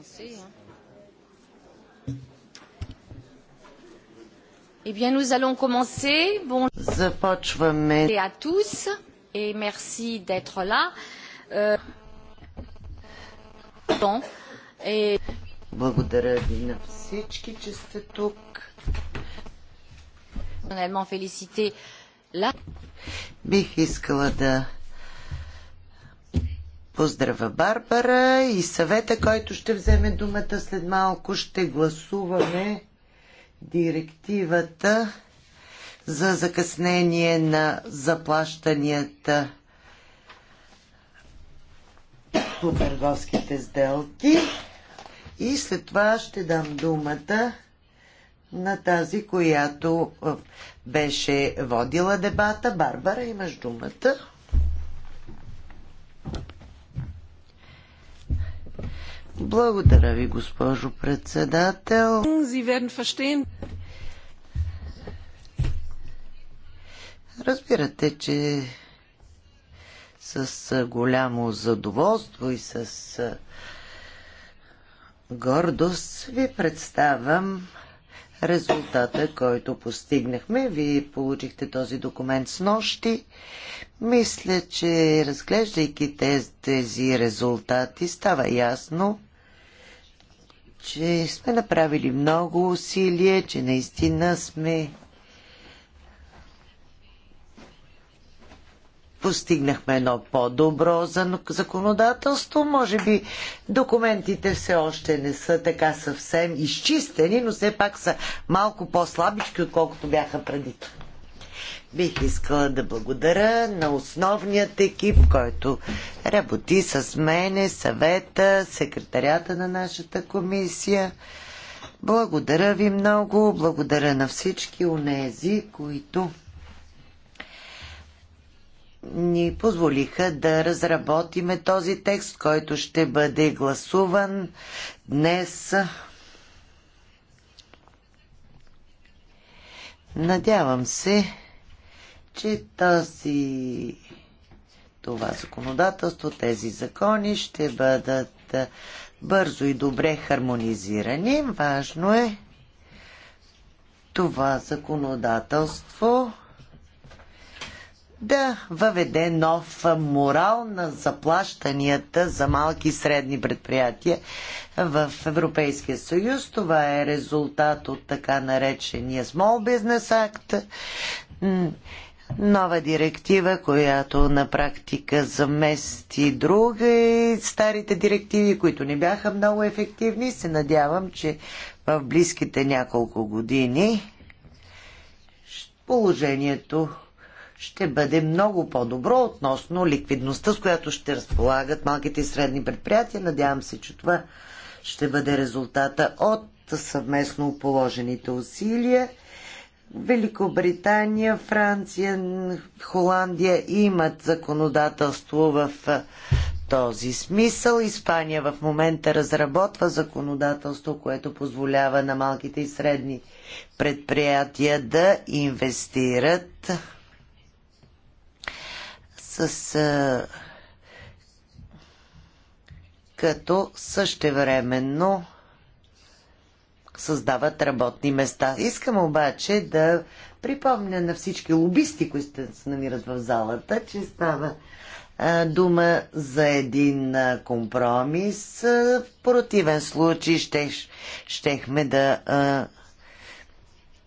commencer. Eh bien, nous allons commencer. Bonjour à tous, et merci d'être là. Euh... Et... Благодаря ви на Бих искала да поздравя Барбара и съвета, който ще вземе думата след малко. Ще гласуваме директивата за закъснение на заплащанията по търговските сделки. И след това ще дам думата на тази, която е, беше водила дебата. Барбара, имаш думата. Благодаря ви, госпожо председател. Разбирате, че с голямо задоволство и с гордост ви представям резултата, който постигнахме. Вие получихте този документ с нощи. Мисля, че разглеждайки тези резултати става ясно, че сме направили много усилие, че наистина сме постигнахме едно по-добро законодателство. Може би документите все още не са така съвсем изчистени, но все пак са малко по-слабички, отколкото бяха преди. Бих искала да благодаря на основният екип, който работи с мене, съвета, секретарята на нашата комисия. Благодаря ви много, благодаря на всички онези, които ни позволиха да разработиме този текст, който ще бъде гласуван днес. Надявам се, че тази, това законодателство, тези закони ще бъдат бързо и добре хармонизирани. Важно е това законодателство да въведе нов морал на заплащанията за малки и средни предприятия в Европейския съюз. Това е резултат от така наречения Small Business Act нова директива, която на практика замести друга и старите директиви, които не бяха много ефективни. Се надявам, че в близките няколко години положението ще бъде много по-добро относно ликвидността, с която ще разполагат малките и средни предприятия. Надявам се, че това ще бъде резултата от съвместно положените усилия Великобритания, Франция, Холандия имат законодателство в този смисъл. Испания в момента разработва законодателство, което позволява на малките и средни предприятия да инвестират с като същевременно създават работни места. Искам обаче да припомня на всички лобисти, които се намират в залата, че става дума за един компромис. В противен случай ще, щехме да а,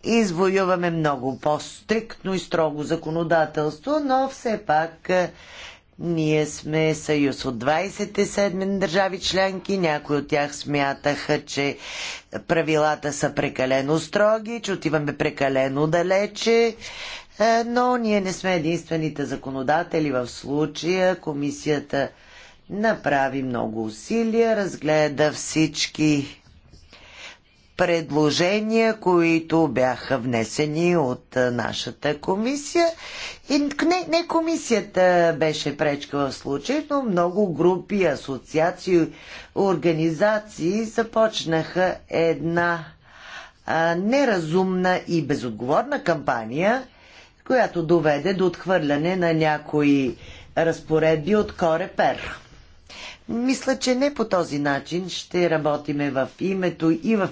извоюваме много по-стриктно и строго законодателство, но все пак ние сме съюз от 27 държави членки. Някои от тях смятаха, че правилата са прекалено строги, че отиваме прекалено далече. Е, но ние не сме единствените законодатели в случая. Комисията направи много усилия, разгледа всички предложения, които бяха внесени от нашата комисия. И не, не комисията беше пречка в случай, но много групи, асоциации, организации започнаха една а, неразумна и безотговорна кампания, която доведе до отхвърляне на някои разпоредби от Корепер. Мисля, че не по този начин ще работиме в името и в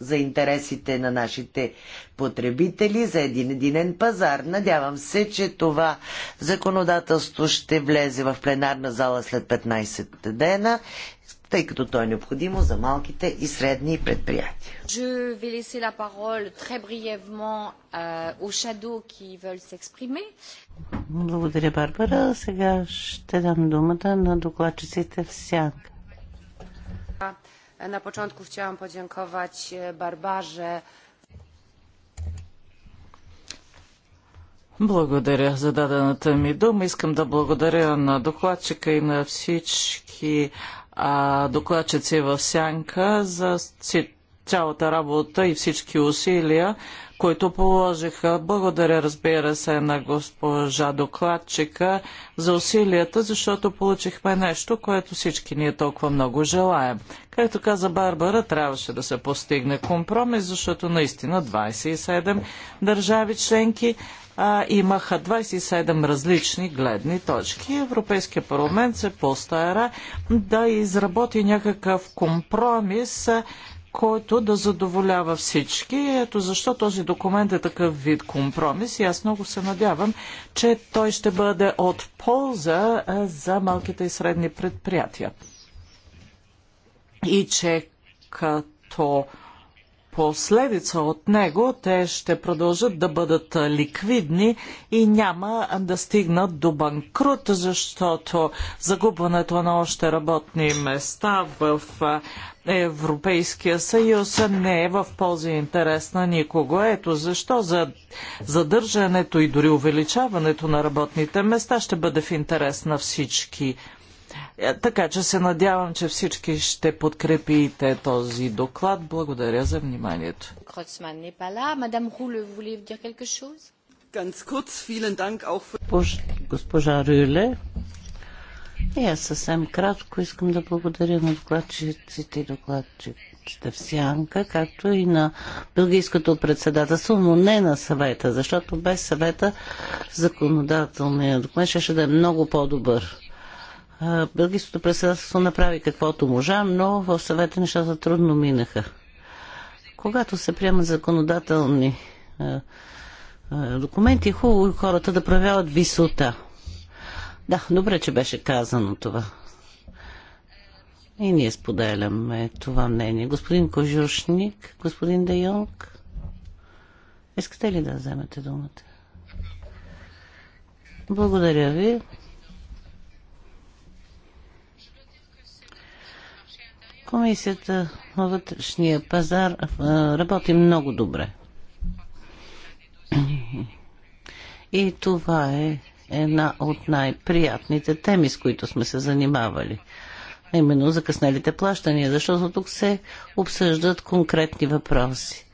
за интересите на нашите потребители, за един единен пазар. Надявам се, че това законодателство ще влезе в пленарна зала след 15 дена, тъй като то е необходимо за малките и средни предприятия. Je vais laisser la parole très brièvement euh, aux qui veulent s'exprimer. Благодаря, Барбара. Сега ще дам думата на докладчиците в сянка. Na początku chciałam podziękować e, Barbarze. Благодаря за дадената ми дума. Искам да благодаря на докладчика и на всички а, докладчици в Сянка за цялата работа и всички усилия които положиха. Благодаря, разбира се, на госпожа докладчика за усилията, защото получихме нещо, което всички ние толкова много желаем. Както каза Барбара, трябваше да се постигне компромис, защото наистина 27 държави членки а, имаха 27 различни гледни точки. Европейския парламент се постара да изработи някакъв компромис, който да задоволява всички. Ето защо този документ е такъв вид компромис и аз много се надявам, че той ще бъде от полза за малките и средни предприятия. И че като последица от него, те ще продължат да бъдат ликвидни и няма да стигнат до банкрут, защото загубването на още работни места в Европейския съюз не е в полза и интерес на никого. Ето защо за задържането и дори увеличаването на работните места ще бъде в интерес на всички е, така че се надявам, че всички ще подкрепите този доклад. Благодаря за вниманието. Госпожа Рюле, и аз съвсем кратко искам да благодаря на докладчиците и докладчиците в Сянка, както и на Белгийското председателство, но не на съвета, защото без съвета законодателният документ ще да е много по-добър. Бългийското председателство направи каквото можа, но в съвета нещата трудно минаха. Когато се приемат законодателни документи, е хубаво хората да проявяват висота. Да, добре, че беше казано това. И ние споделяме това мнение. Господин Кожушник, господин Дайонг, искате ли да вземете думата? Благодаря ви. Комисията на вътрешния пазар работи много добре. И това е една от най-приятните теми, с които сме се занимавали. Именно закъснелите плащания, защото тук се обсъждат конкретни въпроси.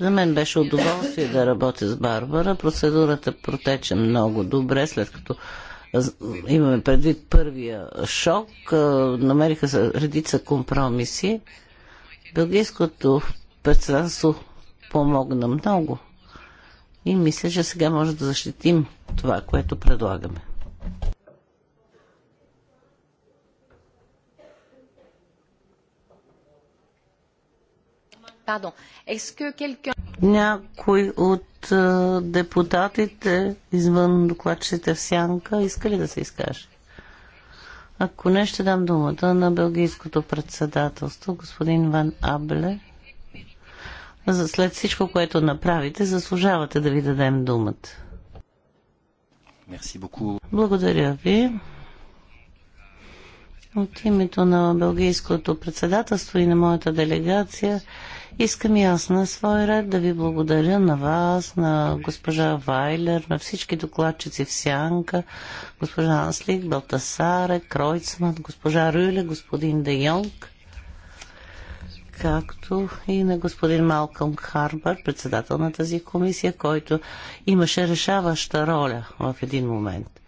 За мен беше удоволствие да работя с Барбара. Процедурата протече много добре, след като имаме предвид първия шок, намериха се редица компромиси. Белгийското председателство помогна много и мисля, че сега може да защитим това, което предлагаме. pardon. Est-ce que quelqu'un... Някой от депутатите извън докладчите в Сянка иска ли да се изкаже? Ако не, ще дам думата на Белгийското председателство, господин Ван Абле. За след всичко, което направите, заслужавате да ви дадем думата. Благодаря ви. От името на Белгийското председателство и на моята делегация Искам и аз на свой ред да ви благодаря на вас, на госпожа Вайлер, на всички докладчици в Сянка, госпожа Анслик, Балтасаре, Кройцман, госпожа Рюле, господин Де Йонг, както и на господин Малкъм Харбър, председател на тази комисия, който имаше решаваща роля в един момент.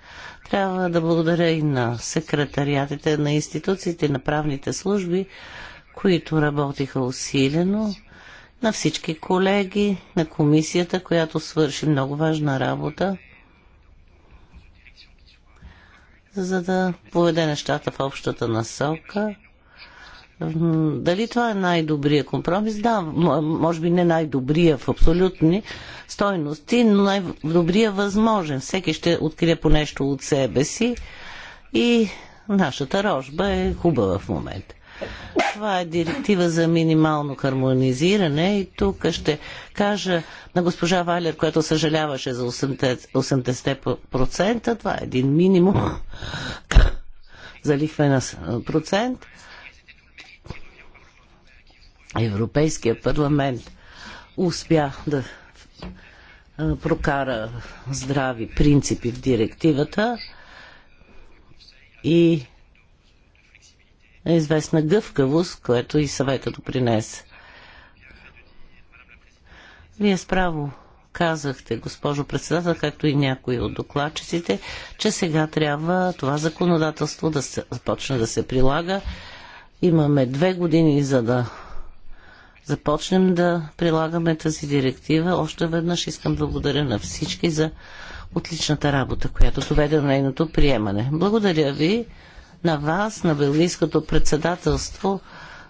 Трябва да благодаря и на секретариатите на институциите, на правните служби, които работиха усилено, на всички колеги, на комисията, която свърши много важна работа, за да поведе нещата в общата насока. Дали това е най-добрия компромис? Да, може би не най-добрия в абсолютни стойности, но най-добрия възможен. Всеки ще открие по нещо от себе си и нашата рожба е хубава в момента. Това е директива за минимално хармонизиране и тук ще кажа на госпожа Валер, която съжаляваше за 80%, това е един минимум за лихвена процент. Европейския парламент успя да прокара здрави принципи в директивата и известна гъвкавост, което и съвета допринесе. Вие справо казахте, госпожо председател, както и някои от докладчиците, че сега трябва това законодателство да се, започне да се прилага. Имаме две години за да започнем да прилагаме тази директива. Още веднъж искам да благодаря на всички за отличната работа, която доведе на нейното приемане. Благодаря ви на вас, на Белгийското председателство.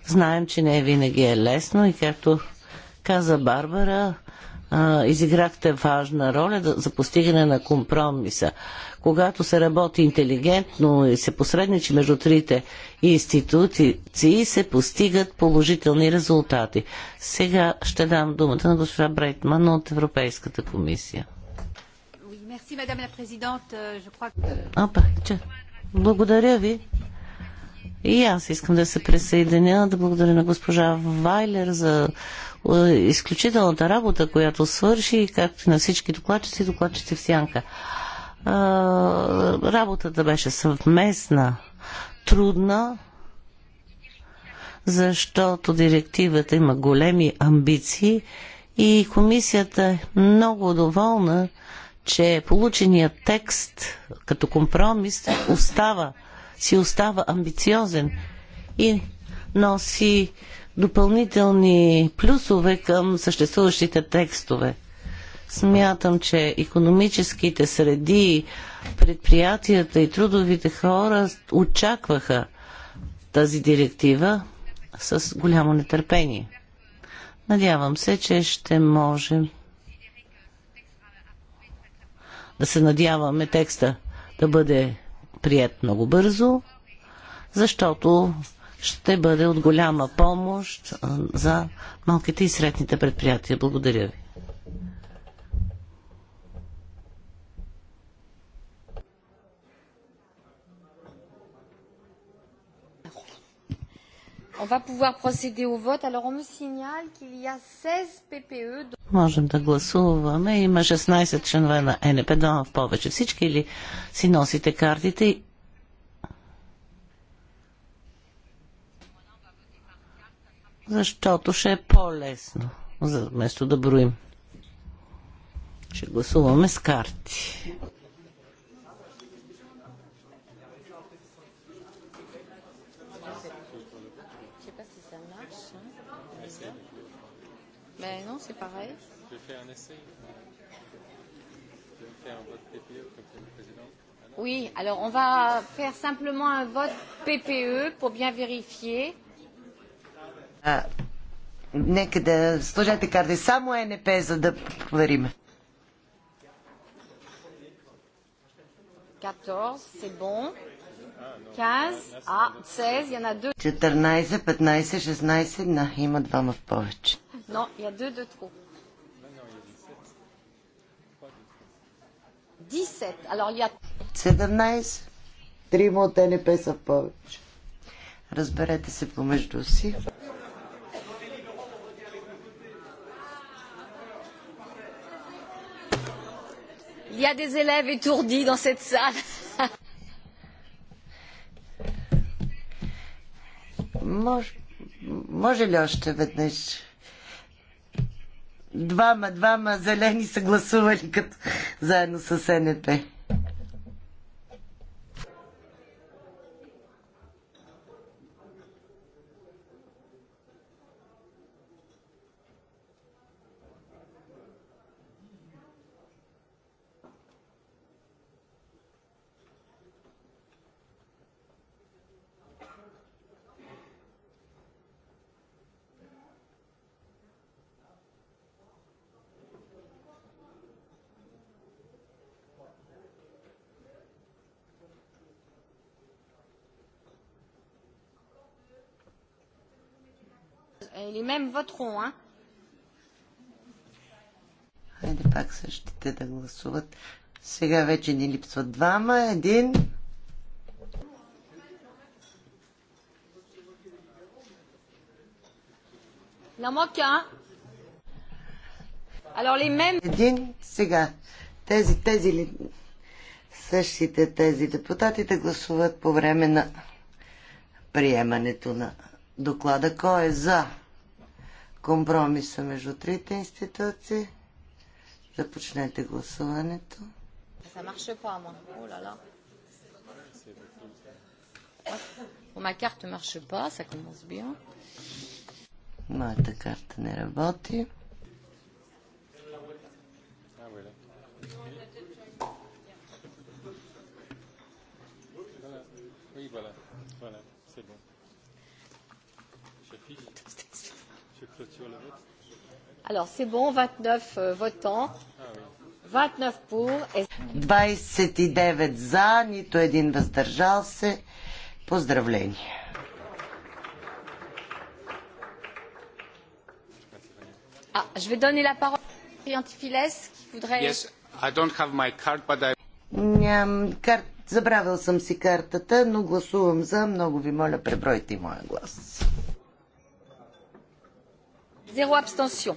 Знаем, че не е винаги е лесно и както каза Барбара, изиграхте важна роля за постигане на компромиса. Когато се работи интелигентно и се посредничи между трите институции, се постигат положителни резултати. Сега ще дам думата на госпожа Брейтман от Европейската комисия. Благодаря ви. И аз искам да се присъединя, да благодаря на госпожа Вайлер за е, изключителната работа, която свърши, както и на всички докладчици, докладчици в сянка. Е, работата беше съвместна, трудна, защото директивата има големи амбиции и комисията е много доволна, че полученият текст като компромис остава, си остава амбициозен и носи допълнителни плюсове към съществуващите текстове. Смятам, че економическите среди, предприятията и трудовите хора очакваха тази директива с голямо нетърпение. Надявам се, че ще можем да се надяваме текста да бъде прият много бързо, защото ще бъде от голяма помощ за малките и средните предприятия. Благодаря ви. On va pouvoir procéder au vote. Alors, on me signale qu'il y a 16 PPE. Можем да гласуваме. Има 16 членове на НП, да в повече. Всички ли си носите картите? Защото ще е по-лесно, вместо да броим. Ще гласуваме с карти. c'est pareil. Je vais faire un essai. Je vais faire un vote PPE comme c'est le président. Oui, alors on va faire simplement un vote PPE pour bien vérifier. Nek da да сложете карти само ЕНП, за да проверим. 14, c'est bon. 15, а, 16, il y en a deux. 14, 15, 16, на, има двама в повече. Non, il y a deux de trop. 17. Alors, il y a... 17. Трима от НП са повече. Разберете се помежду си. Il y a des élèves étourdis dans cette salle. Може, може ли още веднъж? двама, двама зелени са гласували като, заедно с НП. et les mêmes voteront. Hein. Хайде пак същите да гласуват. Сега вече ни липсват двама, един. Намока. Alors les mêmes... Един сега. Тези, тези ли... Същите тези депутати да гласуват по време на приемането на доклада. Кой е за? компромиса между трите институции. Започнете гласуването. Oh Моята карта не работи. voilà, c'est bon. Alors c'est bon, 29 euh, votants. 29 pour. 29 за, нито един въздържал се. Поздравления! Ah, je vais donner la parole à Triantifiles qui voudrait. Yes, I don't have my card, but I. Ням, карт... Забравил съм си картата, но гласувам за. Много ви моля, пребройте моя глас. Zéro abstention.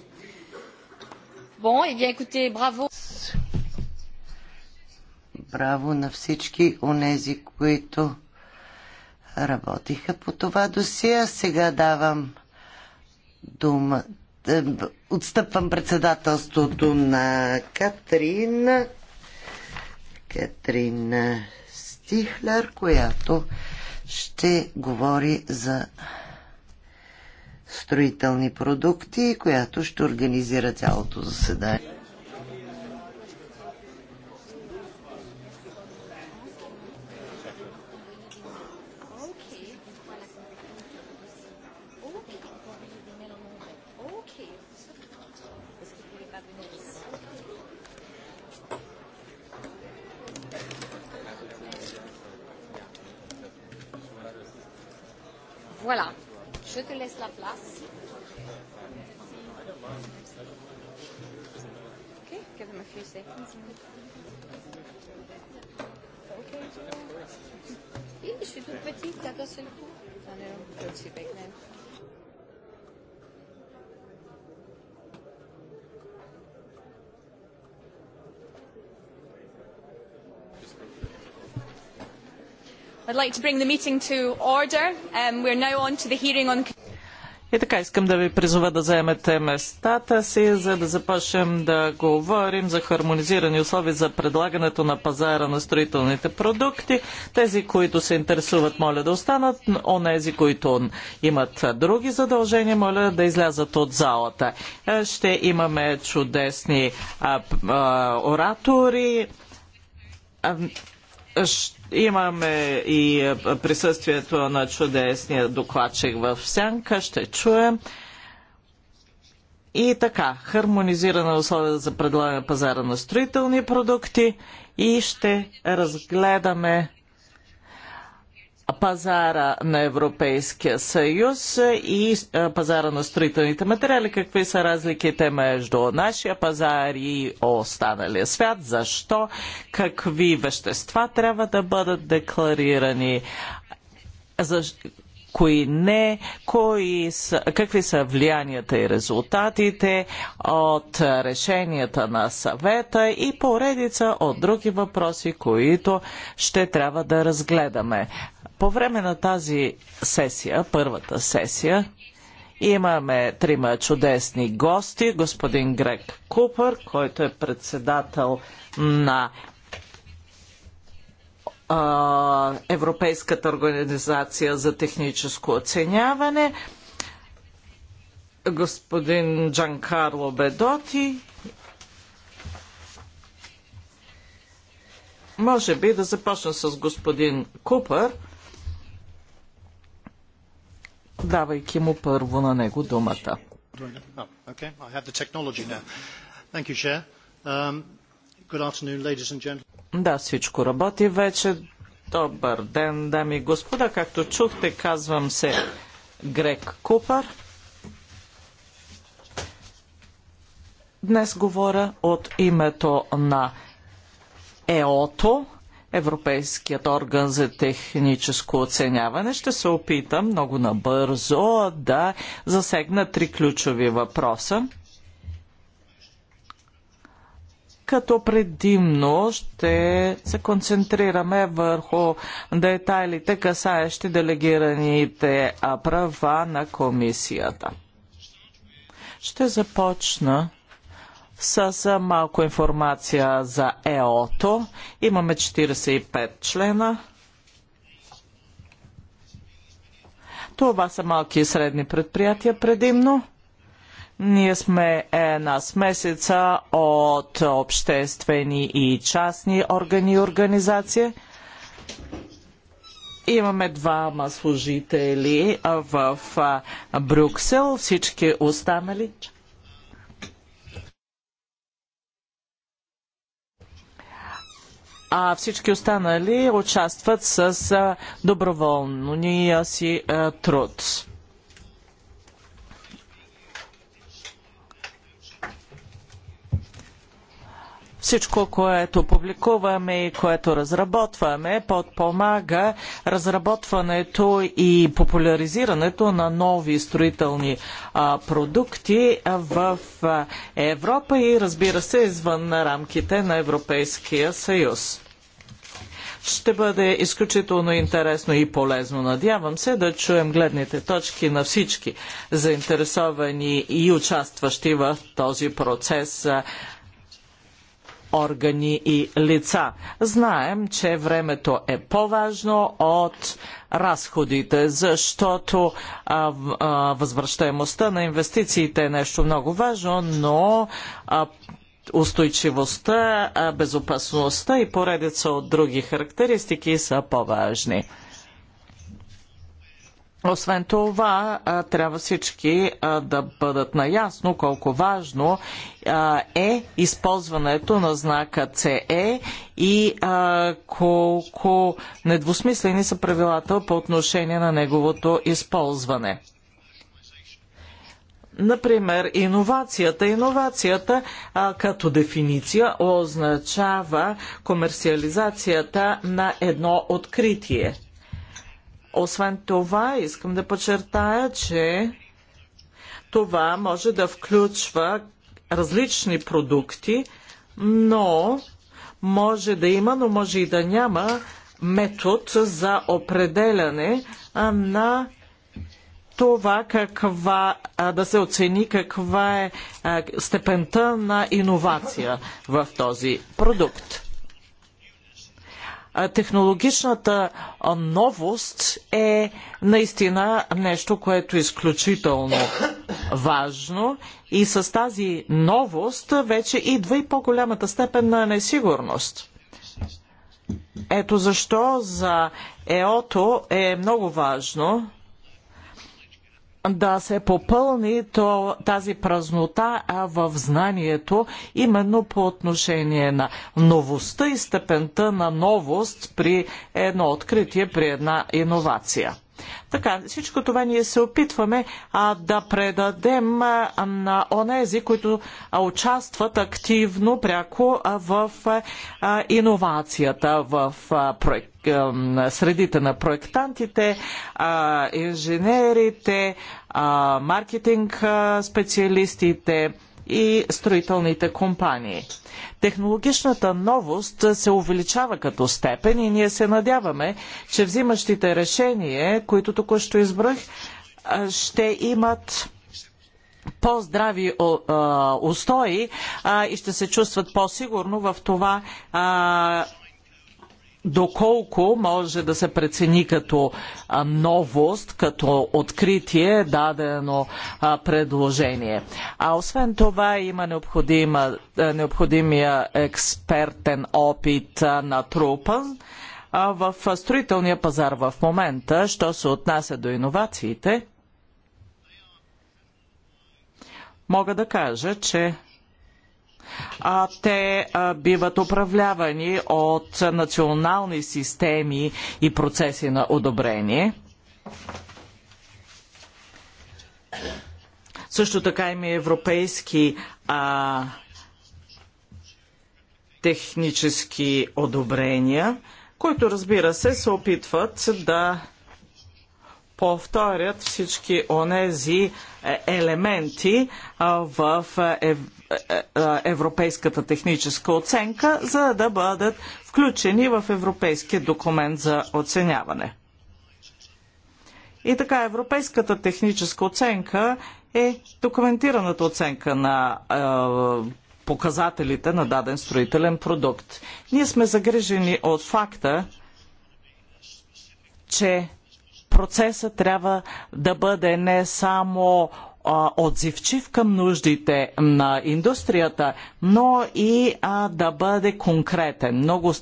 Bon, eh bien écoutez, bravo. Браво на всички онези, които работиха по това досия. Сега давам дума. Е, отстъпвам председателството на Катрин. Катрин Стихлер, която ще говори за строителни продукти, която ще организира цялото заседание. Je te laisse la place. Okay, give them a few seconds. Okay, Julia. Je suis toute petite, t'as d'un seul coup. I know, go too big now. I'd like to bring the meeting to order. Um, we're now on to the hearing on... И така искам да ви призова да заемете местата си, за да започнем да говорим за хармонизирани условия за предлагането на пазара на строителните продукти. Тези, които се интересуват, моля да останат. Онези, които имат други задължения, моля да излязат от залата. Е, ще имаме чудесни а, а, оратори. А, имаме и е, присъствието на чудесния докладчик в сянка, ще чуем. И така, хармонизиране условия за предлагане пазара на строителни продукти и ще разгледаме пазара на Европейския съюз и пазара на строителните материали. Какви са разликите между нашия пазар и останалия свят? Защо? Какви вещества трябва да бъдат декларирани? За... Кои не, кои са, какви са влиянията и резултатите от решенията на съвета и поредица от други въпроси, които ще трябва да разгледаме по време на тази сесия, първата сесия, имаме трима чудесни гости. Господин Грег Купър, който е председател на а, Европейската организация за техническо оценяване, господин Джанкарло Бедоти. Може би да започна с господин Купър давайки му първо на него думата. Um, да, всичко работи вече. Добър ден, дами и господа. Както чухте, казвам се Грег Купър. Днес говоря от името на ЕОТО, Европейският орган за техническо оценяване. Ще се опитам много набързо да засегна три ключови въпроса. Като предимно ще се концентрираме върху детайлите, касаещи делегираните права на комисията. Ще започна с малко информация за ЕОТО, Имаме 45 члена. Това са малки и средни предприятия предимно. Ние сме една смесица от обществени и частни органи и организации. Имаме двама служители в Брюксел, всички останали. а всички останали участват с доброволния си труд. Всичко, което публикуваме и което разработваме, подпомага разработването и популяризирането на нови строителни а, продукти в а, Европа и разбира се извън рамките на Европейския съюз. Ще бъде изключително интересно и полезно, надявам се, да чуем гледните точки на всички заинтересовани и участващи в този процес органи и лица. Знаем, че времето е по-важно от разходите, защото а, а, възвръщаемостта на инвестициите е нещо много важно, но а, устойчивостта, безопасността и поредица от други характеристики са по-важни. Освен това, трябва всички да бъдат наясно колко важно е използването на знака CE е и колко недвусмислени са правилата по отношение на неговото използване. Например, иновацията. Иновацията а, като дефиниция означава комерциализацията на едно откритие – освен това, искам да подчертая, че това може да включва различни продукти, но може да има, но може и да няма метод за определяне на това каква, да се оцени каква е степента на иновация в този продукт технологичната новост е наистина нещо, което е изключително важно и с тази новост вече идва и по-голямата степен на несигурност. Ето защо за ЕОТО е много важно да се попълни то, тази празнота в знанието, именно по отношение на новостта и степента на новост при едно откритие, при една иновация. Така, всичко това ние се опитваме а, да предадем а, на онези, които а, участват активно, пряко а, в а, иновацията, в а, проект средите на проектантите, инженерите, маркетинг специалистите и строителните компании. Технологичната новост се увеличава като степен и ние се надяваме, че взимащите решения, които току-що избрах, ще имат по-здрави устои и ще се чувстват по-сигурно в това доколко може да се прецени като новост, като откритие дадено предложение. А освен това има е, необходимия експертен опит на трупа в строителния пазар в момента, що се отнася до иновациите. Мога да кажа, че а те а, биват управлявани от национални системи и процеси на одобрение. Също така има европейски а, технически одобрения, които разбира се се опитват да повторят всички онези е, елементи в е, е, европейската техническа оценка, за да бъдат включени в европейския документ за оценяване. И така, европейската техническа оценка е документираната оценка на показателите на даден строителен продукт. Ние сме загрижени от факта, че процесът трябва да бъде не само отзивчив към нуждите на индустрията, но и а, да бъде конкретен, много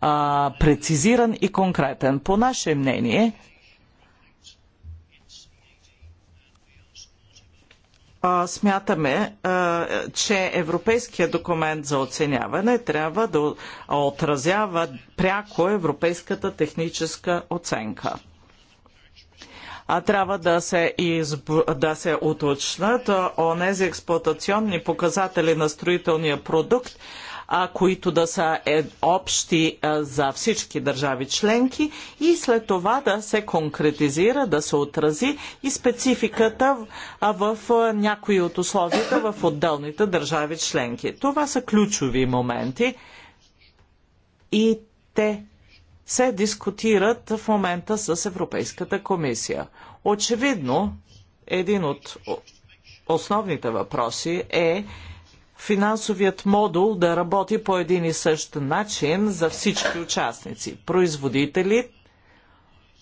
а, прецизиран и конкретен. По наше мнение, а, смятаме, а, че Европейският документ за оценяване трябва да отразява пряко европейската техническа оценка трябва да се, изб... да се уточнат онези експлуатационни показатели на строителния продукт, а, които да са е, общи а, за всички държави членки и след това да се конкретизира, да се отрази и спецификата а, в а, някои от условията в отделните държави членки. Това са ключови моменти и те се дискутират в момента с Европейската комисия. Очевидно, един от основните въпроси е финансовият модул да работи по един и същ начин за всички участници производители,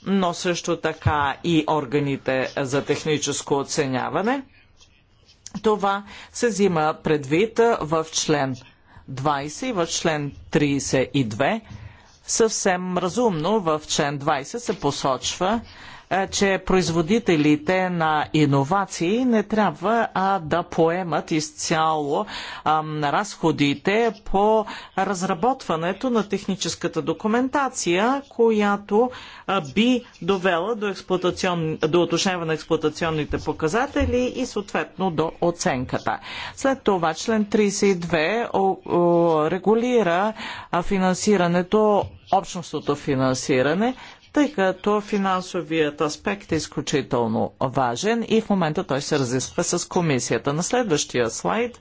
но също така и органите за техническо оценяване. Това се взима предвид в член 20 и в член 32 съвсем разумно в член 20 се посочва, е, че производителите на иновации не трябва а, да поемат изцяло а, разходите по разработването на техническата документация, която а, би довела до, експлуатацион... до отношение на експлуатационните показатели и съответно до оценката. След това член 32 о, о, регулира финансирането, общностното финансиране, тъй като финансовият аспект е изключително важен и в момента той се разисква с комисията. На следващия слайд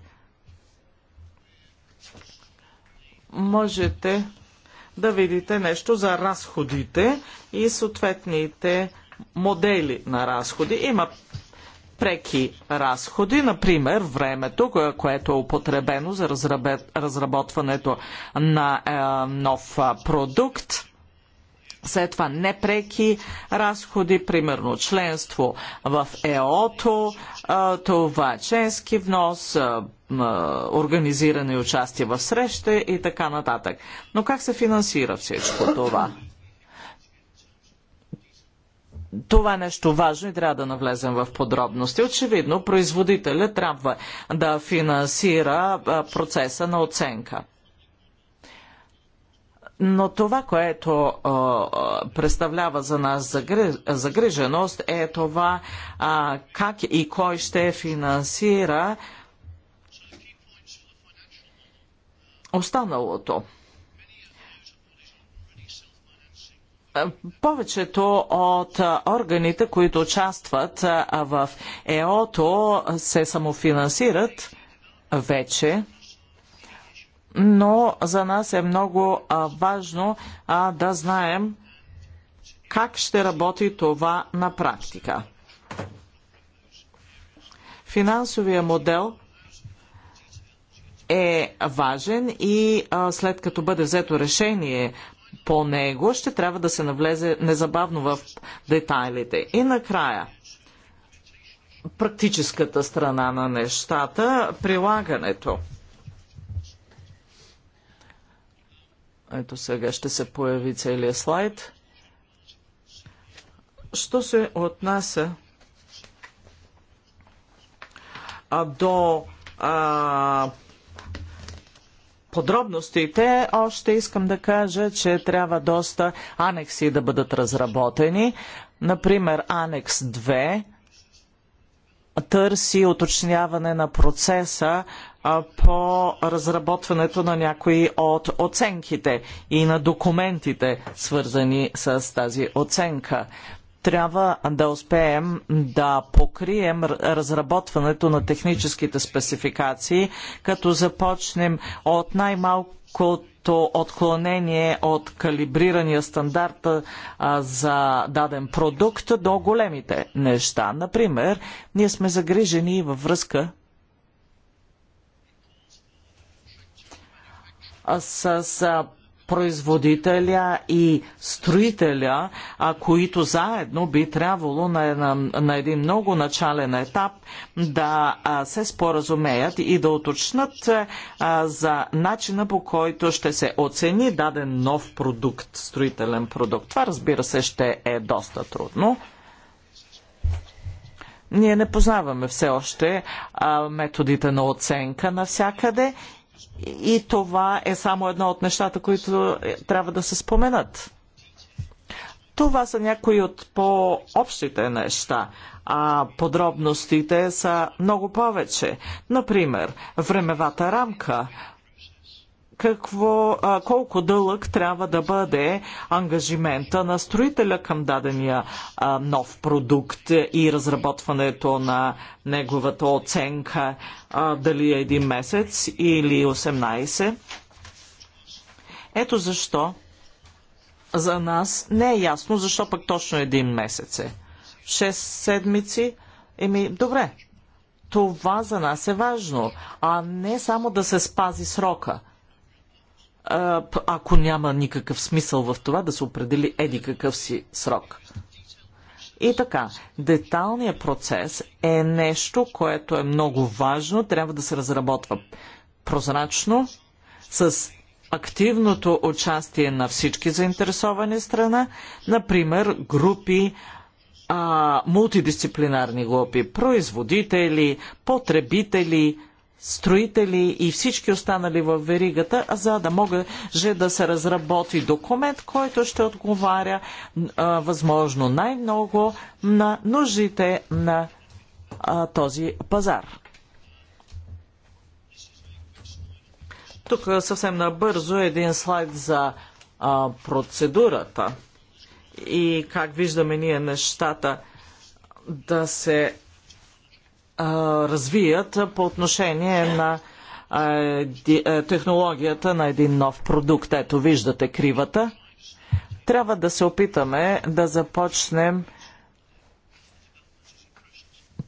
можете да видите нещо за разходите и съответните модели на разходи. Има преки разходи, например времето, което е употребено за разработването на е, нов продукт след това непреки разходи, примерно членство в ЕОТО, това ченски внос, организиране и участие в среща и така нататък. Но как се финансира всичко това? Това е нещо важно и трябва да навлезем в подробности. Очевидно, производителя трябва да финансира процеса на оценка но това, което а, представлява за нас загриженост, е това а, как и кой ще финансира останалото. Повечето от органите, които участват в ЕОТО, се самофинансират вече но за нас е много важно да знаем как ще работи това на практика. Финансовия модел е важен и след като бъде взето решение по него, ще трябва да се навлезе незабавно в детайлите. И накрая, практическата страна на нещата, прилагането – Ето сега ще се появи целият слайд. Що се отнася а, до а, подробностите, още искам да кажа, че трябва доста анекси да бъдат разработени. Например, анекс 2 търси уточняване на процеса по разработването на някои от оценките и на документите, свързани с тази оценка. Трябва да успеем да покрием разработването на техническите спецификации, като започнем от най-малкото отклонение от калибрирания стандарт за даден продукт до големите неща. Например, ние сме загрижени във връзка с производителя и строителя, а които заедно би трябвало на, една, на един много начален етап да а, се споразумеят и да уточнат а, за начина по който ще се оцени даден нов продукт, строителен продукт. Това разбира се ще е доста трудно. Ние не познаваме все още а, методите на оценка навсякъде и това е само едно от нещата, които е, трябва да се споменат. Това са някои от по-общите неща, а подробностите са много повече. Например, времевата рамка какво, а, колко дълъг трябва да бъде ангажимента на строителя към дадения а, нов продукт и разработването на неговата оценка, а, дали е един месец или 18. Ето защо за нас не е ясно, защо пък точно един месец е. Шест седмици? Еми, добре. Това за нас е важно, а не само да се спази срока – ако няма никакъв смисъл в това да се определи еди какъв си срок. И така, деталният процес е нещо, което е много важно, трябва да се разработва прозрачно, с активното участие на всички заинтересовани страна, например групи, а, мултидисциплинарни групи, производители, потребители, строители и всички останали в веригата, за да може да се разработи документ, който ще отговаря а, възможно най-много на нуждите на а, този пазар. Тук съвсем набързо един слайд за а, процедурата и как виждаме ние нещата да се развият по отношение на технологията на един нов продукт. Ето виждате кривата. Трябва да се опитаме да започнем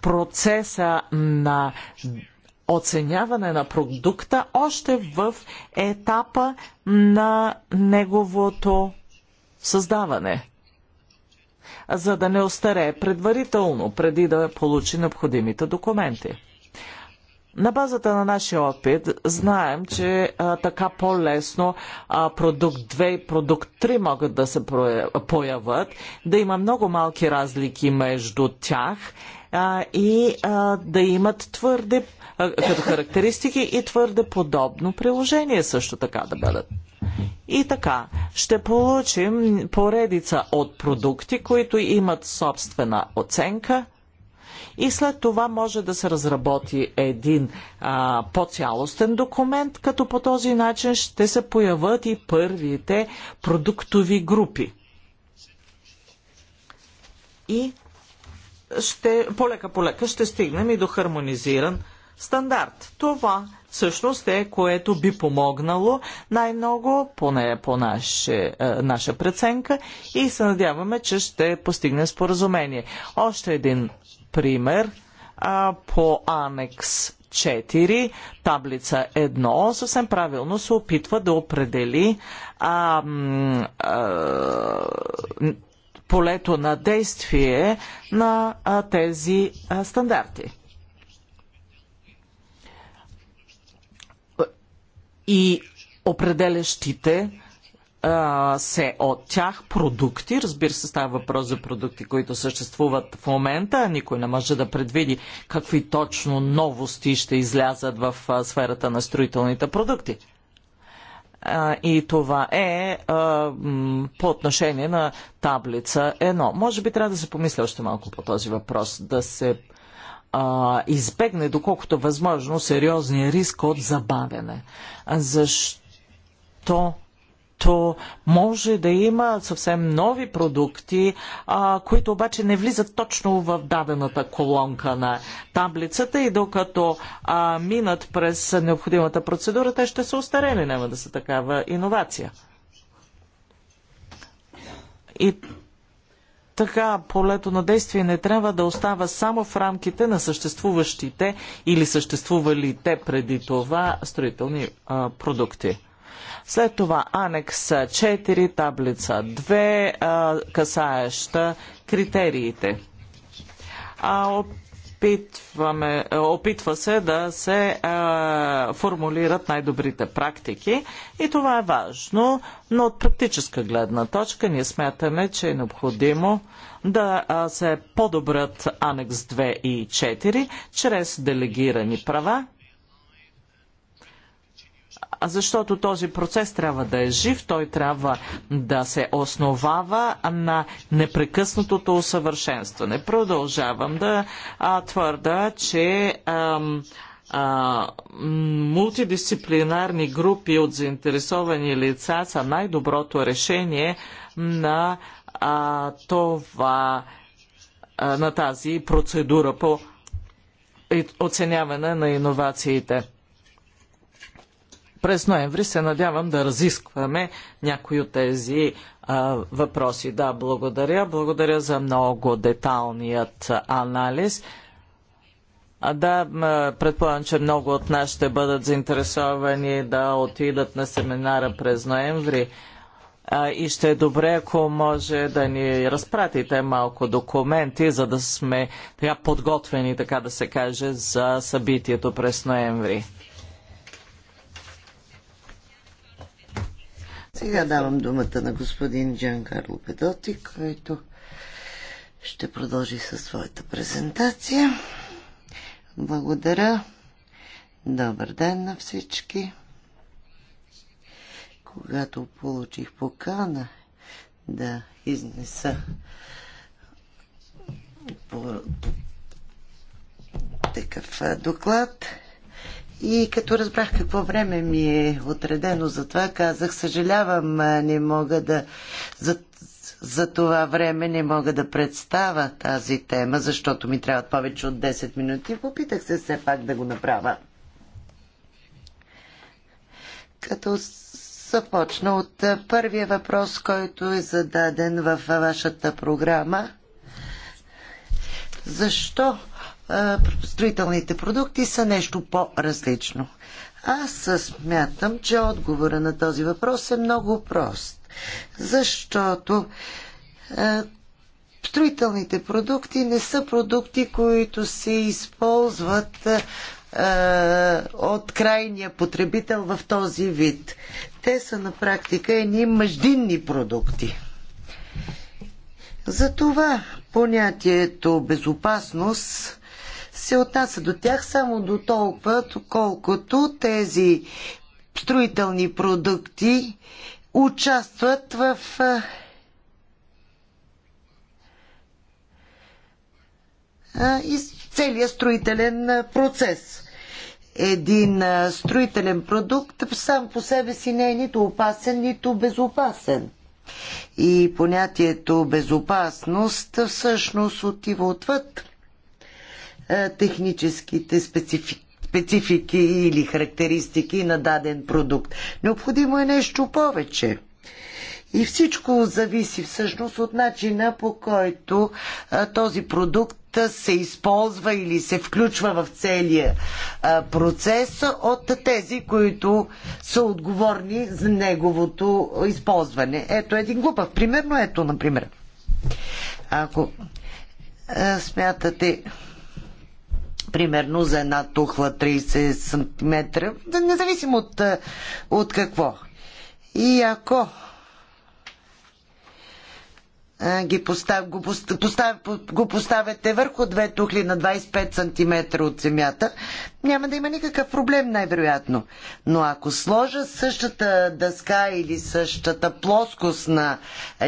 процеса на оценяване на продукта още в етапа на неговото създаване за да не остарее предварително, преди да получи необходимите документи. На базата на нашия опит знаем, че а, така по-лесно продукт 2 и продукт 3 могат да се появят, да има много малки разлики между тях а, и а, да имат твърде а, като характеристики и твърде подобно приложение също така да бъдат. И така, ще получим поредица от продукти, които имат собствена оценка и след това може да се разработи един а, по-цялостен документ, като по този начин ще се появят и първите продуктови групи. И ще, полека-полека ще стигнем и до хармонизиран стандарт. Това е всъщност е, което би помогнало най-много, поне по наше, е, наша преценка и се надяваме, че ще постигне споразумение. Още един пример а, по анекс 4, таблица 1, съвсем правилно се опитва да определи а, а, полето на действие на а, тези а, стандарти. и определящите се от тях продукти. Разбира се, става въпрос за продукти, които съществуват в момента. Никой не може да предвиди какви точно новости ще излязат в сферата на строителните продукти. И това е по отношение на таблица 1. Може би трябва да се помисля още малко по този въпрос, да се а, избегне доколкото е възможно сериозния риск от забавяне. Защо то може да има съвсем нови продукти, а, които обаче не влизат точно в дадената колонка на таблицата и докато а, минат през необходимата процедура, те ще са устарели, няма да са такава иновация. И така полето на действие не трябва да остава само в рамките на съществуващите или съществувалите преди това строителни а, продукти. След това анекс 4, таблица 2, а, касаеща критериите. А, от опитваме, е, опитва се да се а, е, формулират най-добрите практики и това е важно, но от практическа гледна точка ние смятаме, че е необходимо да се подобрят анекс 2 и 4 чрез делегирани права защото този процес трябва да е жив, той трябва да се основава на непрекъснатото усъвършенстване. Продължавам да а, твърда, че ам, а, мултидисциплинарни групи от заинтересовани лица са най-доброто решение на а, това а, на тази процедура по оценяване на иновациите през ноември се надявам да разискваме някои от тези а, въпроси. Да, благодаря. Благодаря за много деталният анализ. А да, предполагам, че много от нас ще бъдат заинтересовани да отидат на семинара през ноември. А, и ще е добре, ако може да ни разпратите малко документи, за да сме така подготвени, така да се каже, за събитието през ноември. Сега давам думата на господин Джан Карло Педоти, който ще продължи със своята презентация. Благодаря. Добър ден на всички. Когато получих покана да изнеса такъв доклад, и като разбрах какво време ми е отредено за това, казах, съжалявам, не мога да... За, за това време не мога да представя тази тема, защото ми трябват повече от 10 минути. Попитах се все пак да го направя. Като започна от първия въпрос, който е зададен в вашата програма. Защо строителните продукти са нещо по-различно. Аз смятам, че отговора на този въпрос е много прост. Защото строителните продукти не са продукти, които се използват е, от крайния потребител в този вид. Те са на практика едни мъждинни продукти. Затова понятието безопасност се отнася до тях само до толкова, колкото тези строителни продукти участват в и целия строителен процес. Един строителен продукт сам по себе си не е нито опасен, нито безопасен. И понятието безопасност всъщност отива отвъд е, техническите специфики специфики или характеристики на даден продукт. Необходимо е нещо повече. И всичко зависи всъщност от начина по който а, е, този продукт се използва или се включва в целия а, е, процес от тези, които са отговорни за неговото използване. Ето един глупав пример, но ето, например. Ако а, смятате примерно за една тухла 30 см, независимо от, от какво. И ако ги постав, го, постав, го поставяте върху две тухли на 25 см от земята, няма да има никакъв проблем, най-вероятно. Но ако сложа същата дъска или същата плоскост на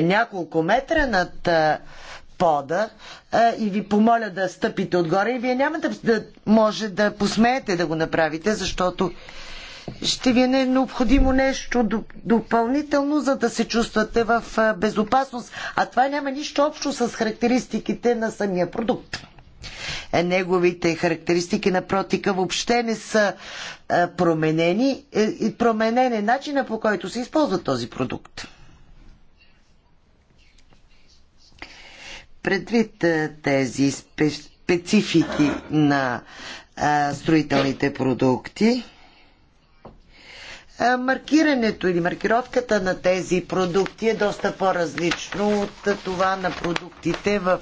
няколко метра над пода а, и ви помоля да стъпите отгоре и вие няма да, да може да посмеете да го направите, защото ще ви е необходимо нещо допълнително, за да се чувствате в безопасност. А това няма нищо общо с характеристиките на самия продукт. Е, неговите характеристики на протика въобще не са променени е, и променен е начина по който се използва този продукт. Предвид тези специфики на строителните продукти, маркирането или маркировката на тези продукти е доста по-различно от това на продуктите в,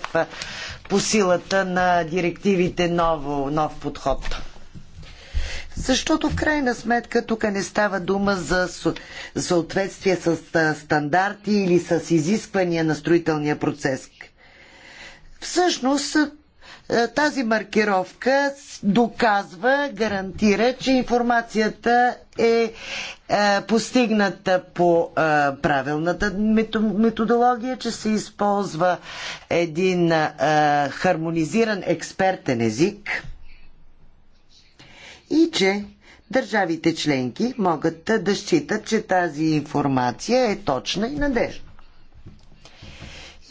по силата на директивите ново, нов подход. Защото в крайна сметка тук не става дума за съответствие с стандарти или с изисквания на строителния процес. Всъщност е, тази маркировка доказва, гарантира, че информацията е, е постигната по е, правилната методология, че се използва един хармонизиран експертен език и че държавите членки могат да считат, че тази информация е точна и надежна.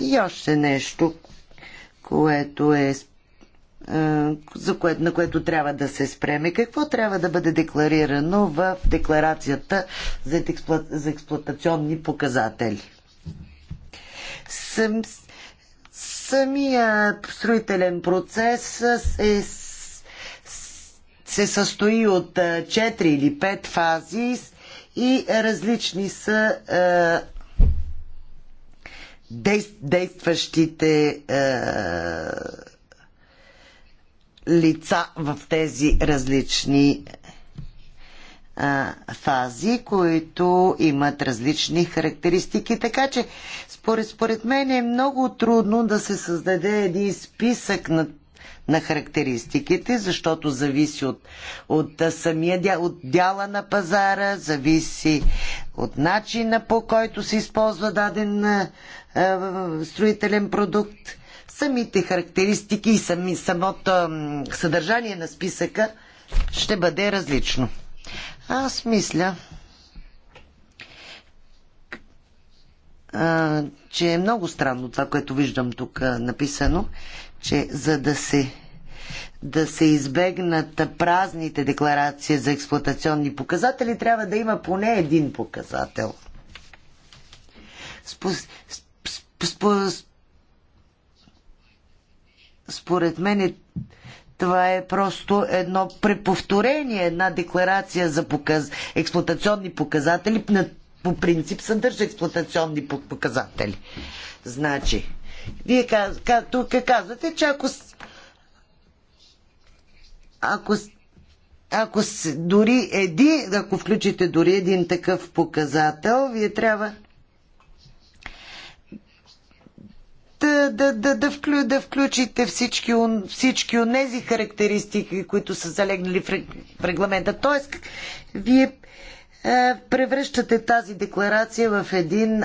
И още нещо, което е, е за кое, на което трябва да се спреме. Какво трябва да бъде декларирано в декларацията за, експло, за експлуатационни показатели? Сам, самия строителен процес е, се състои от 4 е, или 5 фази и различни са е, действащите е, лица в тези различни е, фази, които имат различни характеристики. Така че, според, според мен е много трудно да се създаде един списък на на характеристиките, защото зависи от, от самия дя, от дяла на пазара, зависи от начина по който се използва даден а, строителен продукт. Самите характеристики и сами, самото съдържание на списъка ще бъде различно. Аз мисля, че е много странно това, което виждам тук написано, че за да се да се избегнат празните декларации за експлуатационни показатели, трябва да има поне един показател. Според мен е, това е просто едно преповторение, една декларация за показ... експлуатационни показатели. На... По принцип съдържа експлуатационни показатели. Значи, вие каз, каз, тук казвате, че ако, ако, ако дори един, ако включите дори един такъв показател, вие трябва да, да, да, да, вклю, да включите всички, всички от тези характеристики, които са залегнали в регламента. Тоест, вие е, превръщате тази декларация в един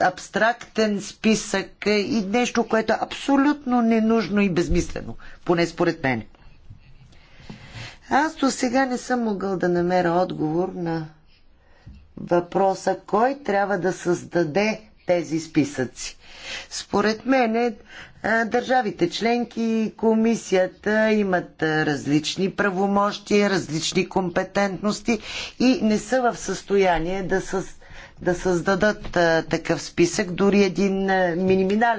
абстрактен списък е, и нещо, което е абсолютно ненужно и безмислено, поне според мен. Аз до сега не съм могъл да намеря отговор на въпроса кой трябва да създаде тези списъци. Според мен Държавите членки и комисията имат различни правомощия, различни компетентности и не са в състояние да, със, да създадат такъв списък, дори един минимал,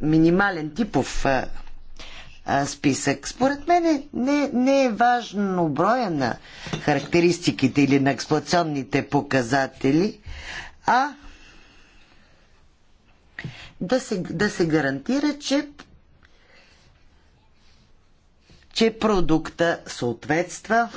минимален типов списък. Според мен е, не, не е важно броя на характеристиките или на експлуационните показатели, а да се, да се гарантира, че че продукта съответства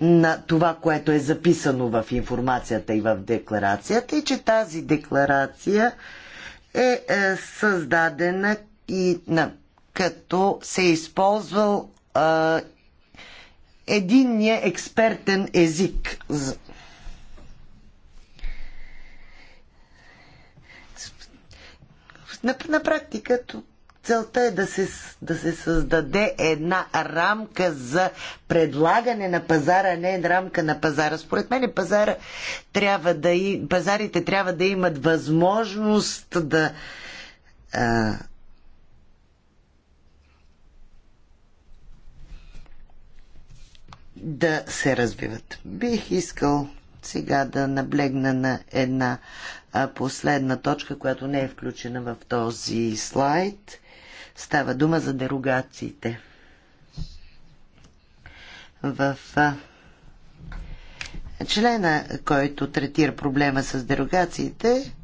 на това, което е записано в информацията и в декларацията и че тази декларация е, е създадена и на, като се е използвал е, единния експертен език На, на практика целта е да се, да се създаде една рамка за предлагане на пазара, а не една рамка на пазара. Според мен пазара трябва да и, пазарите трябва да имат възможност да а, да се развиват. Бих искал сега да наблегна на една последна точка, която не е включена в този слайд. Става дума за дерогациите. В члена, който третира проблема с дерогациите,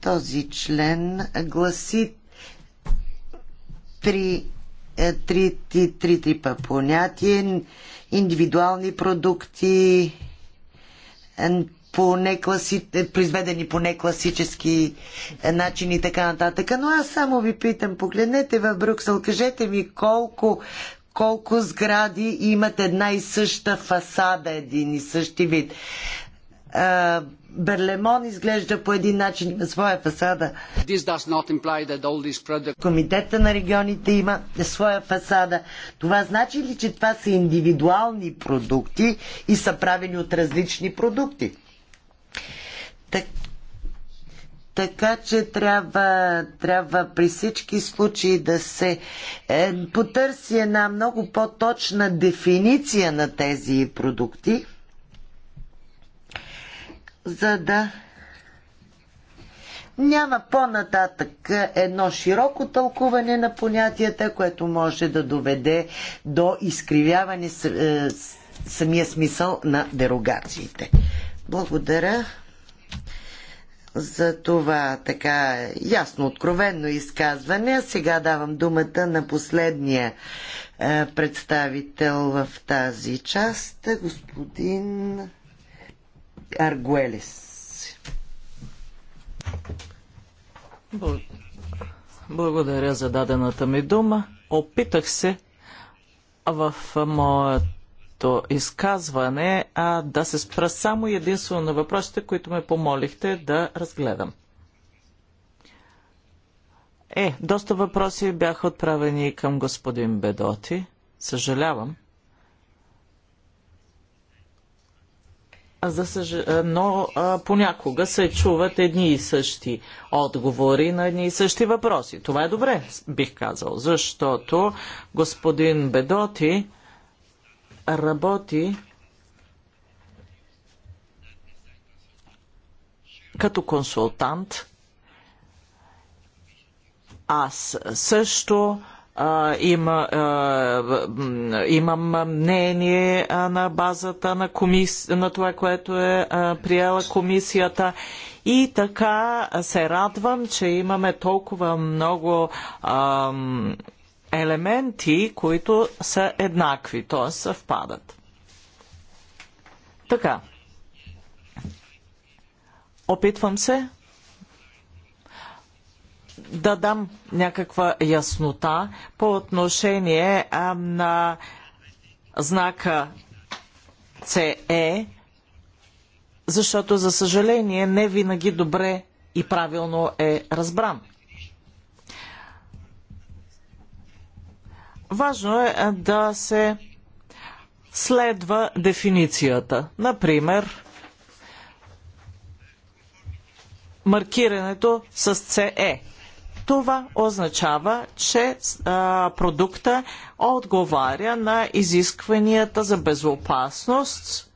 този член гласи при трите, три па понятия, индивидуални продукти, по некласи... Е, произведени по некласически е, начини и така нататък. Но аз само ви питам, погледнете в Брюксел, кажете ми колко колко сгради имат една и съща фасада, един и същи вид. Берлемон изглежда по един начин, на своя фасада. Комитета на регионите има своя фасада. Това значи ли, че това са индивидуални продукти и са правени от различни продукти? Так, така че трябва, трябва при всички случаи да се е, потърси една много по-точна дефиниция на тези продукти за да няма по-нататък едно широко тълкуване на понятията, което може да доведе до изкривяване е, самия смисъл на дерогациите. Благодаря за това така ясно, откровенно изказване. Сега давам думата на последния е, представител в тази част, господин Аргуелес. Благодаря за дадената ми дума. Опитах се в моето изказване а, да се спра само единствено на въпросите, които ме помолихте да разгледам. Е, доста въпроси бяха отправени към господин Бедоти. Съжалявам. За съж... Но а, понякога се чуват едни и същи отговори на едни и същи въпроси. Това е добре, бих казал, защото господин Бедоти работи като консултант. Аз също а, има, а, имам мнение на базата на, комис... на това, което е а, приела комисията. И така се радвам, че имаме толкова много а, елементи, които са еднакви, т.е. съвпадат. Така. Опитвам се да дам някаква яснота по отношение на знака CE, е, защото, за съжаление, не винаги добре и правилно е разбран. Важно е да се следва дефиницията. Например, маркирането с CE. Това означава, че а, продукта отговаря на изискванията за безопасност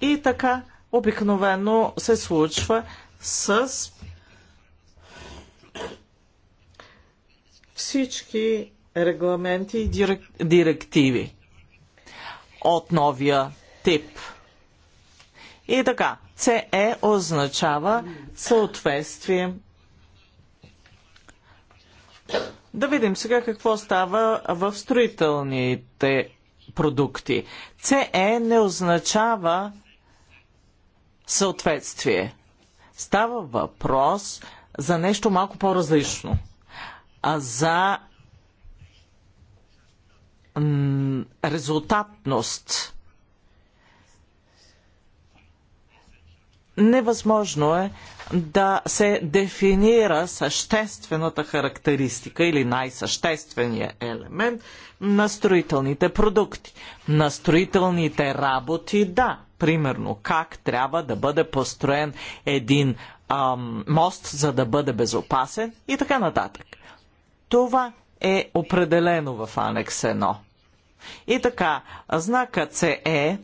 и така обикновено се случва с всички регламенти и директиви от новия тип. И така, CE означава съответствие Да видим сега какво става в строителните продукти. CE не означава съответствие. Става въпрос за нещо малко по-различно. А за резултатност. Невъзможно е да се дефинира съществената характеристика или най-съществения елемент на строителните продукти. На строителните работи, да, примерно как трябва да бъде построен един ам, мост, за да бъде безопасен и така нататък. Това е определено в анекс 1. И така, знакът CE е,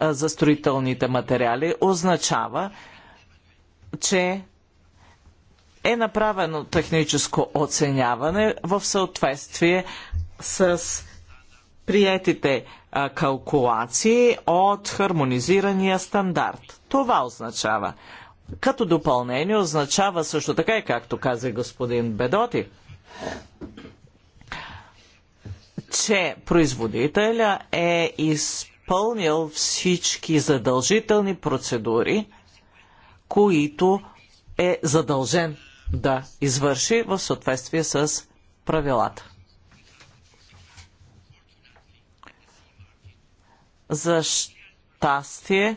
за строителните материали означава, че е направено техническо оценяване в съответствие с приетите калкулации от хармонизирания стандарт. Това означава. Като допълнение означава също така и както каза господин Бедоти, че производителя е изпълнил всички задължителни процедури – които е задължен да извърши в съответствие с правилата. За щастие,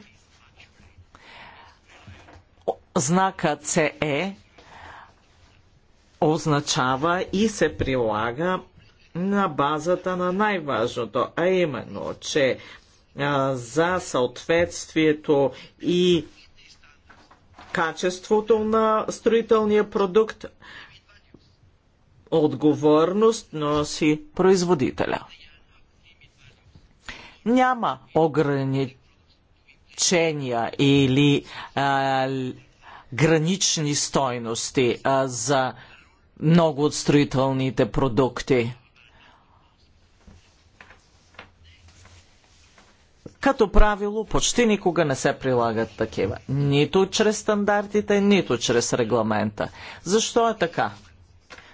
знака CE е означава и се прилага на базата на най-важното, а именно, че а, за съответствието и качеството на строителния продукт, отговорност носи производителя. Няма ограничения или а, гранични стойности а, за много от строителните продукти. Като правило, почти никога не се прилагат такива. Нито чрез стандартите, нито чрез регламента. Защо е така?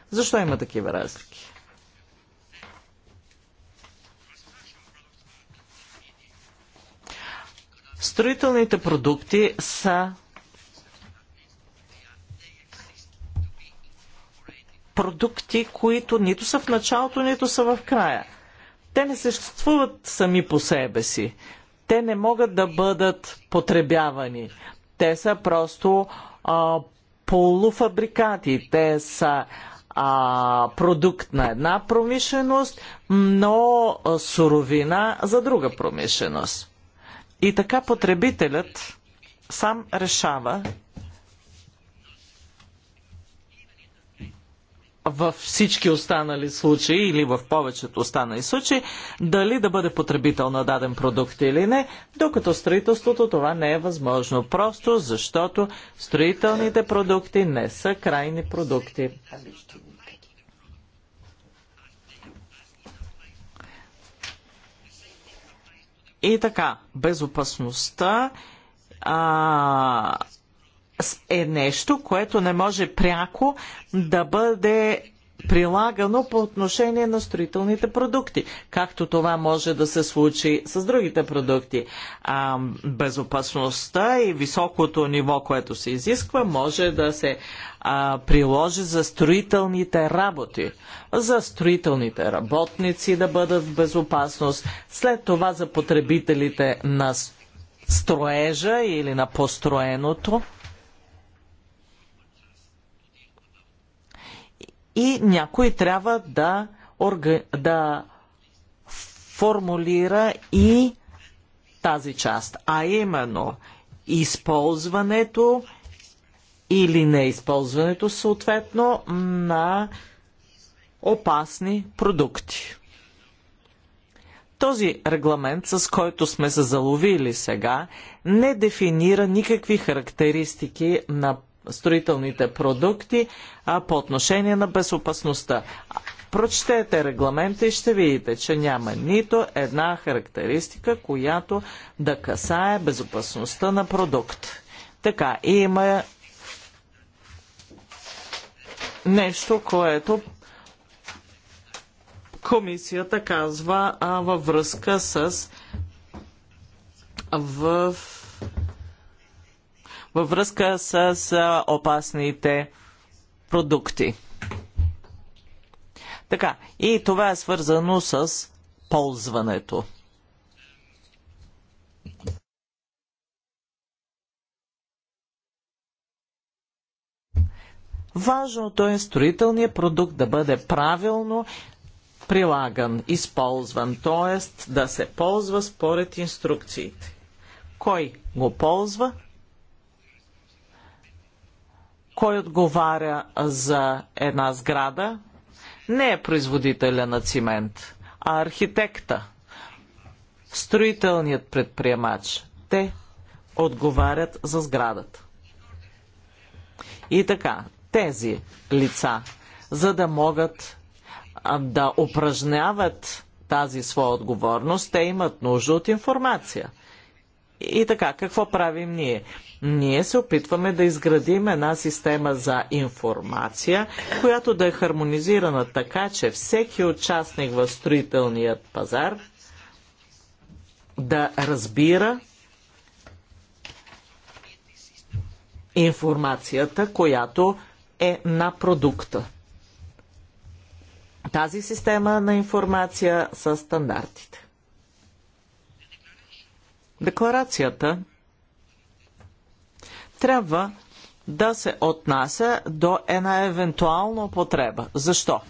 Защо има такива разлики? Строителните продукти са продукти, които нито са в началото, нито са в края. Те не съществуват сами по себе си те не могат да бъдат потребявани. Те са просто а, полуфабрикати. Те са а, продукт на една промишленост, но суровина за друга промишленост. И така потребителят сам решава във всички останали случаи или в повечето останали случаи, дали да бъде потребител на даден продукт или не, докато строителството това не е възможно. Просто защото строителните продукти не са крайни продукти. И така, безопасността а, е нещо, което не може пряко да бъде прилагано по отношение на строителните продукти, както това може да се случи с другите продукти. А, безопасността и високото ниво, което се изисква, може да се а, приложи за строителните работи, за строителните работници да бъдат в безопасност, след това за потребителите на строежа или на построеното и някой трябва да, орга... да формулира и тази част, а именно използването или неизползването съответно на опасни продукти. Този регламент, с който сме се заловили сега, не дефинира никакви характеристики на строителните продукти а по отношение на безопасността. Прочетете регламента и ще видите, че няма нито една характеристика, която да касае безопасността на продукт. Така, и има нещо, което комисията казва а, във връзка с в във връзка с опасните продукти. Така, и това е свързано с ползването. Важното е строителният продукт да бъде правилно прилаган, използван, т.е. да се ползва според инструкциите. Кой го ползва, кой отговаря за една сграда? Не е производителя на цимент, а архитекта, строителният предприемач. Те отговарят за сградата. И така, тези лица, за да могат да упражняват тази своя отговорност, те имат нужда от информация. И така, какво правим ние? Ние се опитваме да изградим една система за информация, която да е хармонизирана така, че всеки участник в строителният пазар да разбира информацията, която е на продукта. Тази система на информация са стандартите. Декларацията трябва да се отнася до една евентуална употреба. Защо?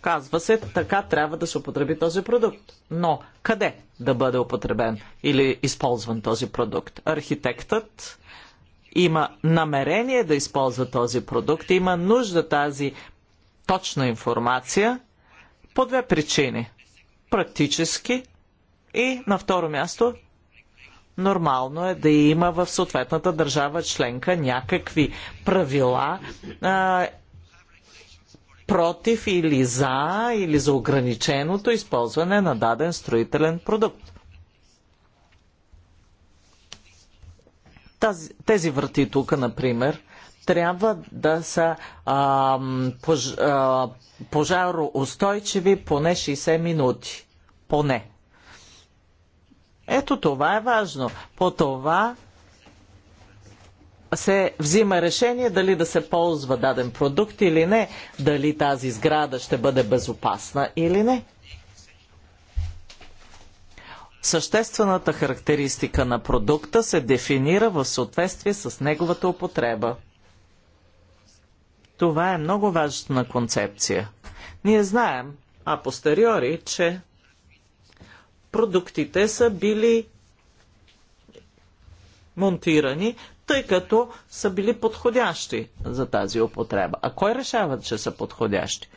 Казва се, така трябва да се употреби този продукт. Но къде да бъде употребен или използван този продукт? Архитектът има намерение да използва този продукт, има нужда тази точна информация по две причини. Практически и на второ място Нормално е да има в съответната държава членка някакви правила а, против или за, или за ограниченото използване на даден строителен продукт. Тази, тези врати тук, например, трябва да са а, пож, а, пожароустойчиви поне 60 минути. Поне. Ето това е важно. По това се взима решение дали да се ползва даден продукт или не, дали тази сграда ще бъде безопасна или не. Съществената характеристика на продукта се дефинира в съответствие с неговата употреба. Това е много важна концепция. Ние знаем, а постериори, че продуктите са били монтирани, тъй като са били подходящи за тази употреба. А кой решава, че са подходящи?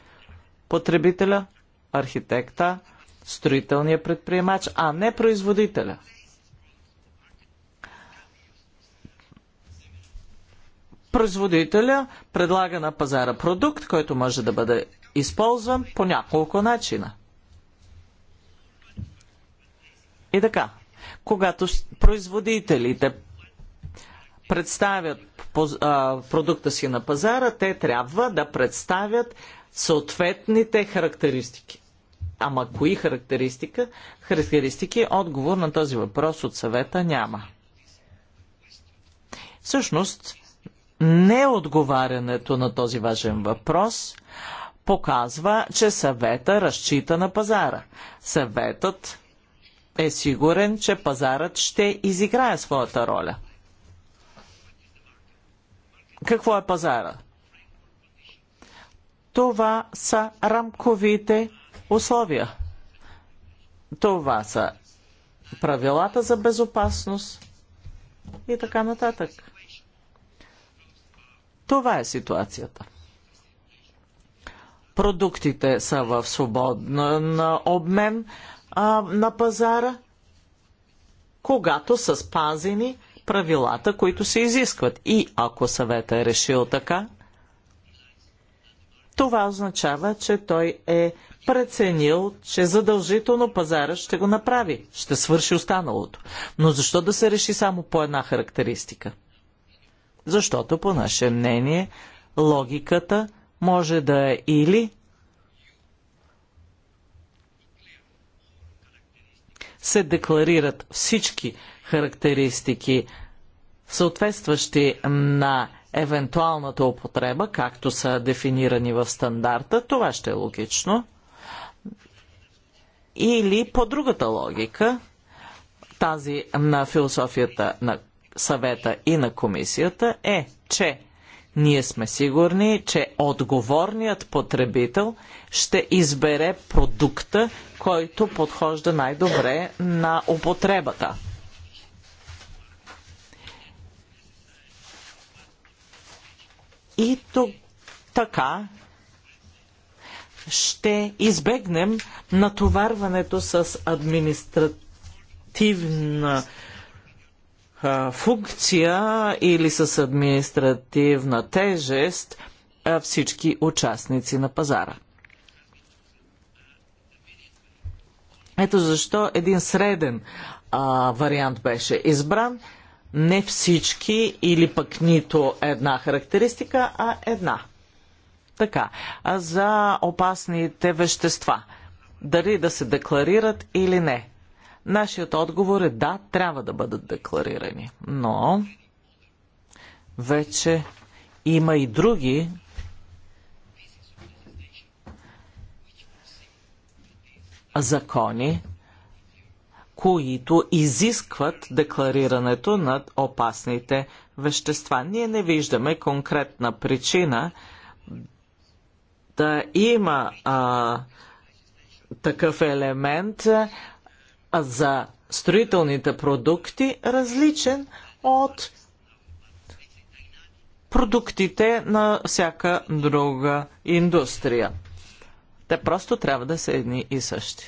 Потребителя, архитекта, строителния предприемач, а не производителя. Производителя предлага на пазара продукт, който може да бъде използван по няколко начина. И така, когато производителите представят продукта си на пазара, те трябва да представят съответните характеристики. Ама кои характеристика? Характеристики отговор на този въпрос от съвета няма. Всъщност, неотговарянето на този важен въпрос показва, че съвета разчита на пазара. Съветът е сигурен, че пазарът ще изиграе своята роля. Какво е пазара? Това са рамковите условия. Това са правилата за безопасност и така нататък. Това е ситуацията. Продуктите са в свободен обмен, а, на пазара, когато са спазени правилата, които се изискват. И ако съвета е решил така, това означава, че той е преценил, че задължително пазара ще го направи, ще свърши останалото. Но защо да се реши само по една характеристика? Защото, по наше мнение, логиката може да е или се декларират всички характеристики, съответстващи на евентуалната употреба, както са дефинирани в стандарта, това ще е логично. Или по другата логика, тази на философията на съвета и на комисията е, че ние сме сигурни, че отговорният потребител ще избере продукта, който подхожда най-добре на употребата. И тук така ще избегнем натоварването с административна функция или с административна тежест всички участници на пазара. Ето защо един среден а, вариант беше избран. Не всички или пък нито една характеристика, а една. Така, а за опасните вещества. Дали да се декларират или не. Нашият отговор е да, трябва да бъдат декларирани, но вече има и други закони, които изискват декларирането на опасните вещества. Ние не виждаме конкретна причина да има а, такъв елемент за строителните продукти различен от продуктите на всяка друга индустрия. Те просто трябва да са едни и същи.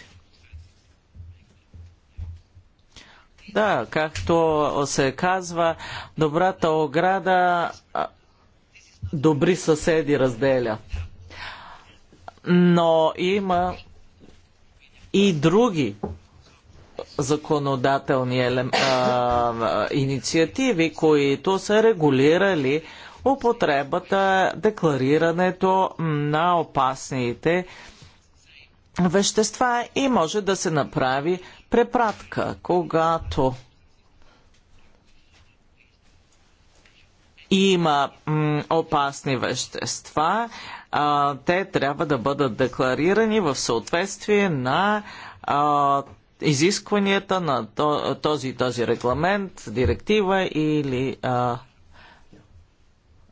Да, както се казва, добрата ограда добри съседи разделя. Но има и други законодателни елем... а, инициативи, които са регулирали употребата, декларирането на опасните вещества и може да се направи препратка, когато има опасни вещества, а, те трябва да бъдат декларирани в съответствие на а, изискванията на този и този регламент, директива или а,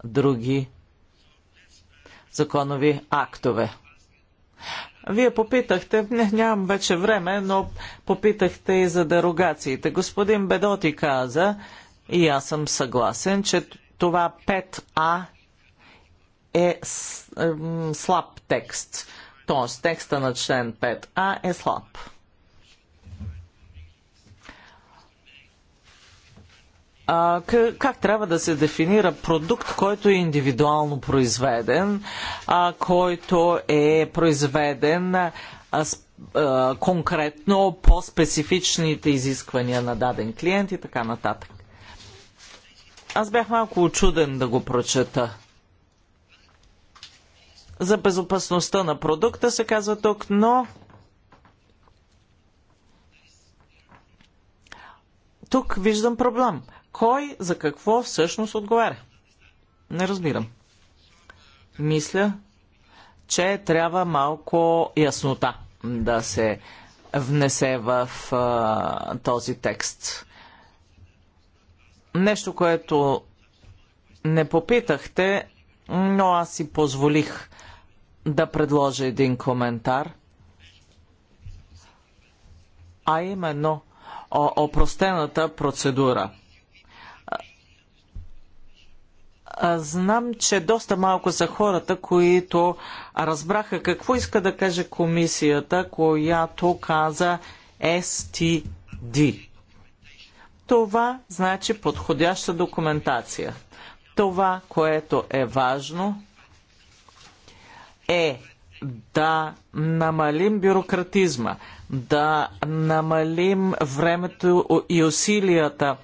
други законови актове. Вие попитахте, не, нямам вече време, но попитахте и за дерогациите. Господин Бедоти каза, и аз съм съгласен, че това 5А е слаб текст. Тоест, текста на член 5А е слаб. а, как трябва да се дефинира продукт, който е индивидуално произведен, а, който е произведен а, а, конкретно по специфичните изисквания на даден клиент и така нататък. Аз бях малко очуден да го прочета. За безопасността на продукта се казва тук, но тук виждам проблем – кой за какво всъщност отговаря? Не разбирам. Мисля, че трябва малко яснота да се внесе в а, този текст. Нещо, което не попитахте, но аз си позволих да предложа един коментар, а именно опростената процедура – Знам, че доста малко са хората, които разбраха какво иска да каже комисията, която каза STD. Това значи подходяща документация. Това, което е важно, е да намалим бюрократизма, да намалим времето и усилията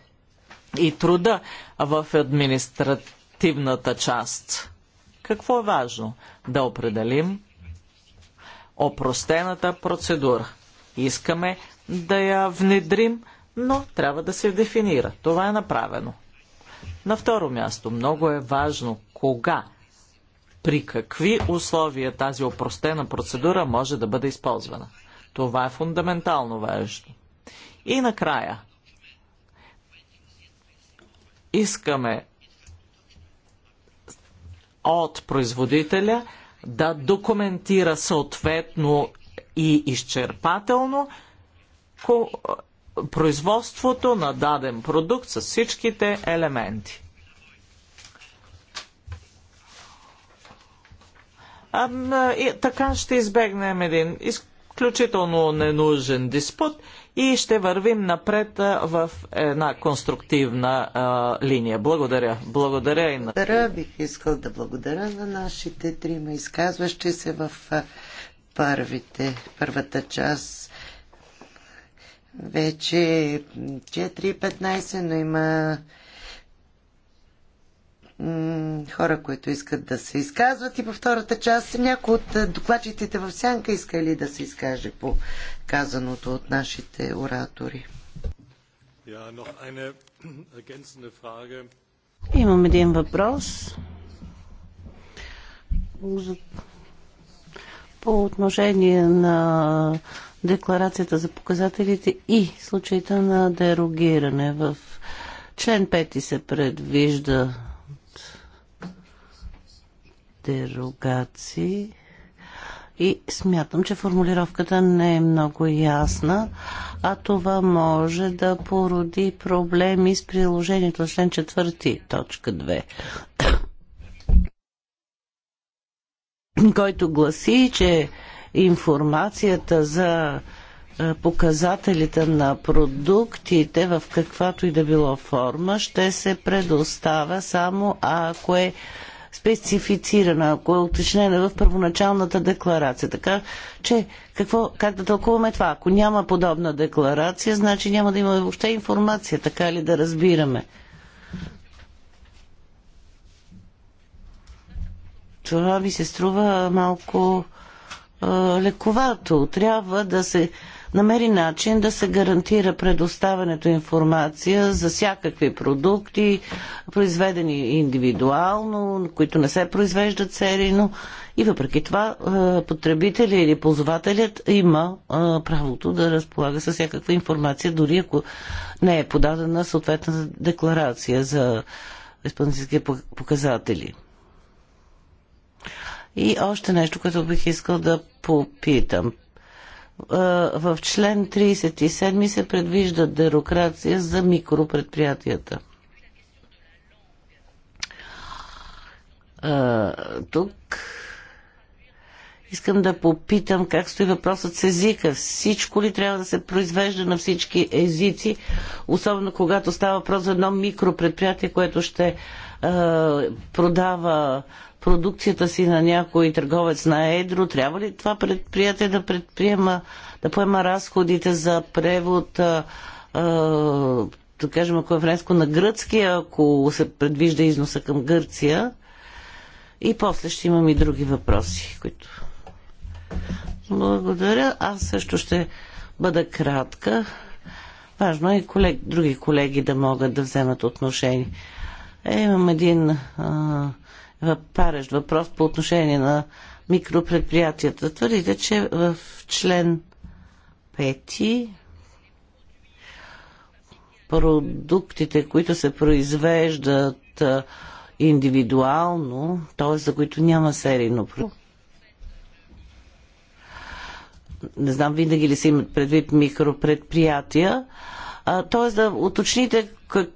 и труда в администрацията активната част. Какво е важно? Да определим опростената процедура. Искаме да я внедрим, но трябва да се дефинира. Това е направено. На второ място, много е важно кога, при какви условия тази опростена процедура може да бъде използвана. Това е фундаментално важно. И накрая, искаме от производителя да документира съответно и изчерпателно производството на даден продукт с всичките елементи. А, и така ще избегнем един изключително ненужен диспут – и ще вървим напред в една конструктивна а, линия. Благодаря. Благодаря и на... Благодаря. Бих искал да благодаря на нашите трима изказващи се в първите, първата част. Вече 4.15, но има хора, които искат да се изказват. И по втората част някой от е, докладчиците в сянка иска ли да се изкаже по казаното от нашите оратори. Имам един въпрос. По отношение на декларацията за показателите и случаите на дерогиране в член 5 се предвижда дерогации и смятам, че формулировката не е много ясна, а това може да породи проблеми с приложението на член 4, точка 2, който гласи, че информацията за е, показателите на продуктите в каквато и да било форма ще се предоставя само ако е специфицирана, ако е уточнена в първоначалната декларация. Така че какво, как да тълкуваме това? Ако няма подобна декларация, значи няма да имаме въобще информация, така ли да разбираме? Това ми се струва малко а, лековато. Трябва да се намери начин да се гарантира предоставянето информация за всякакви продукти, произведени индивидуално, които не се произвеждат серийно. И въпреки това е, потребителят или ползвателят има е, правото да разполага с всякаква информация, дори ако не е подадена съответната декларация за изпълнителски показатели. И още нещо, което бих искал да попитам. Е, в член 37 се предвижда дерокрация за микропредприятията. Е, тук искам да попитам как стои въпросът с езика. Всичко ли трябва да се произвежда на всички езици, особено когато става въпрос за едно микропредприятие, което ще е, продава продукцията си на някой търговец на едро, трябва ли това предприятие да предприема, да поема разходите за превод, а, а, да кажем, ако е френско на гръцки, ако се предвижда износа към Гърция? И после ще имам и други въпроси, които... Благодаря. Аз също ще бъда кратка. Важно е и колег, други колеги да могат да вземат отношение. Е, имам един а, парещ въпрос по отношение на микропредприятията. Твърдите, че в член 5 продуктите, които се произвеждат индивидуално, т.е. за които няма серийно не знам винаги ли се имат предвид микропредприятия, т.е. да уточните как,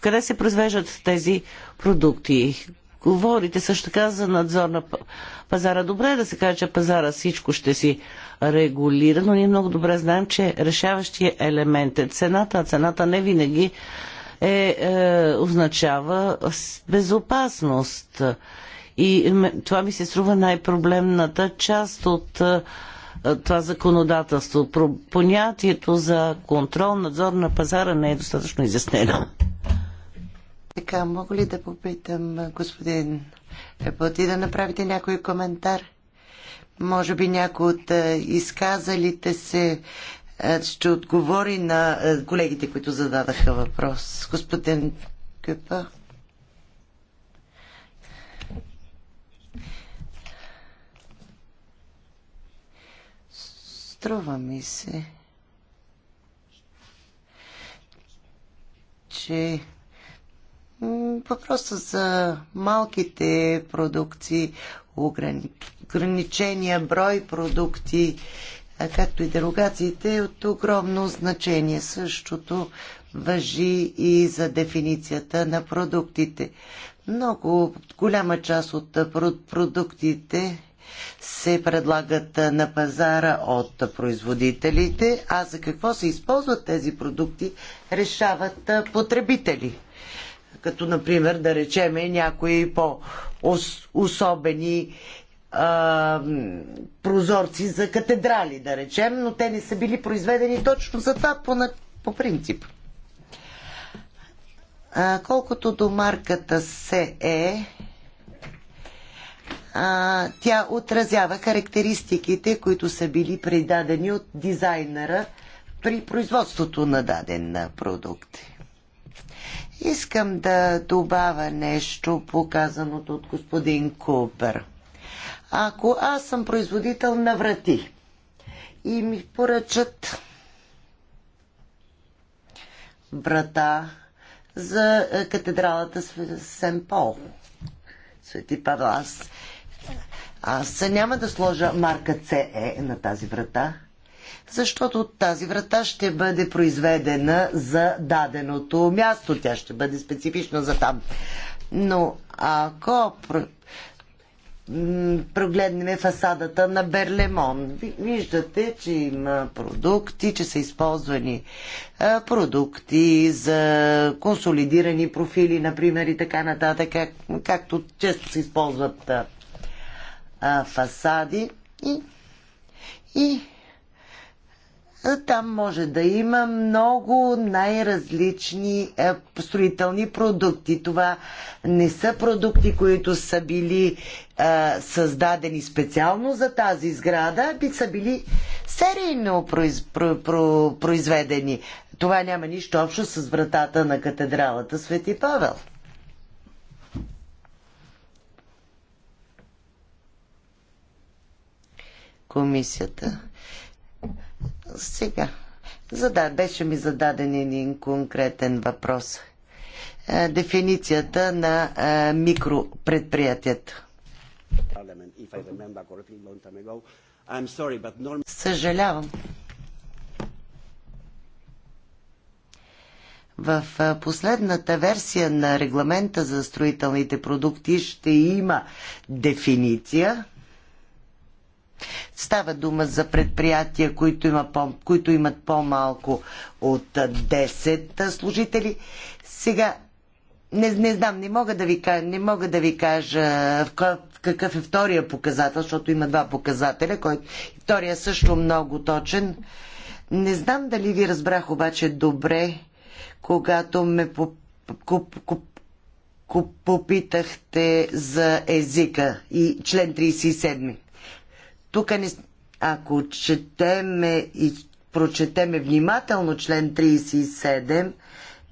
къде се произвеждат тези продукти. Говорите също така за надзор на пазара. Добре е да се каже, че пазара всичко ще си регулира, но ние много добре знаем, че решаващия елемент е цената, а цената не винаги е, е, означава безопасност. И това ми се струва най-проблемната част от е, е това законодателство. Понятието за контрол, надзор на пазара не е достатъчно изяснено. Така, мога ли да попитам господин Репоти да направите някой коментар? Може би някой от изказалите се ще отговори на колегите, които зададаха въпрос. Господин Къпа. Струва ми се, че въпроса за малките продукции, ограничения, брой продукти, както и дерогациите, е от огромно значение. Същото въжи и за дефиницията на продуктите. Много голяма част от продуктите се предлагат на пазара от производителите, а за какво се използват тези продукти решават потребители като например да речеме някои по-особени прозорци за катедрали, да речем, но те не са били произведени точно за това по, по принцип. А, колкото до марката СЕ, а, тя отразява характеристиките, които са били придадени от дизайнера при производството на даден продукт. Искам да добавя нещо по казаното от господин Купер. Ако аз съм производител на врати и ми поръчат врата за е, катедралата Сен Пол, Свети Павлас, аз, аз няма да сложа марка CE е на тази врата, защото тази врата ще бъде произведена за даденото място. Тя ще бъде специфична за там. Но ако прогледнем фасадата на Берлемон. Виждате, че има продукти, че са използвани продукти за консолидирани профили, например, и така нататък, как, както често се използват а, фасади. И, и там може да има много най-различни е, строителни продукти. Това не са продукти, които са били е, създадени специално за тази сграда, би са били серийно произведени. Това няма нищо общо с вратата на катедралата Свети Павел. Комисията. Сега, зада, беше ми зададен един конкретен въпрос. Е, дефиницията на е, микропредприятието. Съжалявам. В е, последната версия на регламента за строителните продукти ще има дефиниция Става дума за предприятия, които, има по, които имат по-малко от 10 служители. Сега, не, не знам, не мога да ви, не мога да ви кажа какъв е втория показател, защото има два показателя, който втория е също много точен. Не знам дали ви разбрах обаче добре, когато ме попитахте за езика и член 37. Тук не, ако четеме и прочетеме внимателно член 37,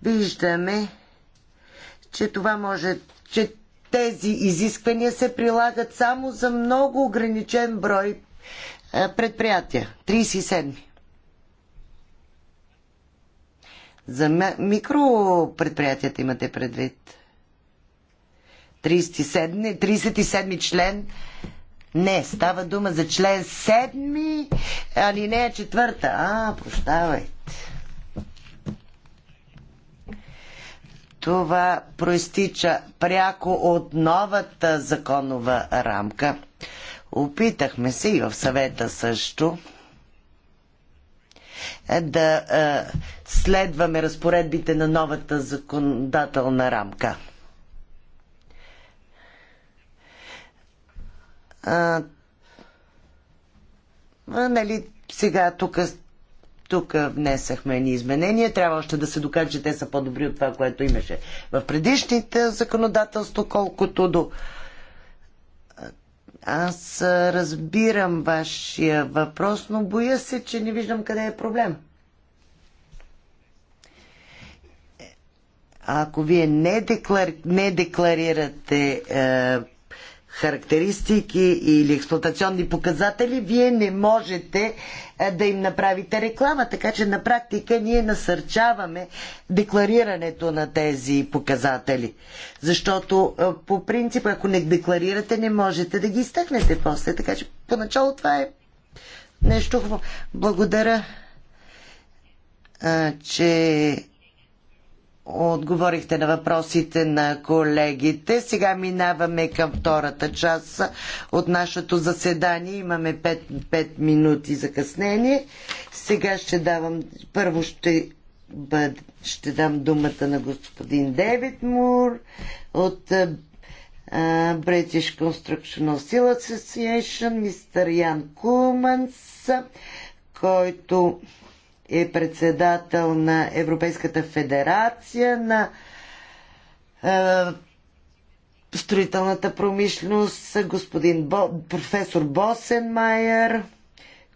виждаме, че това може, че тези изисквания се прилагат само за много ограничен брой е, предприятия. 37. За микропредприятията имате предвид. 37, 37 член не, става дума за член 7, алинея 4. А, прощавайте. Това проистича пряко от новата законова рамка. Опитахме се и в съвета също да следваме разпоредбите на новата законодателна рамка. А, нали, сега тук тук внесахме ни изменения. Трябва още да се докаже, че те са по-добри от това, което имаше в предишните законодателство, колкото до... Аз разбирам вашия въпрос, но боя се, че не виждам къде е проблем. Ако вие не, деклар... не декларирате е, характеристики или експлуатационни показатели, вие не можете е, да им направите реклама. Така че на практика ние насърчаваме декларирането на тези показатели. Защото е, по принцип, ако не декларирате, не можете да ги изтъкнете после. Така че поначало това е нещо хубаво. Благодаря, е, че отговорихте на въпросите на колегите. Сега минаваме към втората част от нашето заседание. Имаме 5, 5 минути закъснение. Сега ще давам, първо ще, бъд, ще дам думата на господин Девит Мур от British Constructional Seal Association, мистер Ян Куманс, който е председател на Европейската федерация на е, строителната промишленост, господин Бо, професор Босенмайер,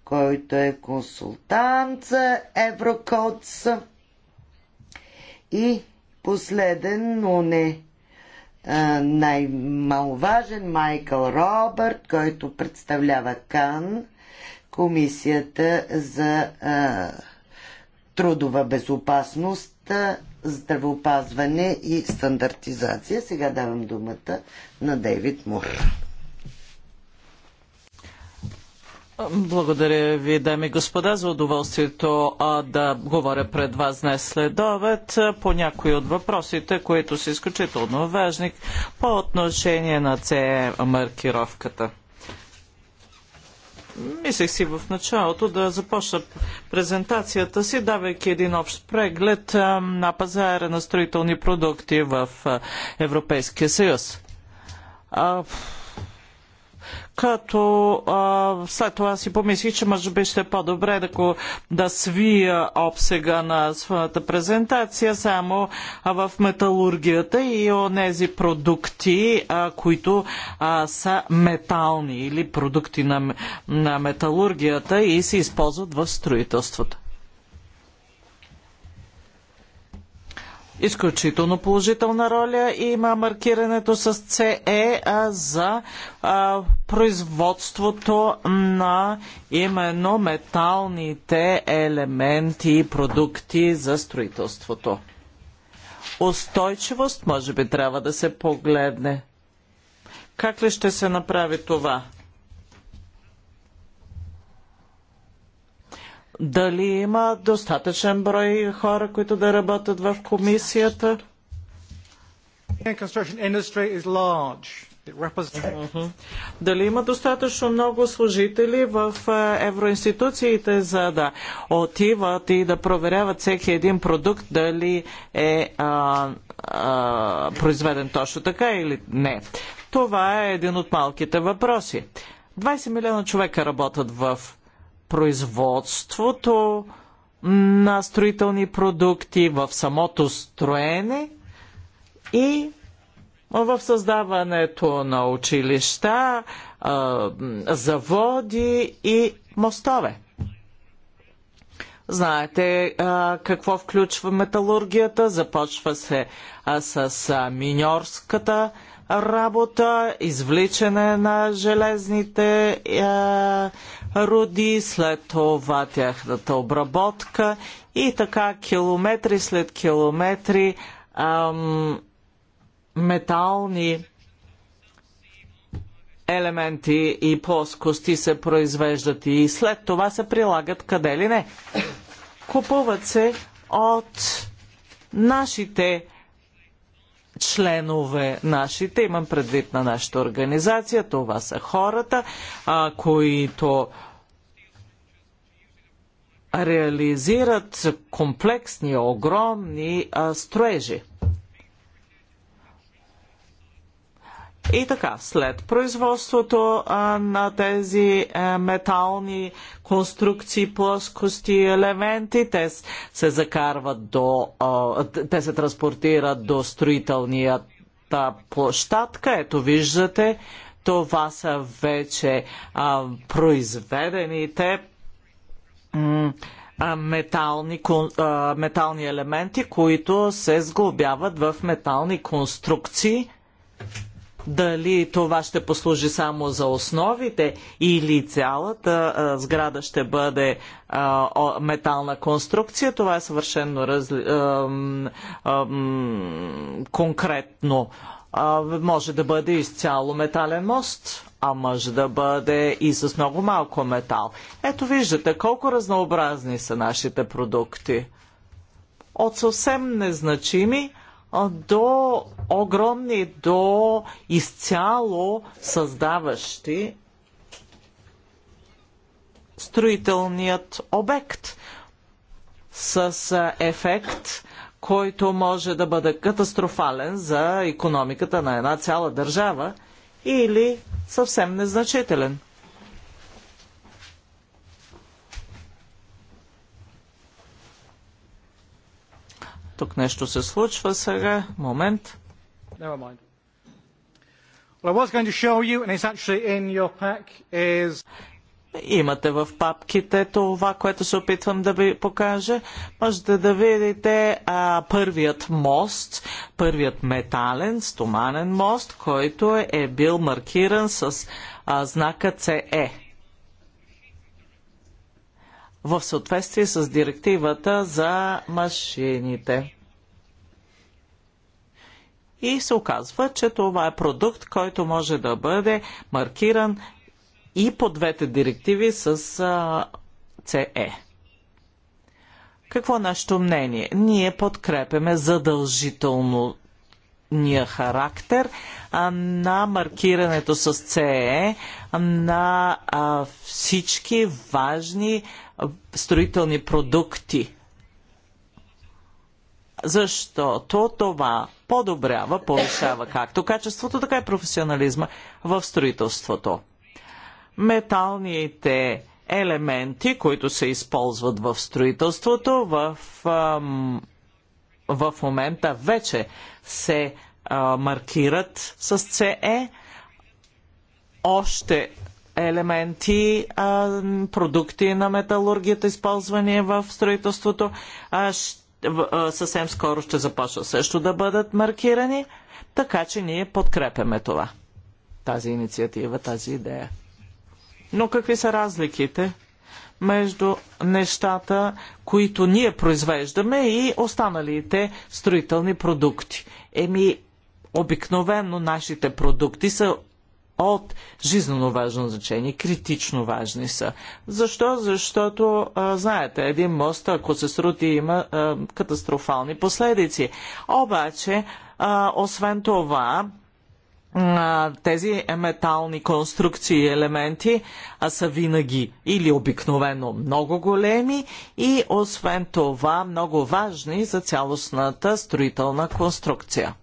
който е консултант за Еврокодс и последен, но не е, най-маловажен Майкъл Робърт, който представлява Кан, комисията за е, трудова безопасност, здравеопазване и стандартизация. Сега давам думата на Дейвид Мур. Благодаря ви, дами и господа, за удоволствието а, да говоря пред вас днес след обед по някои от въпросите, които са изключително важни по отношение на ЦЕ маркировката. Мислех си в началото да започна презентацията си, давайки един общ преглед на пазара на строителни продукти в Европейския съюз като а, след това си помислих, че може би ще е по-добре да, ко, да свия обсега на своята презентация само в металургията и онези продукти, а, които а, са метални или продукти на, на металургията и се използват в строителството. изключително положителна роля и има маркирането с CE за производството на именно металните елементи и продукти за строителството. Устойчивост може би трябва да се погледне. Как ли ще се направи това? Дали има достатъчен брой хора, които да работят в комисията? Дали има достатъчно много служители в е, евроинституциите, за да отиват и да проверяват всеки един продукт дали е а, а, произведен точно така или не? Това е един от малките въпроси. 20 милиона човека работят в производството на строителни продукти, в самото строене и в създаването на училища, заводи и мостове. Знаете какво включва металургията. Започва се с миньорската работа, извличане на железните роди, след това тяхната обработка и така километри след километри ам, метални елементи и плоскости се произвеждат и след това се прилагат къде ли не. Купуват се от нашите членове нашите, имам предвид на нашата организация, това са хората, а, които реализират комплексни, огромни а, строежи. И така, след производството а, на тези а, метални конструкции, плоскости, елементи, те се закарват до, а, те се транспортират до строителният площадка. Ето виждате, това са вече а, произведените метални, метални елементи, които се сглобяват в метални конструкции дали това ще послужи само за основите или цялата а, сграда ще бъде а, о, метална конструкция, това е съвършенно разли... а, а, конкретно. А, може да бъде изцяло метален мост, а може да бъде и с много малко метал. Ето виждате колко разнообразни са нашите продукти. От съвсем незначими до огромни, до изцяло създаващи строителният обект с ефект, който може да бъде катастрофален за економиката на една цяла държава или съвсем незначителен. Тук нещо се случва сега. Момент. Never mind. What I was going to show you, and it's actually in your pack, is Имате в папките това, което се опитвам да ви покажа. Можете да видите а, първият мост, първият метален, стоманен мост, който е, е бил маркиран с а, знака CE в съответствие с директивата за машините. И се оказва, че това е продукт, който може да бъде маркиран и по двете директиви с CE. Е. Какво е нашето мнение? Ние подкрепяме задължително ния характер на маркирането с CE е, на всички важни строителни продукти. Защото това подобрява, повишава както качеството, така и професионализма в строителството. Металните елементи, които се използват в строителството, в, в момента вече се маркират с CE. Още елементи, продукти на металургията, използвани в строителството, съвсем скоро ще започнат също да бъдат маркирани, така че ние подкрепяме това, тази инициатива, тази идея. Но какви са разликите между нещата, които ние произвеждаме и останалите строителни продукти? Еми, обикновено нашите продукти са от жизненно важно значение, критично важни са. Защо? Защото, а, знаете, един мост, ако се срути, има а, катастрофални последици. Обаче, а, освен това, тези метални конструкции и елементи а са винаги или обикновено много големи и освен това много важни за цялостната строителна конструкция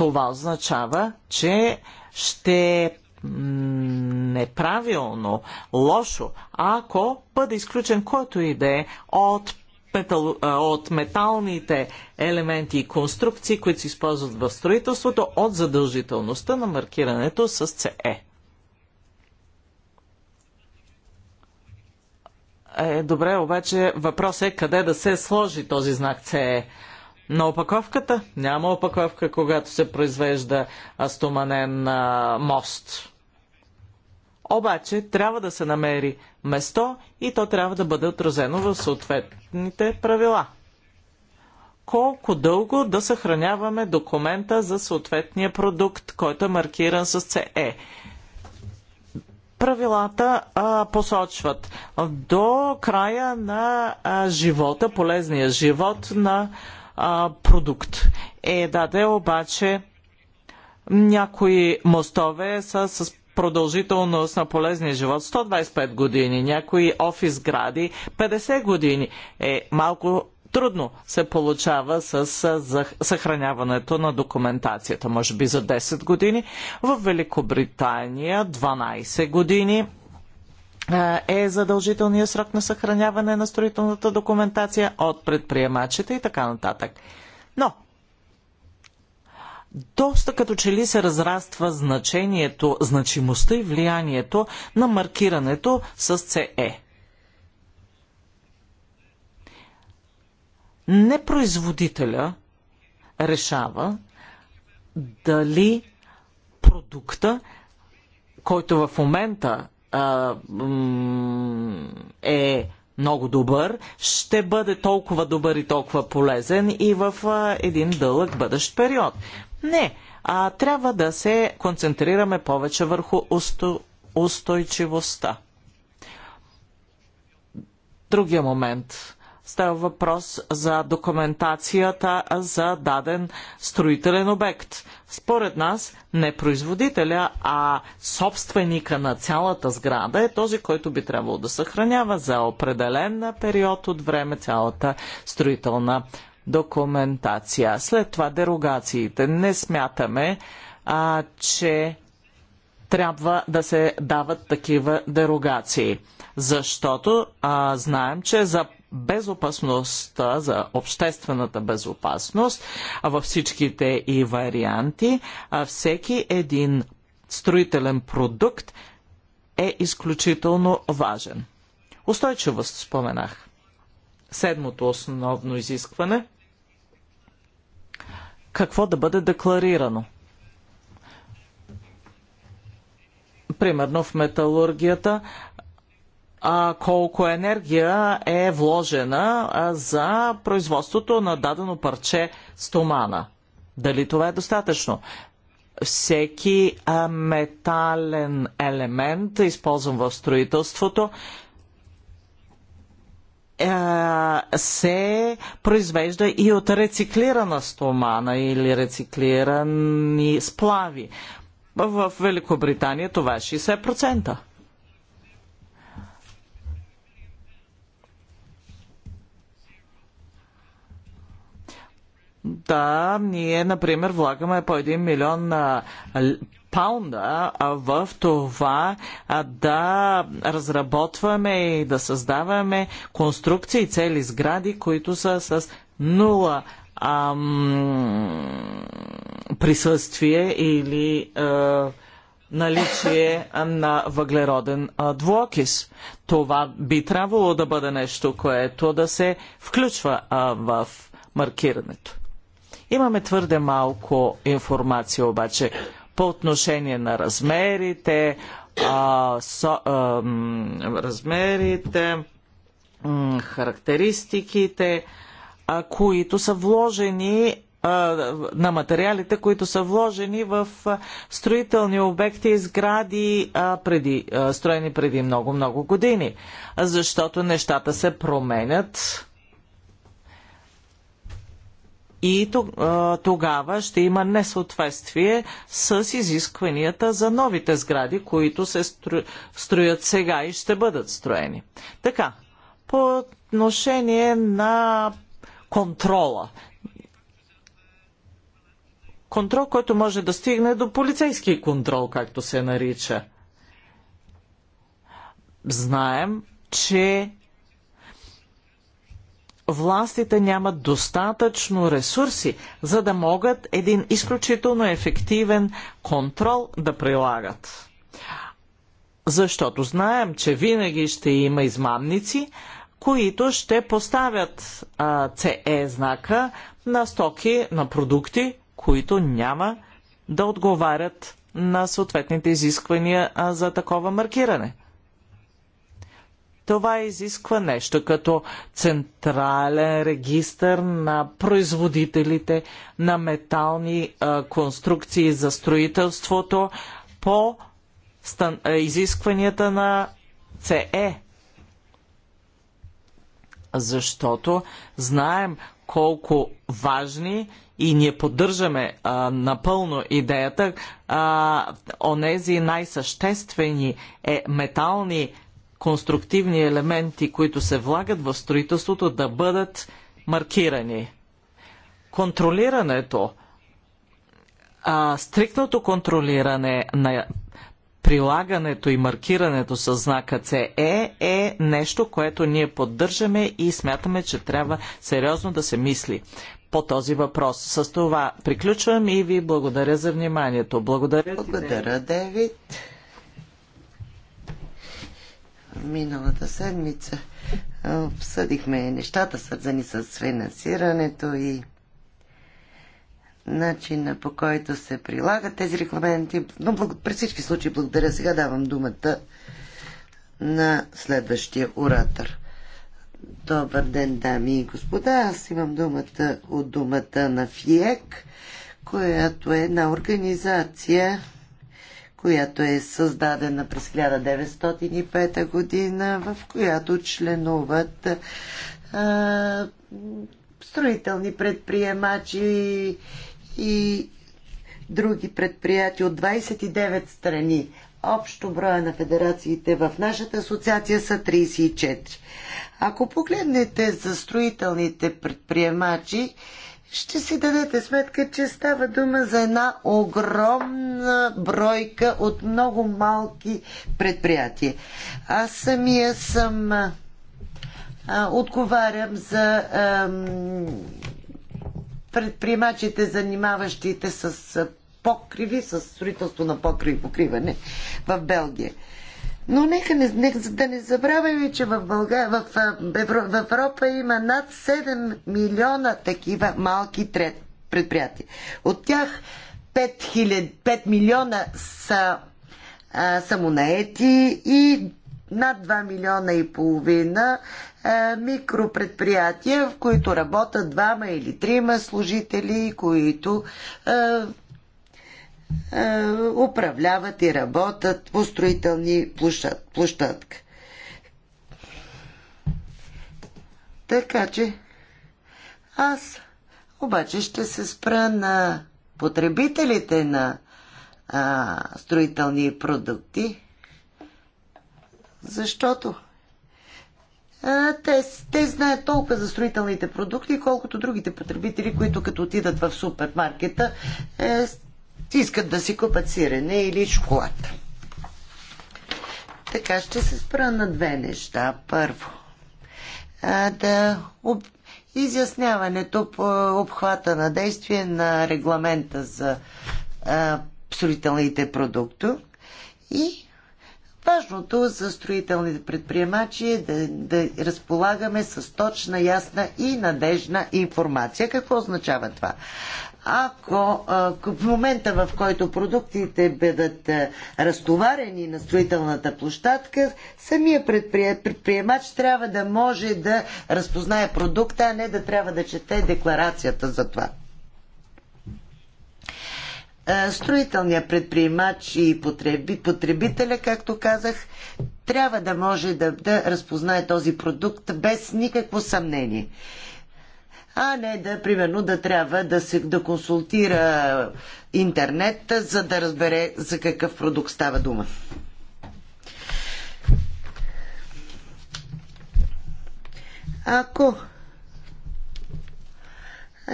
това означава, че ще неправилно, лошо, ако бъде изключен който и да е от, метал, от металните елементи и конструкции, които се използват в строителството, от задължителността на маркирането с CE. Е, добре, обаче въпрос е къде да се сложи този знак CE на опаковката. Няма опаковка, когато се произвежда стоманен мост. Обаче трябва да се намери место и то трябва да бъде отразено в съответните правила. Колко дълго да съхраняваме документа за съответния продукт, който е маркиран с CE? правилата а, посочват до края на а, живота, полезния живот на а, продукт. Е, да, обаче някои мостове са с продължителност на полезния живот 125 години, някои офис гради 50 години. Е, малко трудно се получава с съхраняването на документацията. Може би за 10 години. В Великобритания 12 години – е задължителният срок на съхраняване на строителната документация от предприемачите и така нататък. Но доста като че ли се разраства значението, значимостта и влиянието на маркирането с CE. Не производителя решава дали продукта, който в момента е много добър, ще бъде толкова добър и толкова полезен и в един дълъг бъдещ период. Не, а трябва да се концентрираме повече върху усто... устойчивостта. Другия момент Става въпрос за документацията за даден строителен обект. Според нас не производителя, а собственика на цялата сграда е този, който би трябвало да съхранява за определен период от време цялата строителна документация. След това дерогациите. Не смятаме, а, че трябва да се дават такива дерогации. Защото а, знаем, че за безопасността, за обществената безопасност във всичките и варианти, всеки един строителен продукт е изключително важен. Устойчивост споменах. Седмото основно изискване какво да бъде декларирано. Примерно в металургията колко енергия е вложена за производството на дадено парче стомана. Дали това е достатъчно? Всеки метален елемент, използван в строителството, е, се произвежда и от рециклирана стомана или рециклирани сплави. В Великобритания това е 60%. Да, ние, например, влагаме по 1 милион паунда в това да разработваме и да създаваме конструкции, цели сгради, които са с нула ам, присъствие или а, наличие на въглероден двуокис. Това би трябвало да бъде нещо, което да се включва а, в маркирането. Имаме твърде малко информация обаче по отношение на размерите, а, со, а, размерите, характеристиките, а, които са вложени на материалите, които са вложени в строителни обекти и сгради преди, строени преди много-много години. Защото нещата се променят и тогава ще има несъответствие с изискванията за новите сгради, които се строят сега и ще бъдат строени. Така, по отношение на контрола. Контрол, който може да стигне до полицейски контрол, както се нарича. Знаем, че властите нямат достатъчно ресурси, за да могат един изключително ефективен контрол да прилагат. Защото знаем, че винаги ще има измамници, които ще поставят а, CE знака на стоки, на продукти, които няма да отговарят на съответните изисквания а, за такова маркиране. Това изисква нещо като централен регистър на производителите на метални а, конструкции за строителството по стан... изискванията на ЦЕ. Защото знаем колко важни и ние поддържаме а, напълно идеята, а, онези най-съществени е, метални конструктивни елементи, които се влагат в строителството, да бъдат маркирани. Контролирането, а, стрикното контролиране на прилагането и маркирането с знака CE е, е нещо, което ние поддържаме и смятаме, че трябва сериозно да се мисли по този въпрос. С това приключвам и ви благодаря за вниманието. Благодаря. Благодаря, Девид миналата седмица обсъдихме нещата, свързани с финансирането и начина по който се прилагат тези регламенти. Но благ... при всички случаи благодаря. Сега давам думата на следващия оратор. Добър ден, дами и господа. Аз имам думата от думата на ФИЕК, която е една организация която е създадена през 1905 година, в която членуват а, строителни предприемачи и, и други предприятия от 29 страни. Общо броя на федерациите в нашата асоциация са 34. Ако погледнете за строителните предприемачи, ще си дадете сметка, че става дума за една огромна бройка от много малки предприятия. Аз самия съм а, отговарям за а, предприемачите, занимаващите с покриви, с строителство на покриви покриване в Белгия. Но нека не, не, да не забравяме, че в, Бълга, в, в, в Европа има над 7 милиона такива малки трет, предприятия. От тях 5, 5 милиона са а, самонаети и над 2 милиона и половина микропредприятия, в които работят двама или трима служители, които а, е, управляват и работят по строителни площад, площадка. Така че аз обаче ще се спра на потребителите на а, строителни продукти, защото а, те, те знаят толкова за строителните продукти, колкото другите потребители, които като отидат в супермаркета, е, искат да си купат сирене или шоколад. Така ще се спра на две неща. Първо, а, да об... изясняването по обхвата на действие на регламента за а, строителните продукти и Важното за строителните предприемачи е да, да разполагаме с точна, ясна и надежна информация. Какво означава това? ако в момента в който продуктите бъдат разтоварени на строителната площадка, самия предприемач трябва да може да разпознае продукта, а не да трябва да чете декларацията за това. Строителният предприемач и потреби, потребителя, както казах, трябва да може да, да разпознае този продукт без никакво съмнение а не да, примерно, да трябва да, се, да консултира интернет, за да разбере за какъв продукт става дума. Ако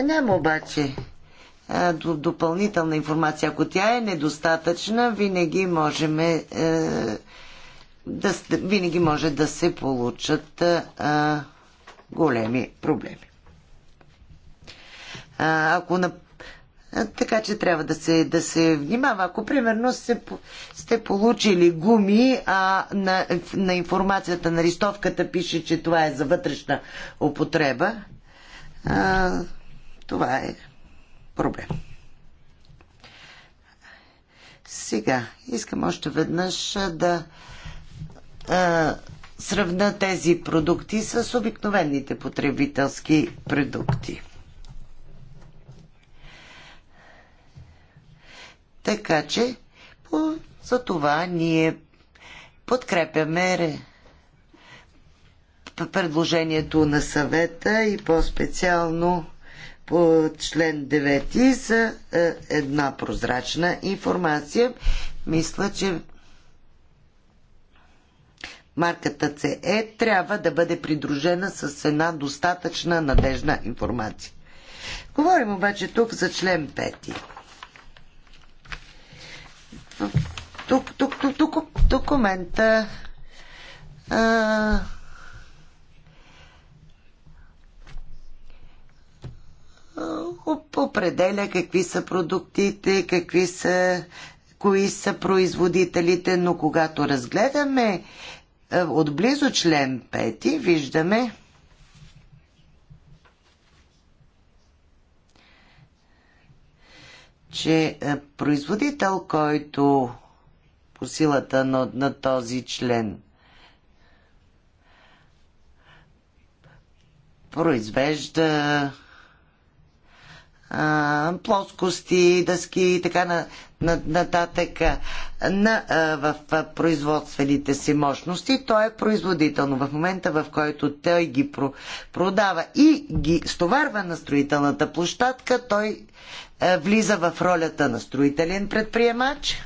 няма обаче допълнителна информация, ако тя е недостатъчна, винаги можем е, да, винаги може да се получат е, големи проблеми. А, ако на... Така че трябва да се, да се внимава. Ако примерно се, сте получили гуми, а на, на информацията на листовката пише, че това е за вътрешна употреба, а, това е проблем. Сега искам още веднъж да а, сравна тези продукти с обикновените потребителски продукти. Така че по, за това ние подкрепяме предложението на съвета и по-специално по член 9 за е, една прозрачна информация. Мисля, че марката CE е трябва да бъде придружена с една достатъчна надежна информация. Говорим обаче тук за член 5 в, тук, тук, тук, тук документа а, определя какви са продуктите, какви са, кои са производителите, но когато разгледаме отблизо член 5, виждаме, че е, производител, който по силата на, на този член произвежда а, плоскости, дъски и така на, на, нататък на, а, в а, производствените си мощности. Той е производително в момента, в който той ги про, продава и ги стоварва на строителната площадка, той а, влиза в ролята на строителен предприемач.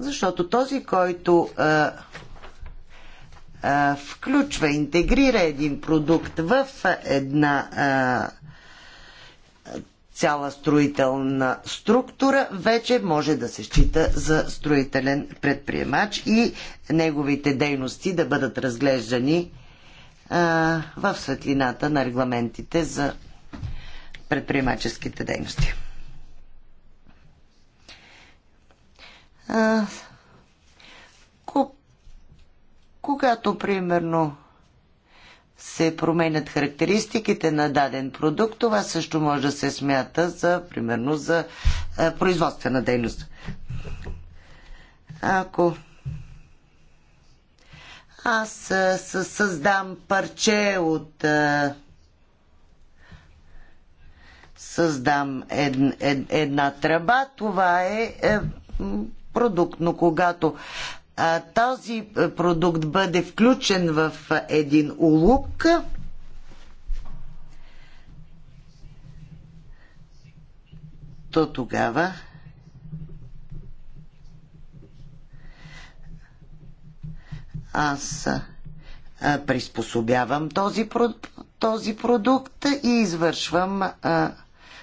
Защото този, който а, а, включва, интегрира един продукт в една а, цяла строителна структура, вече може да се счита за строителен предприемач и неговите дейности да бъдат разглеждани в светлината на регламентите за предприемаческите дейности. Когато, примерно, се променят характеристиките на даден продукт, това също може да се смята за, примерно, за е, производствена дейност. Ако аз е, създам парче от е, създам ед, ед, една тръба, това е, е продукт, но когато този е, продукт бъде включен в е, един улук, то тогава аз е, приспособявам този, този продукт и извършвам а,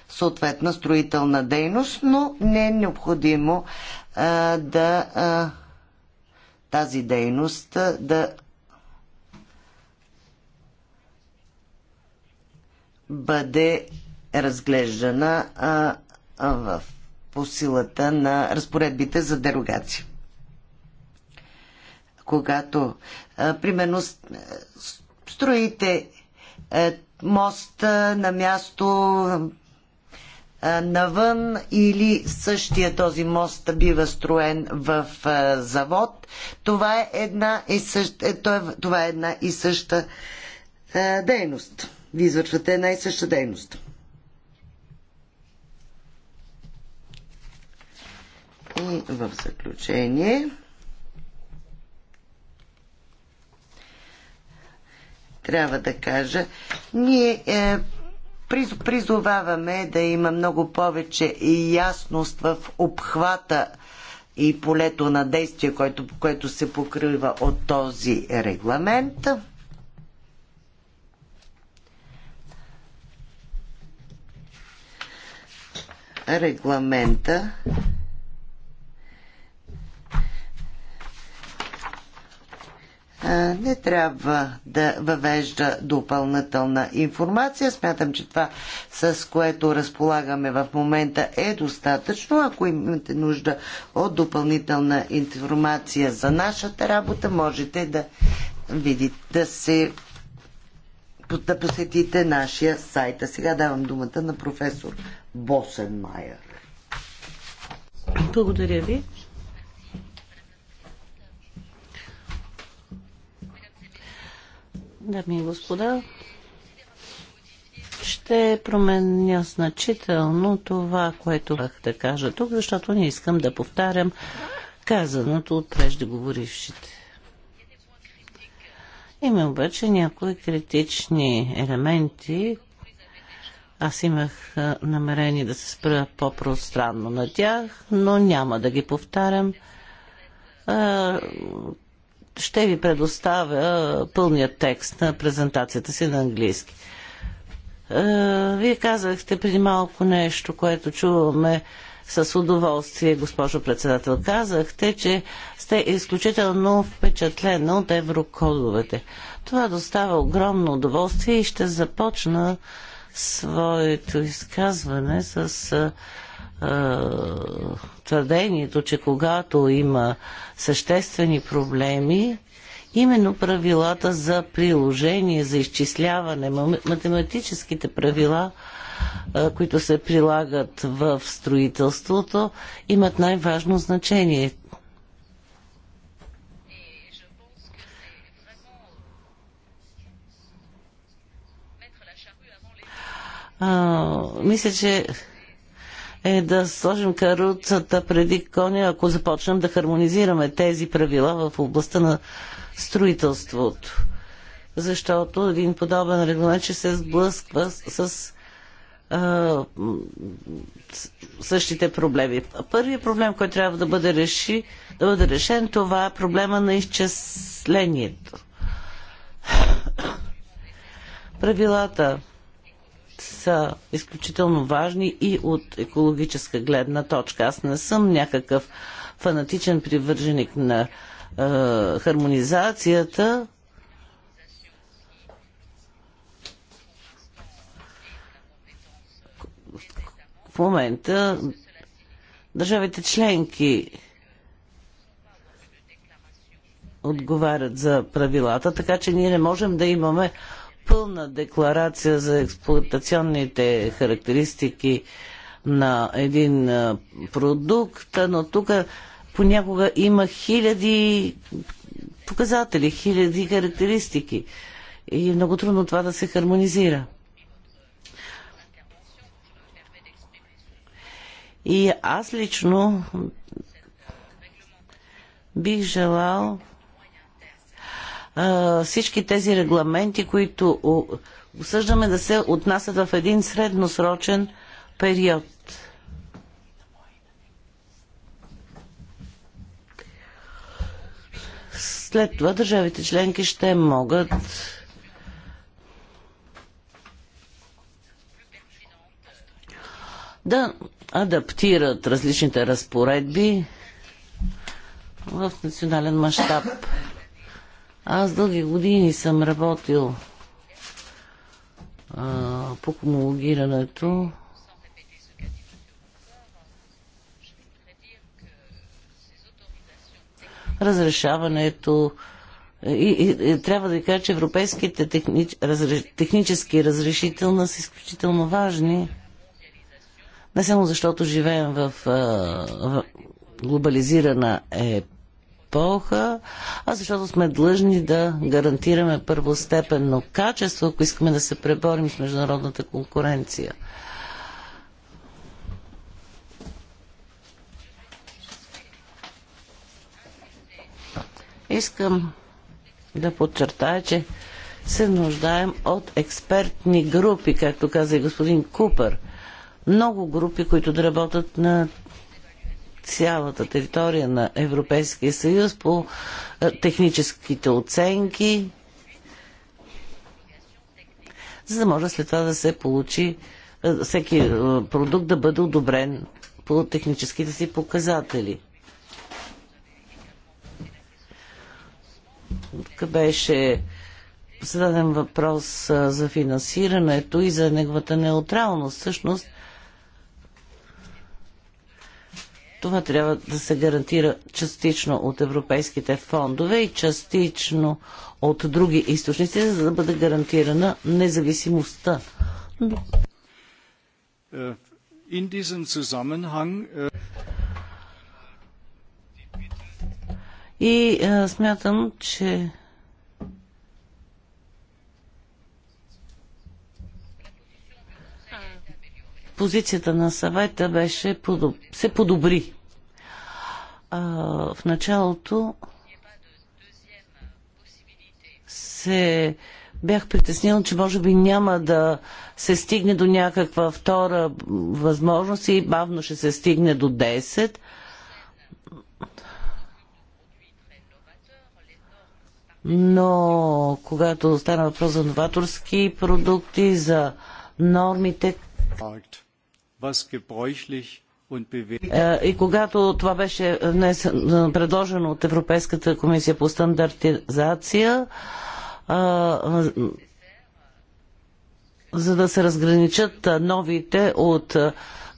съответна строителна дейност, но не е необходимо а, да а, тази дейност да бъде разглеждана а, а, в, по силата на разпоредбите за дерогация. Когато, а, примерно, строите е, мост на място навън или същия този мост бива строен в завод. Това е една и съща, е, е това е една и съща дейност. Ви извършвате една и съща дейност. И в заключение трябва да кажа, ние е, призоваваме да има много повече ясност в обхвата и полето на действие, което, което се покрива от този регламент. Регламента не трябва да въвежда допълнителна информация. Смятам, че това, с което разполагаме в момента, е достатъчно. Ако имате нужда от допълнителна информация за нашата работа, можете да видите, да се да посетите нашия сайт. А сега давам думата на професор Босен Майер. Благодаря ви. Дами и господа, ще променя значително това, което бях да кажа тук, защото не искам да повтарям казаното от преждеговорившите. Има обаче някои критични елементи. Аз имах намерение да се спра по-пространно на тях, но няма да ги повтарям ще ви предоставя пълният текст на презентацията си на английски. Е, вие казахте преди малко нещо, което чуваме с удоволствие, госпожо председател. Казахте, че сте изключително впечатлена от еврокодовете. Това достава огромно удоволствие и ще започна своето изказване с е, твърдението, че когато има съществени проблеми, именно правилата за приложение, за изчисляване, математическите правила, които се прилагат в строителството, имат най-важно значение. А, мисля, че е да сложим каруцата преди коня, ако започнем да хармонизираме тези правила в областта на строителството. Защото един подобен регламент ще се сблъсква с а, същите проблеми. Първият проблем, който трябва да бъде, реши, да бъде решен, това е проблема на изчислението. Правилата са изключително важни и от екологическа гледна точка. Аз не съм някакъв фанатичен привърженик на е, хармонизацията. В момента държавите членки отговарят за правилата, така че ние не можем да имаме пълна декларация за експлуатационните характеристики на един продукт, но тук понякога има хиляди показатели, хиляди характеристики и е много трудно това да се хармонизира. И аз лично бих желал всички тези регламенти, които осъждаме да се отнасят в един средносрочен период. След това държавите членки ще могат да адаптират различните разпоредби в национален мащаб. Аз дълги години съм работил а, по хомологирането. Разрешаването и, и, и трябва да ви кажа, че европейските техни, разреш, технически разрешителна са изключително важни. Не само защото живеем в, в глобализирана епоха, епоха, а защото сме длъжни да гарантираме първостепенно качество, ако искаме да се преборим с международната конкуренция. Искам да подчертая, че се нуждаем от експертни групи, както каза и господин Купър. Много групи, които да работят на цялата територия на Европейския съюз по е, техническите оценки, за да може след това да се получи е, всеки е, продукт да бъде одобрен по техническите си показатели. Тук беше зададен въпрос за финансирането и за неговата неутралност. Всъщност, Това трябва да се гарантира частично от европейските фондове и частично от други източници, за да бъде гарантирана независимостта. Е, е, и а, е, смятам, че позицията на съвета беше, се подобри в началото се бях притеснил, че може би няма да се стигне до някаква втора възможност и бавно ще се стигне до 10. Но когато стана въпрос за новаторски продукти, за нормите, е, и когато това беше предложено от Европейската комисия по стандартизация, за да се разграничат новите от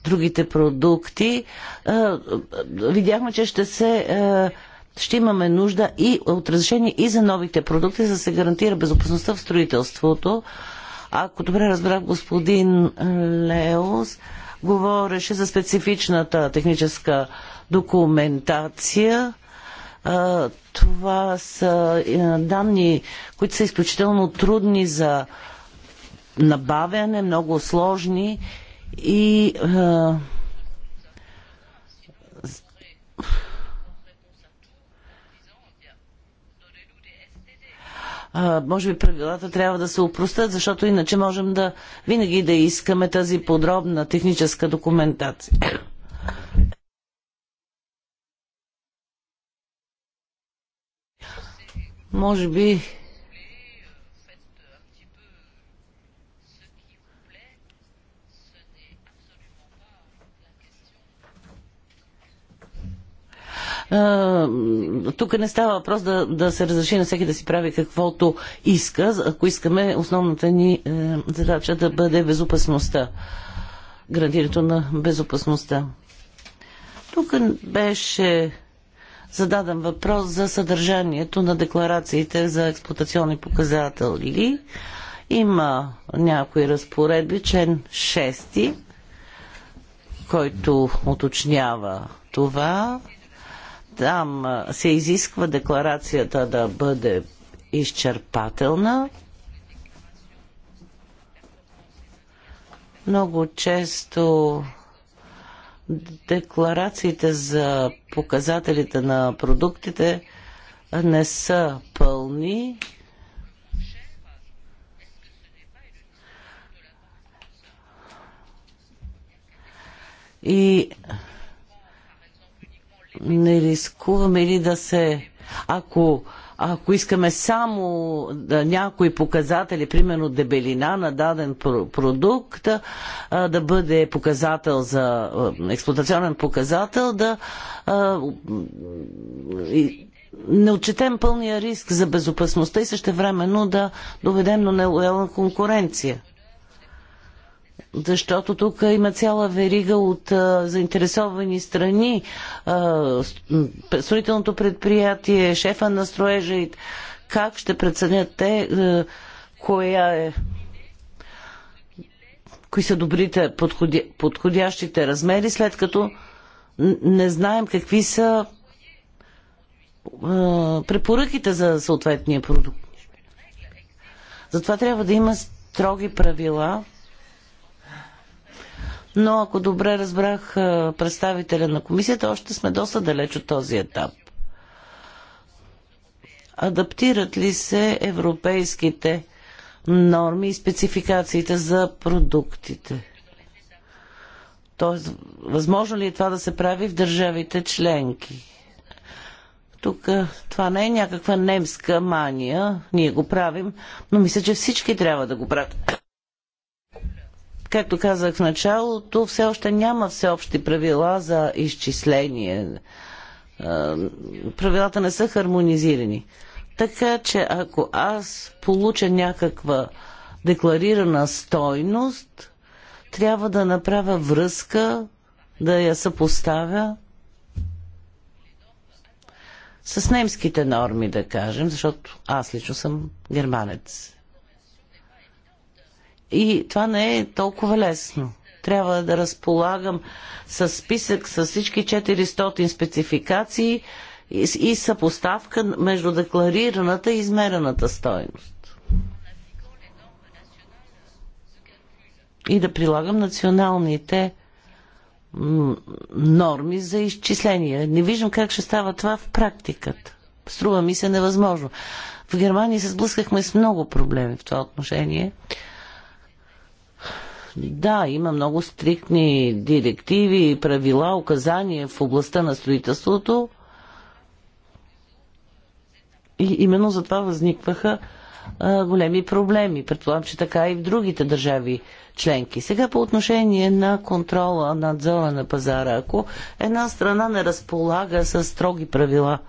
другите продукти, видяхме, че ще се ще имаме нужда и от разрешение и за новите продукти, за да се гарантира безопасността в строителството. Ако добре разбрах господин Леос, говореше за специфичната техническа документация. Това са е, данни, които са изключително трудни за набавяне, много сложни и е, а, може би правилата трябва да се упростят, защото иначе можем да винаги да искаме тази подробна техническа документация. Може би Тук не става въпрос да, да се разреши на всеки да си прави каквото иска, ако искаме основната ни е, задача да бъде безопасността. Градирането на безопасността. Тук беше зададен въпрос за съдържанието на декларациите за експлуатационни показатели. Има някои разпоредби, член 6, който уточнява това. Там се изисква декларацията да бъде изчерпателна. Много често декларациите за показателите на продуктите не са пълни. И не рискуваме ли да се... Ако, ако искаме само да, някои показатели, примерно дебелина на даден продукт, да, да бъде показател за експлуатационен показател, да а, и, не отчетем пълния риск за безопасността и също времено да доведем до нелоялна конкуренция защото тук има цяла верига от а, заинтересовани страни. А, строителното предприятие, шефа на строежа и как ще преценят те а, коя е кои са добрите подходя, подходящите размери, след като не знаем какви са а, препоръките за съответния продукт. Затова трябва да има строги правила, но ако добре разбрах представителя на комисията, още сме доста далеч от този етап. Адаптират ли се европейските норми и спецификациите за продуктите? Тоест, възможно ли е това да се прави в държавите членки? Тук това не е някаква немска мания, ние го правим, но мисля, че всички трябва да го правят. Както казах в началото, все още няма всеобщи правила за изчисление. Правилата не са хармонизирани. Така че ако аз получа някаква декларирана стойност, трябва да направя връзка, да я съпоставя с немските норми, да кажем, защото аз лично съм германец. И това не е толкова лесно. Трябва да разполагам с списък с всички 400 спецификации и съпоставка между декларираната и измерената стоеност. И да прилагам националните норми за изчисления. Не виждам как ще става това в практиката. Струва ми се невъзможно. В Германия се сблъскахме с много проблеми в това отношение. Да, има много стриктни директиви, правила, указания в областта на строителството. И именно за това възникваха а, големи проблеми. Предполагам, че така и в другите държави членки. Сега по отношение на контрола, надзора на пазара. Ако една страна не разполага с строги правила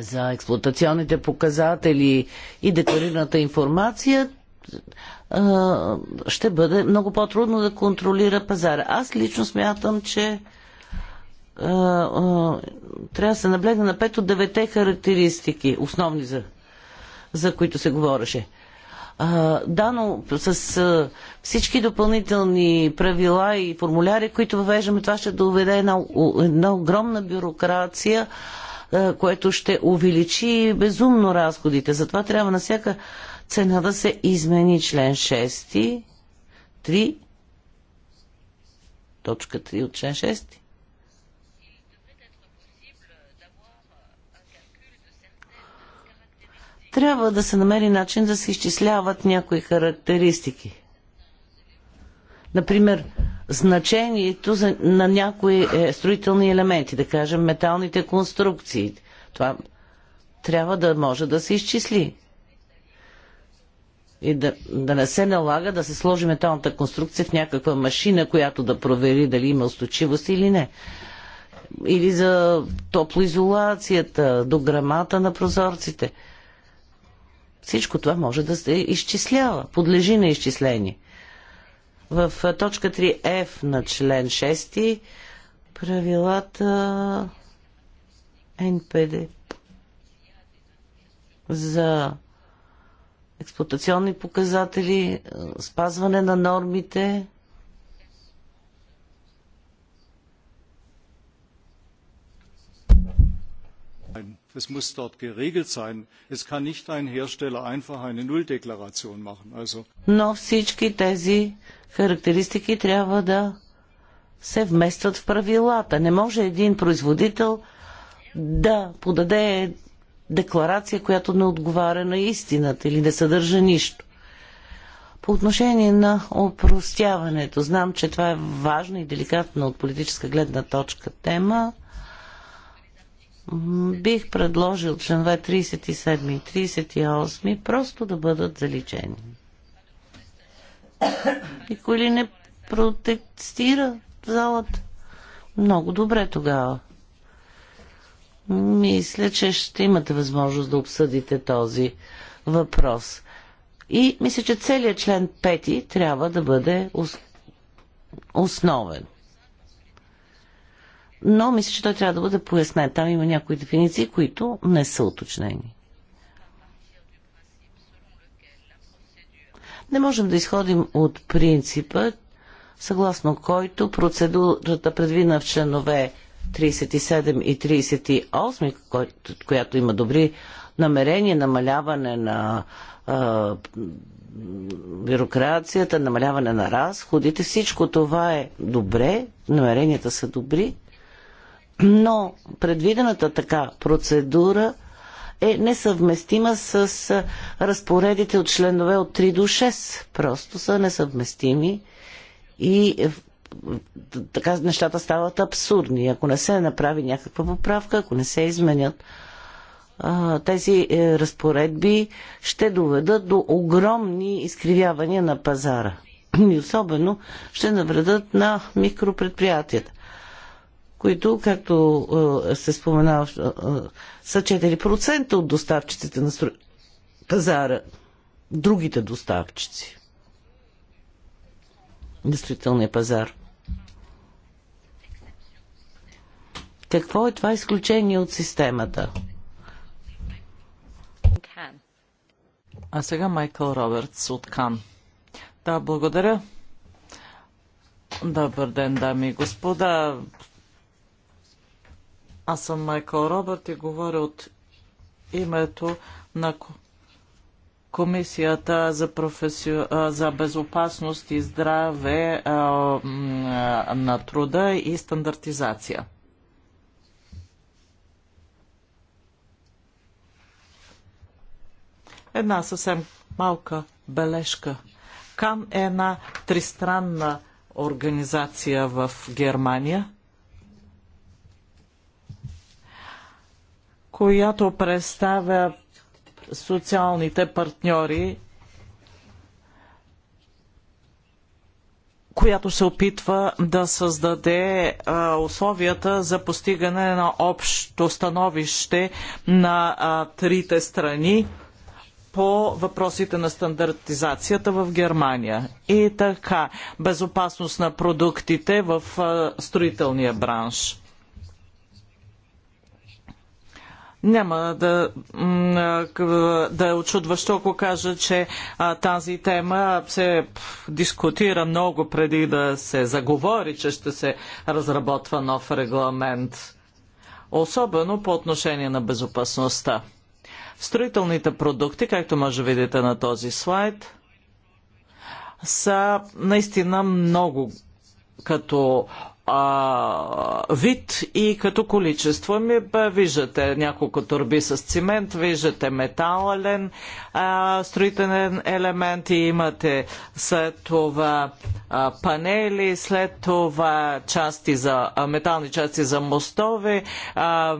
за експлуатационните показатели и декларираната информация, ще бъде много по-трудно да контролира пазара. Аз лично смятам, че трябва да се наблегне на пет от девете характеристики, основни за, за които се говореше. да, но с всички допълнителни правила и формуляри, които въвеждаме, това ще доведе една, една огромна бюрокрация, което ще увеличи безумно разходите. Затова трябва на всяка цена да се измени член 6, 3, точка 3 от член 6. Трябва да се намери начин да се изчисляват някои характеристики. Например, значението за, на някои е, строителни елементи, да кажем металните конструкции. Това трябва да може да се изчисли и да, да не се налага да се сложи металната конструкция в някаква машина, която да провери дали има устойчивост или не. Или за топлоизолацията, до грамата на прозорците. Всичко това може да се изчислява, подлежи на изчисление. В точка 3F на член 6 правилата НПД за експлуатационни показатели, е, спазване на нормите. Es muss dort geregelt sein. Es kann nicht ein Hersteller einfach eine Nulldeklaration machen. Also Но всички тези характеристики трябва да се вместват в правилата. Не може един производител да подаде декларация, която не отговаря на истината или не съдържа нищо. По отношение на опростяването, знам, че това е важна и деликатна от политическа гледна точка тема. Бих предложил членове 37 и 38 просто да бъдат заличени. Никой ли не протестира залата? Много добре тогава. Мисля, че ще имате възможност да обсъдите този въпрос. И мисля, че целият член 5 трябва да бъде основен. Но мисля, че той трябва да бъде пояснен. Там има някои дефиниции, които не са уточнени. Не можем да изходим от принципа, съгласно който процедурата предвидена в членове 37 и 38, която има добри намерения, намаляване на а, бюрокрацията, намаляване на разходите, всичко това е добре, намеренията са добри, но предвидената така процедура е несъвместима с разпоредите от членове от 3 до 6. Просто са несъвместими и така нещата стават абсурдни. Ако не се направи някаква поправка, ако не се изменят тези е, разпоредби, ще доведат до огромни изкривявания на пазара. И особено ще навредат на микропредприятията, които, както е, се споменава, е, са 4% от доставчиците на пазара, другите доставчици действителният пазар. Какво е това изключение от системата? А сега Майкъл Робертс от Кан. Да, благодаря. Добър ден, дами и господа. Аз съм Майкъл Робърт и говоря от името на Комисията за, професи... за безопасност и здраве на труда и стандартизация. една съвсем малка бележка. Кан е една тристранна организация в Германия, която представя социалните партньори, която се опитва да създаде а, условията за постигане на общо становище на а, трите страни по въпросите на стандартизацията в Германия. И така, безопасност на продуктите в строителния бранш. Няма да, да е очудващо, ако кажа, че а, тази тема се дискутира много преди да се заговори, че ще се разработва нов регламент. Особено по отношение на безопасността. Строителните продукти, както може да видите на този слайд, са наистина много като а, вид и като количество. Ми, бе, виждате няколко турби с цимент, виждате метален а, строителен елемент и имате след това а, панели, след това части за, а, метални части за мостове, а,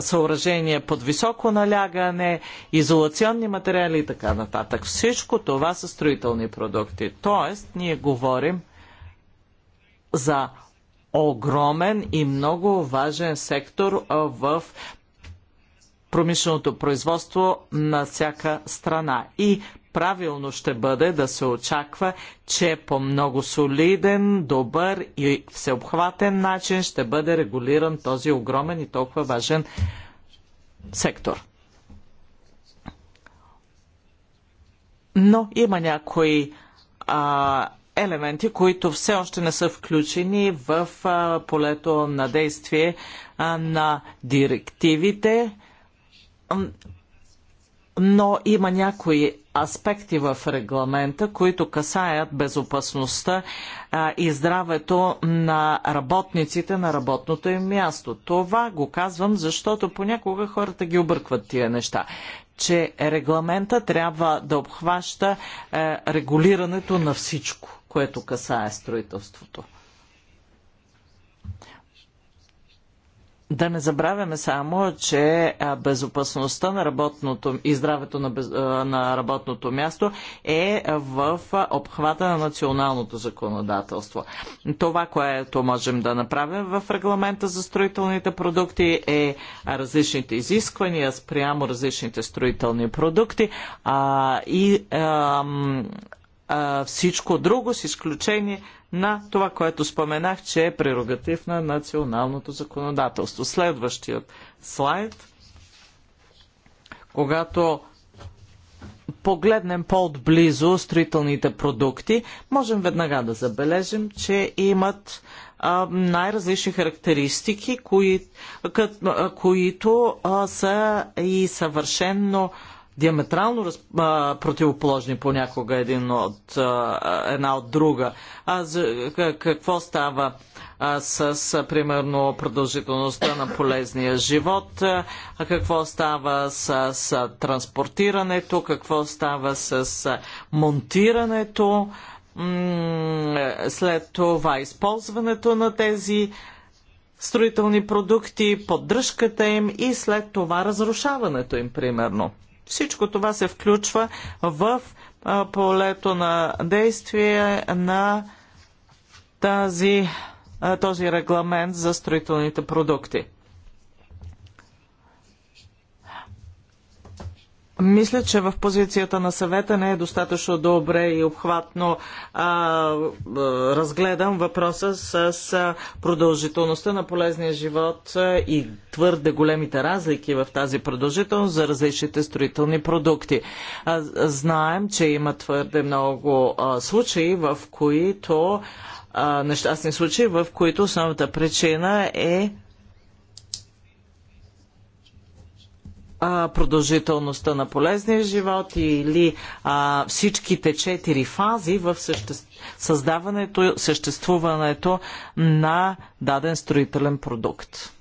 съоръжения под високо налягане, изолационни материали и така нататък. Всичко това са строителни продукти. Тоест, ние говорим за огромен и много важен сектор в промишленото производство на всяка страна. И правилно ще бъде да се очаква, че по много солиден, добър и всеобхватен начин ще бъде регулиран този огромен и толкова важен сектор. Но има някои а, елементи, които все още не са включени в полето на действие на директивите, но има някои аспекти в регламента, които касаят безопасността а, и здравето на работниците на работното им място. Това го казвам, защото понякога хората ги объркват тия неща че регламента трябва да обхваща е, регулирането на всичко което касае строителството. Да не забравяме само, че безопасността на работното и здравето на, без, на работното място е в обхвата на националното законодателство. Това, което можем да направим в регламента за строителните продукти е различните изисквания спрямо различните строителни продукти а, и а, всичко друго, с изключение на това, което споменах, че е прерогатив на националното законодателство. Следващият слайд. Когато погледнем по-отблизо строителните продукти, можем веднага да забележим, че имат най-различни характеристики, кои, кът, които а, са и съвършенно диаметрално раз, а, противоположни понякога един от, а, една от друга. А за, какво става а, с, примерно, продължителността на полезния живот? А какво става с, с транспортирането? Какво става с, с монтирането? след това използването на тези строителни продукти, поддръжката им и след това разрушаването им, примерно. Всичко това се включва в полето на действие на тази, този регламент за строителните продукти. Мисля, че в позицията на съвета не е достатъчно добре и обхватно а, разгледан въпроса с, с продължителността на полезния живот и твърде големите разлики в тази продължителност за различните строителни продукти. А, знаем, че има твърде много а, случаи, в които а, нещастни случаи, в които основната причина е продължителността на полезния живот или а, всичките четири фази в съще... създаването, съществуването на даден строителен продукт.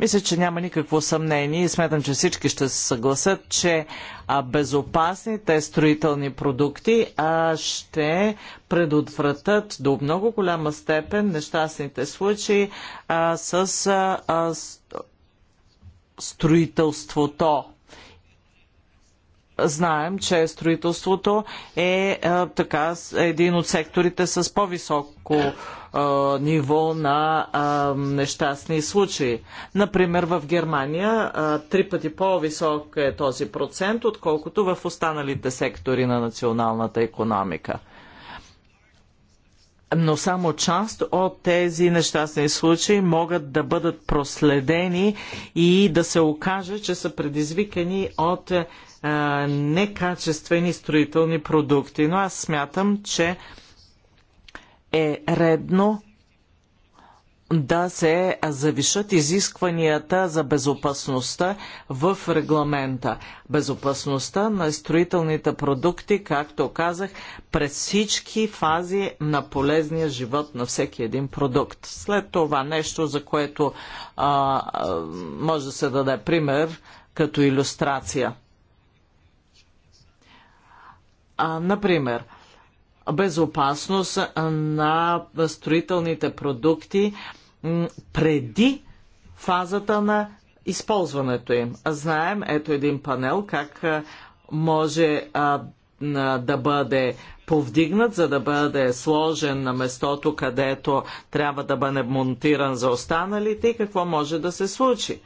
Мисля, че няма никакво съмнение и смятам, че всички ще се съгласят, че а, безопасните строителни продукти а, ще предотвратят до много голяма степен нещастните случаи а, с. А, с строителството. Знаем, че строителството е а, така един от секторите с по-високо ниво на а, нещастни случаи. Например, в Германия а, три пъти по-висок е този процент, отколкото в останалите сектори на националната економика но само част от тези нещастни случаи могат да бъдат проследени и да се окаже, че са предизвикани от а, е, некачествени строителни продукти. Но аз смятам, че е редно да се завишат изискванията за безопасността в регламента. Безопасността на строителните продукти, както казах, през всички фази на полезния живот на всеки един продукт. След това нещо, за което а, може да се даде пример като иллюстрация. А, например, безопасност на строителните продукти преди фазата на използването им. Знаем, ето един панел, как може да бъде повдигнат, за да бъде сложен на местото, където трябва да бъде монтиран за останалите и какво може да се случи.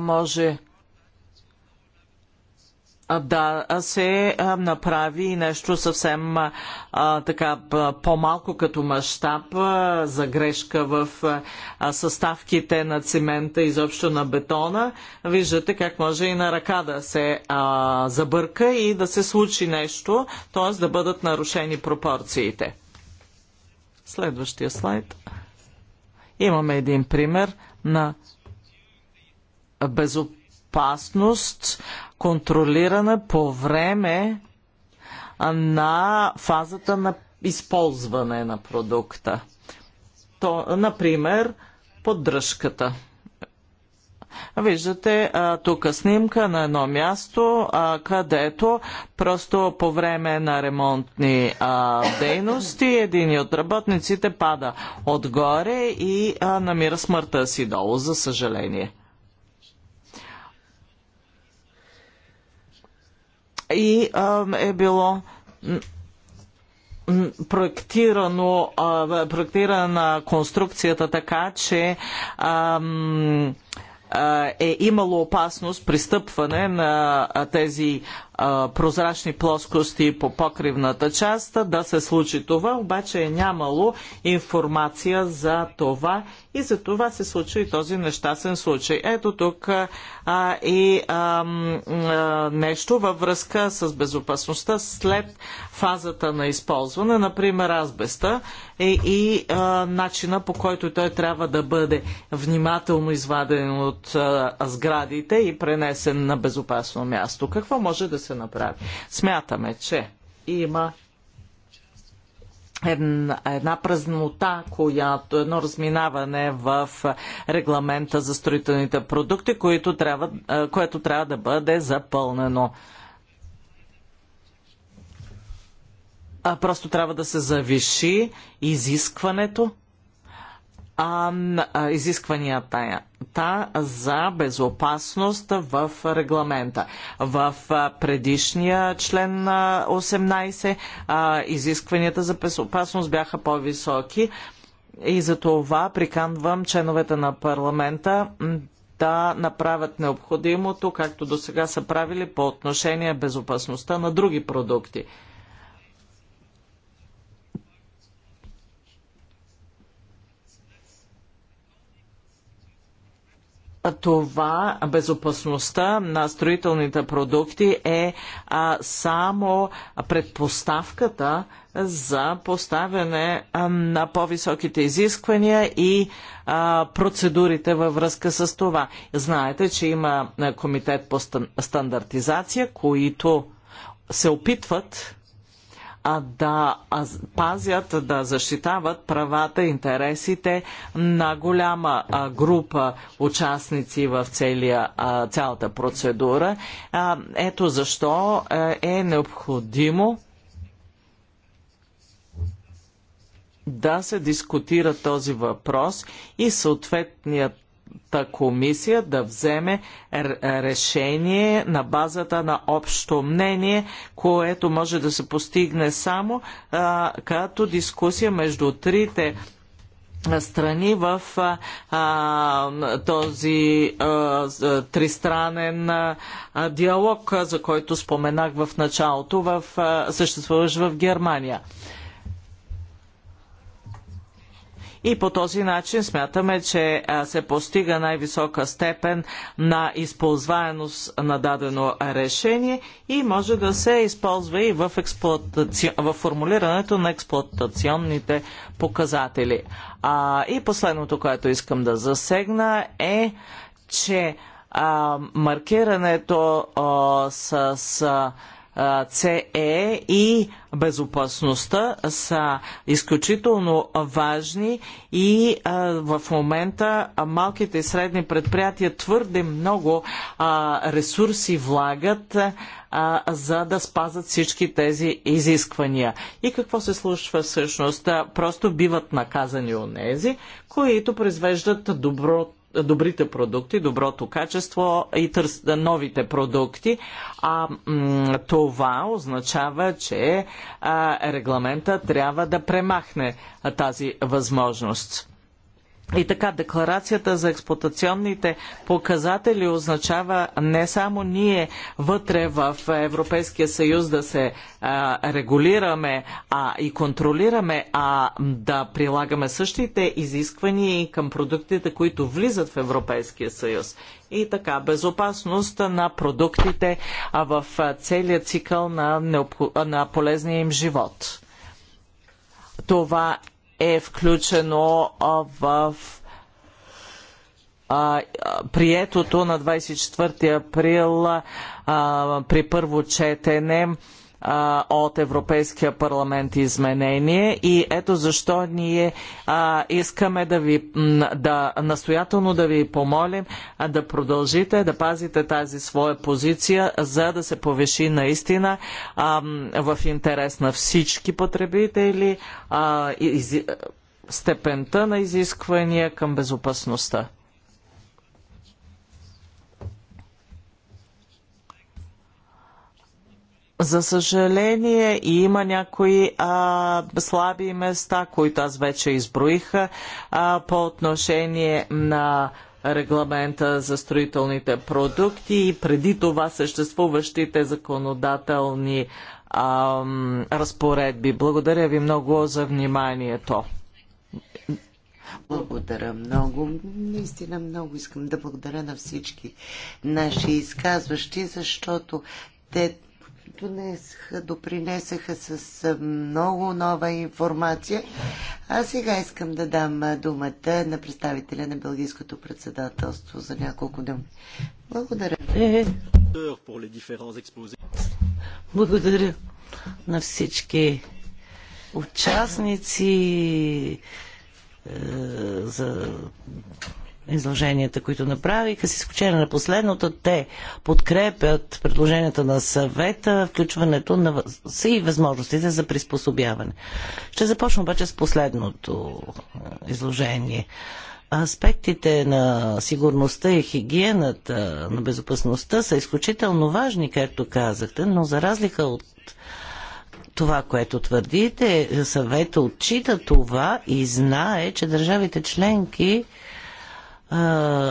може да се направи нещо съвсем а, така по-малко като мащаб за грешка в а, съставките на цимента, изобщо на бетона. Виждате как може и на ръка да се а, забърка и да се случи нещо, т.е. да бъдат нарушени пропорциите. Следващия слайд. Имаме един пример на безопасност безопасност, контролирана по време на фазата на използване на продукта. То, например, поддръжката. Виждате а, тук снимка на едно място, а, където просто по време на ремонтни а, дейности един от работниците пада отгоре и а, намира смъртта си долу, за съжаление. и е било проектирано, проектирана конструкцията така, че е имало опасност пристъпване на тези прозрачни плоскости по покривната част да се случи това, обаче е нямало информация за това и за това се случи и този нещастен случай. Ето тук а, и а, а, нещо във връзка с безопасността след фазата на използване, например азбеста и, е, и а, начина по който той трябва да бъде внимателно изваден от а, сградите и пренесен на безопасно място. Какво може да се се направи. Смятаме, че има една, една празнота, която едно разминаване в регламента за строителните продукти, което трябва, е, което трябва да бъде запълнено. А просто трябва да се завиши изискването изискванията за безопасност в регламента. В предишния член 18 изискванията за безопасност бяха по-високи и за това приканвам членовете на парламента да направят необходимото, както до сега са правили по отношение безопасността на други продукти. това безопасността на строителните продукти е а, само предпоставката за поставяне а, на по-високите изисквания и а, процедурите във връзка с това. Знаете, че има комитет по стандартизация, които се опитват да пазят, да защитават правата, интересите на голяма група участници в целия, цялата процедура. Ето защо е необходимо да се дискутира този въпрос и съответният комисия да вземе решение на базата на общо мнение, което може да се постигне само а, като дискусия между трите страни в а, този а, тристранен а, диалог, за който споменах в началото, в, а, съществуващ в Германия. и по този начин смятаме, че се постига най-висока степен на използваемост на дадено решение и може да се използва и в, експлуатаци... в формулирането на експлуатационните показатели. А, и последното, което искам да засегна е, че а, маркирането а, с. А, CE и безопасността са изключително важни и в момента малките и средни предприятия твърде много ресурси влагат за да спазат всички тези изисквания. И какво се случва всъщност? Просто биват наказани онези, които произвеждат добро добрите продукти, доброто качество и търс, новите продукти, а това означава, че регламента трябва да премахне тази възможност. И така, декларацията за експлуатационните показатели означава не само ние вътре в Европейския съюз да се а, регулираме а, и контролираме, а да прилагаме същите изисквания и към продуктите, които влизат в Европейския съюз. И така, безопасност на продуктите а в целия цикъл на, необх... на полезния им живот. Това е включено в приетото на 24 април при първо четене от Европейския парламент изменение и ето защо ние а, искаме да ви да, настоятелно да ви помолим а, да продължите да пазите тази своя позиция, за да се повиши наистина а, в интерес на всички потребители а, из, степента на изисквания към безопасността. За съжаление, има някои а, слаби места, които аз вече изброих а, по отношение на регламента за строителните продукти и преди това съществуващите законодателни а, разпоредби. Благодаря ви много за вниманието. Благодаря много. Наистина много искам да благодаря на всички наши изказващи, защото те донесаха, допринесаха с много нова информация. А сега искам да дам думата на представителя на Белгийското председателство за няколко думи. Благодаря. Благодаря на всички участници е, за изложенията, които направиха, с изключение на последното, те подкрепят предложенията на съвета, включването на и възможностите за приспособяване. Ще започна обаче с последното е, изложение. Аспектите на сигурността и хигиената, на безопасността са изключително важни, както казахте, но за разлика от това, което твърдите, съвета отчита това и знае, че държавите членки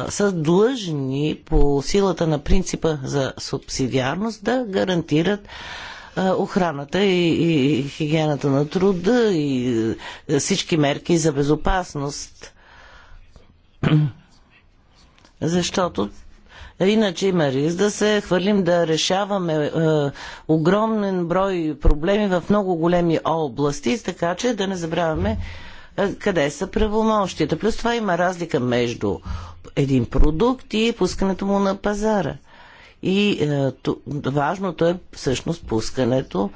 са длъжни по силата на принципа за субсидиарност да гарантират охраната и, и, и хигиената на труда и всички мерки за безопасност. Защото Иначе има риск да се хвърлим да решаваме е, огромен брой проблеми в много големи области, така че да не забравяме къде са правомощията. Плюс това има разлика между един продукт и пускането му на пазара. И е, то, важното е всъщност пускането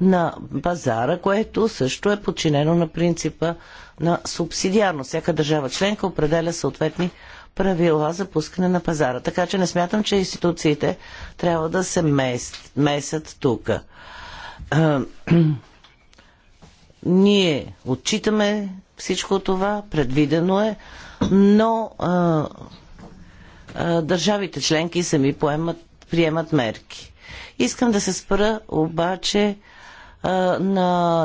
на пазара, което също е подчинено на принципа на субсидиарност. Всяка държава членка определя съответни правила за пускане на пазара. Така че не смятам, че институциите трябва да се мест, месят тук. Е, ние отчитаме всичко това, предвидено е, но а, а, държавите членки сами поемат, приемат мерки. Искам да се спра обаче а, на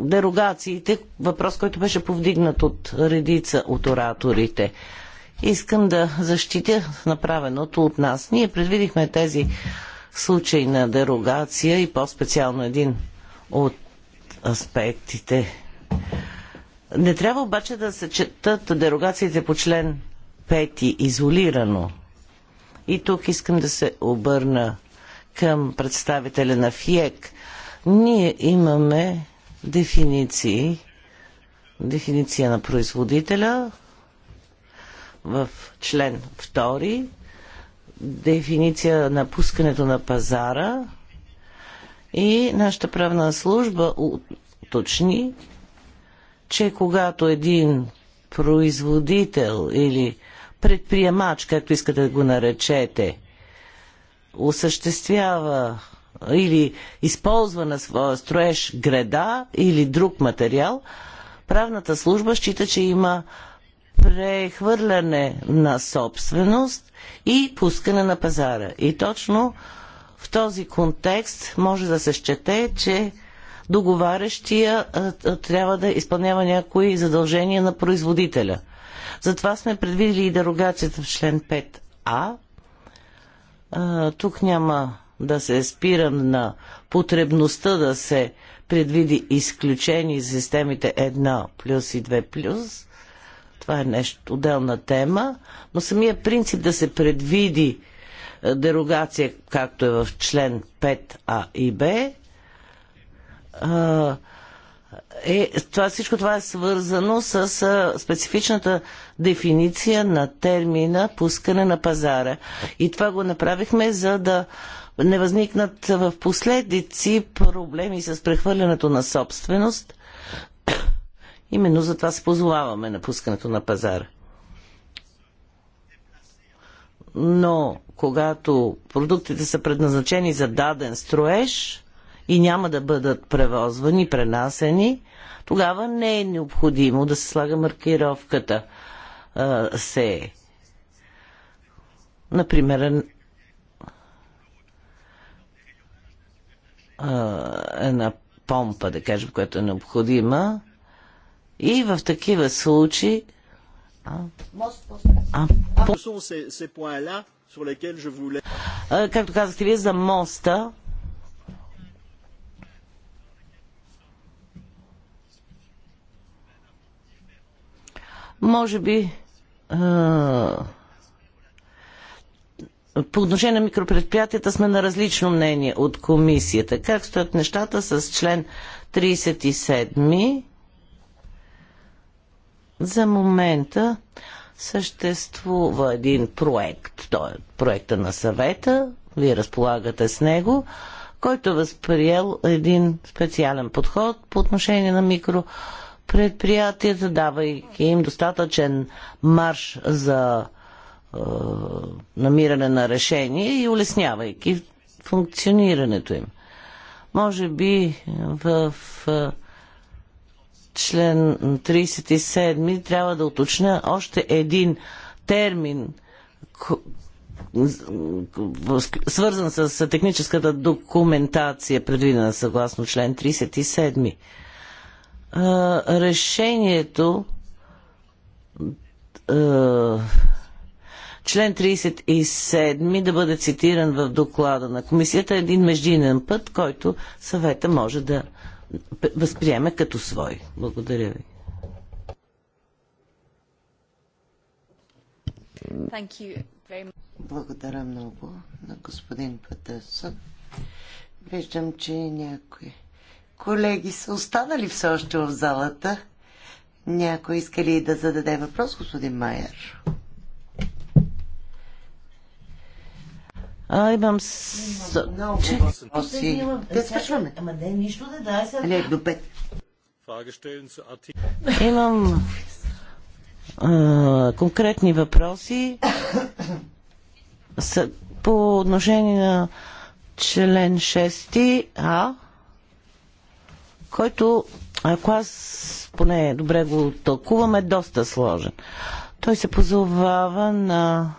дерогациите, въпрос, който беше повдигнат от редица от ораторите. Искам да защитя направеното от нас. Ние предвидихме тези случаи на дерогация и по-специално един от аспектите не трябва обаче да се четат дерогациите по член 5 изолирано. И тук искам да се обърна към представителя на ФИЕК. Ние имаме дефиниции, дефиниция на производителя в член 2, дефиниция на пускането на пазара и нашата правна служба уточни, че когато един производител или предприемач, както искате да го наречете, осъществява или използва на своя строеж града или друг материал, правната служба счита, че има прехвърляне на собственост и пускане на пазара. И точно в този контекст може да се счете, че договарящия трябва да изпълнява някои задължения на производителя. Затова сме предвидили и дерогацията в член 5а. Тук няма да се спирам на потребността да се предвиди изключени за системите 1 плюс и 2 плюс. Това е нещо отделна тема, но самия принцип да се предвиди дерогация, както е в член 5а и б, е, това, всичко това е свързано с а, специфичната дефиниция на термина пускане на пазара. И това го направихме, за да не възникнат в последици проблеми с прехвърлянето на собственост. Именно за това се позоваваме на пускането на пазара. Но когато продуктите са предназначени за даден строеж, и няма да бъдат превозвани, пренасени, тогава не е необходимо да се слага маркировката се. Например, една помпа, да кажем, която е необходима. И в такива случаи. А, а, Както казахте вие за моста, Може би по отношение на микропредприятията сме на различно мнение от комисията. Как стоят нещата с член 37? За момента съществува един проект, той е проекта на съвета, вие разполагате с него, който е възприел един специален подход по отношение на микропредприятията предприятията, давайки им достатъчен марш за е, намиране на решение и улеснявайки функционирането им. Може би в е, член 37 трябва да уточня още един термин, свързан с техническата документация, предвидена съгласно член 37 решението а, член 37 да бъде цитиран в доклада на комисията е един междинен път, който съвета може да възприеме като свой. Благодаря ви. Благодаря много на господин Патърсън. Виждам, че някой колеги са останали все още в залата. Някой иска ли да зададе въпрос, господин Майер? А, имам с... Много въпроси. Да свършваме. Ама не, нищо да дай сега. Не, до пет. Имам а, конкретни въпроси по отношение на член 6а който, ако аз поне добре го тълкувам, е доста сложен. Той се позовава на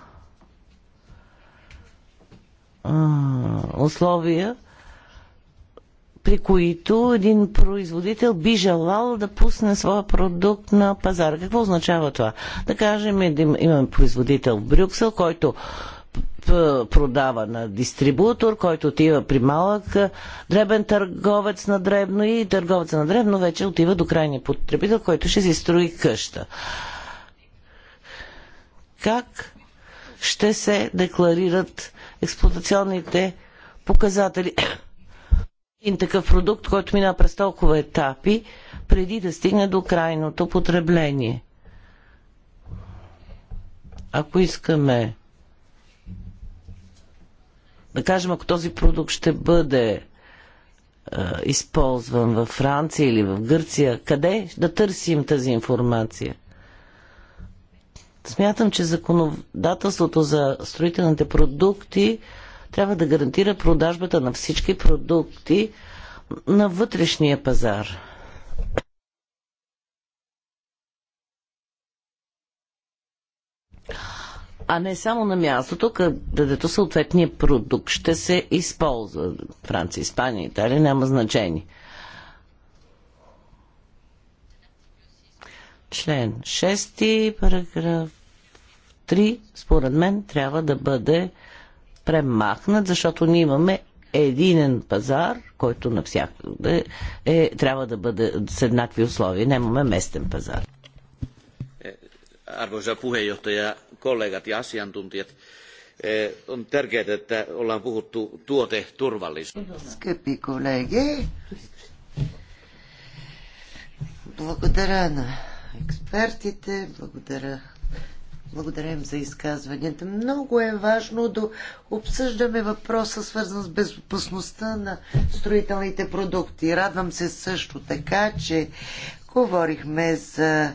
условия, при които един производител би желал да пусне своя продукт на пазара. Какво означава това? Да кажем, имаме производител в Брюксел, който продава на дистрибутор, който отива при малък дребен търговец на дребно и търговеца на дребно вече отива до крайния потребител, който ще си строи къща. Как ще се декларират експлуатационните показатели? Един такъв продукт, който мина през толкова етапи, преди да стигне до крайното потребление. Ако искаме да кажем, ако този продукт ще бъде е, използван във Франция или в Гърция, къде да търсим тази информация? Смятам, че законодателството за строителните продукти трябва да гарантира продажбата на всички продукти на вътрешния пазар. а не само на мястото, където съответния продукт ще се използва. Франция, Испания, Италия, няма значение. Член 6, параграф 3, според мен, трябва да бъде премахнат, защото ние имаме единен пазар, който навсякъде е, трябва да бъде с еднакви условия. Нямаме местен пазар arvoisa puheenjohtaja, kollegat ja asiantuntijat. Eh, on tärkeää, että ollaan puhuttu tuoteturvallisuudesta. Благодарим за изказванията. Много е важно да обсъждаме въпроса, свързан с безопасността на строителните продукти. Радвам се също така, че говорихме за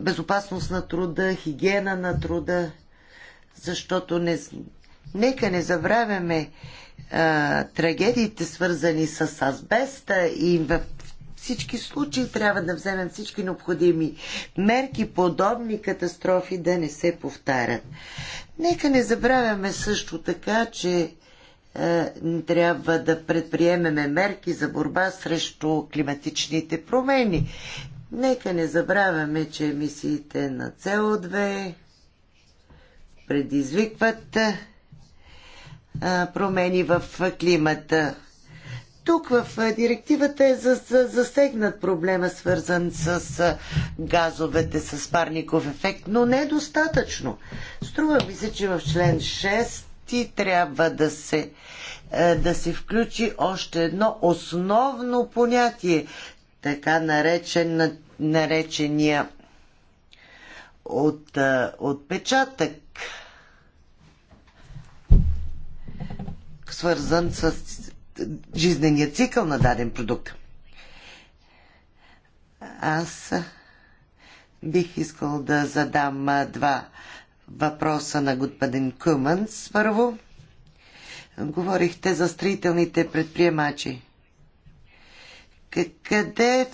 безопасност на труда, хигиена на труда, защото не, нека не забравяме а, трагедиите, свързани с азбеста и в всички случаи трябва да вземем всички необходими мерки, подобни катастрофи да не се повтарят. Нека не забравяме също така, че е, трябва да предприемеме мерки за борба срещу климатичните промени. Нека не забравяме, че емисиите на СО2 предизвикват промени в климата. Тук в директивата е засегнат проблема, свързан с газовете, с парников ефект, но не е достатъчно. Струва ми се, че в член 6 трябва да се, да се включи още едно основно понятие, така наречен наречения от, отпечатък, свързан с жизнения цикъл на даден продукт. Аз бих искал да задам два въпроса на господин Куманс. Първо, говорихте за строителните предприемачи. Къде,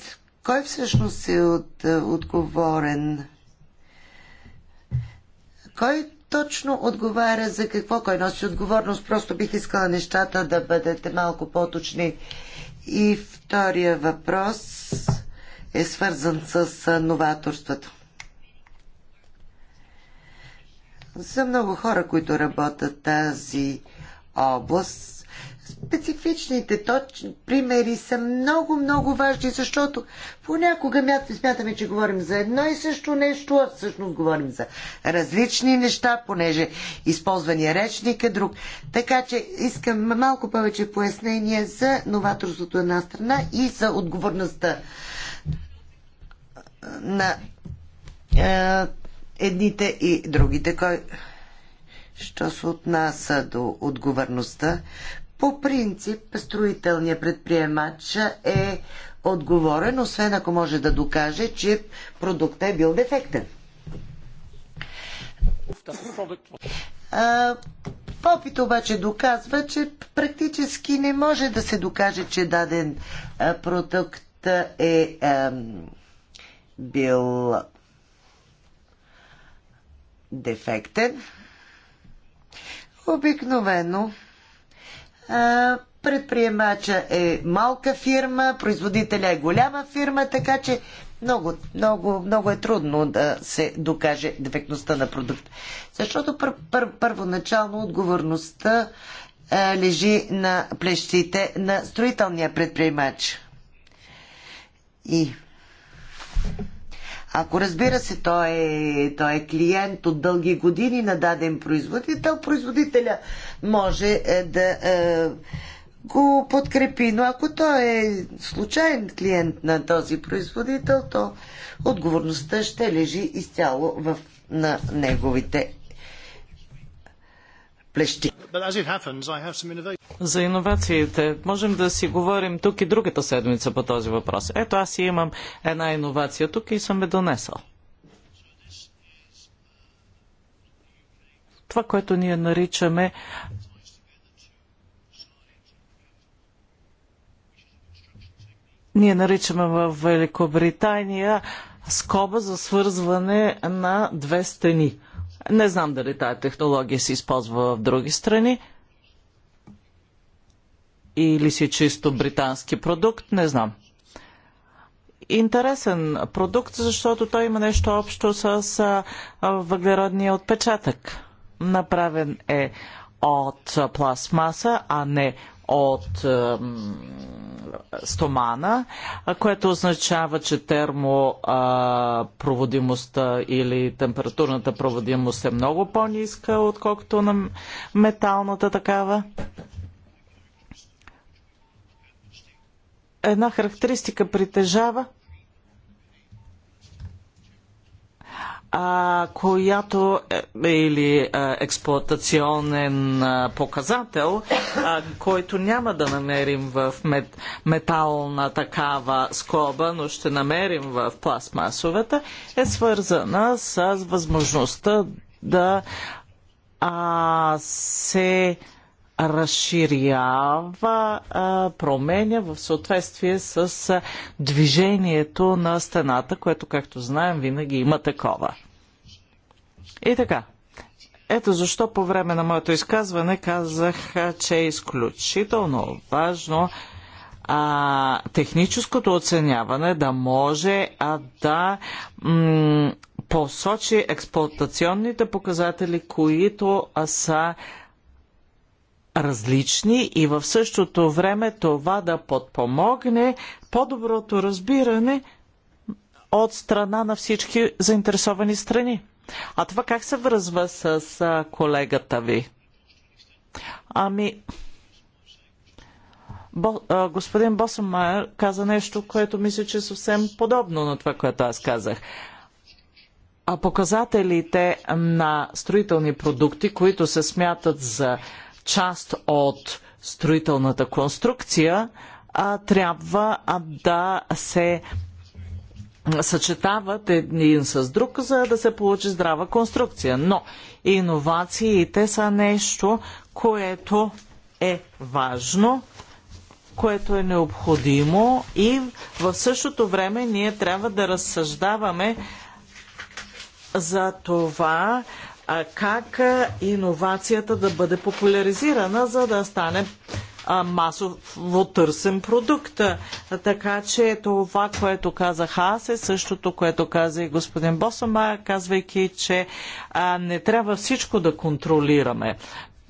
кой всъщност е от, е, отговорен? Кой точно отговаря за какво? Кой носи отговорност? Просто бих искала нещата да бъдете малко по-точни. И втория въпрос е свързан с е, новаторството. За много хора, които работят тази област, Специфичните точни примери са много, много важни, защото понякога смятаме, че говорим за едно и също нещо, а всъщност говорим за различни неща, понеже използвания речник е друг. Така че искам малко повече пояснение за новаторството една страна и за отговорността на е, едните и другите. Кой... Що се отнася до отговорността, по принцип, строителният предприемач е отговорен, освен ако може да докаже, че продуктът е бил дефектен. Попит обаче доказва, че практически не може да се докаже, че даден продукт е бил дефектен. Обикновено предприемача е малка фирма, производителя е голяма фирма, така че много, много, много е трудно да се докаже дефектността на продукта. Защото пър, пър, първоначално отговорността а, лежи на плещите на строителния предприемач. И ако разбира се, той е, той е клиент от дълги години на даден производител, производителя може е, да е, го подкрепи. Но ако той е случайен клиент на този производител, то отговорността ще лежи изцяло в, на неговите плещи. За иновациите можем да си говорим тук и другата седмица по този въпрос. Ето аз имам една иновация тук и съм я донесъл. това, което ние наричаме ние наричаме в Великобритания скоба за свързване на две стени. Не знам дали тая технология се използва в други страни или си чисто британски продукт, не знам. Интересен продукт, защото той има нещо общо с въглеродния отпечатък направен е от пластмаса, а не от стомана, което означава, че термопроводимостта или температурната проводимост е много по-ниска, отколкото на металната такава. Една характеристика притежава а, която е, е, или а, експлуатационен а, показател, а, който няма да намерим в мет, метална такава скоба, но ще намерим в пластмасовата, е свързана с възможността да а, се а, разширява, променя в съответствие с движението на стената, което, както знаем, винаги има такова. И така. Ето защо по време на моето изказване казах, че е изключително важно а, техническото оценяване да може а, да посочи експлуатационните показатели, които а, са различни и в същото време това да подпомогне по-доброто разбиране от страна на всички заинтересовани страни. А това как се връзва с колегата ви? Ами, Бо, а, господин Босомайер каза нещо, което мисля, че е съвсем подобно на това, което аз казах. А показателите на строителни продукти, които се смятат за част от строителната конструкция, а, трябва да се съчетават един с друг, за да се получи здрава конструкция. Но иновациите са нещо, което е важно, което е необходимо и в същото време ние трябва да разсъждаваме за това как иновацията да бъде популяризирана, за да стане масово търсен продукт. Така че това, което казах аз е същото, което каза и господин Босома, казвайки, че не трябва всичко да контролираме.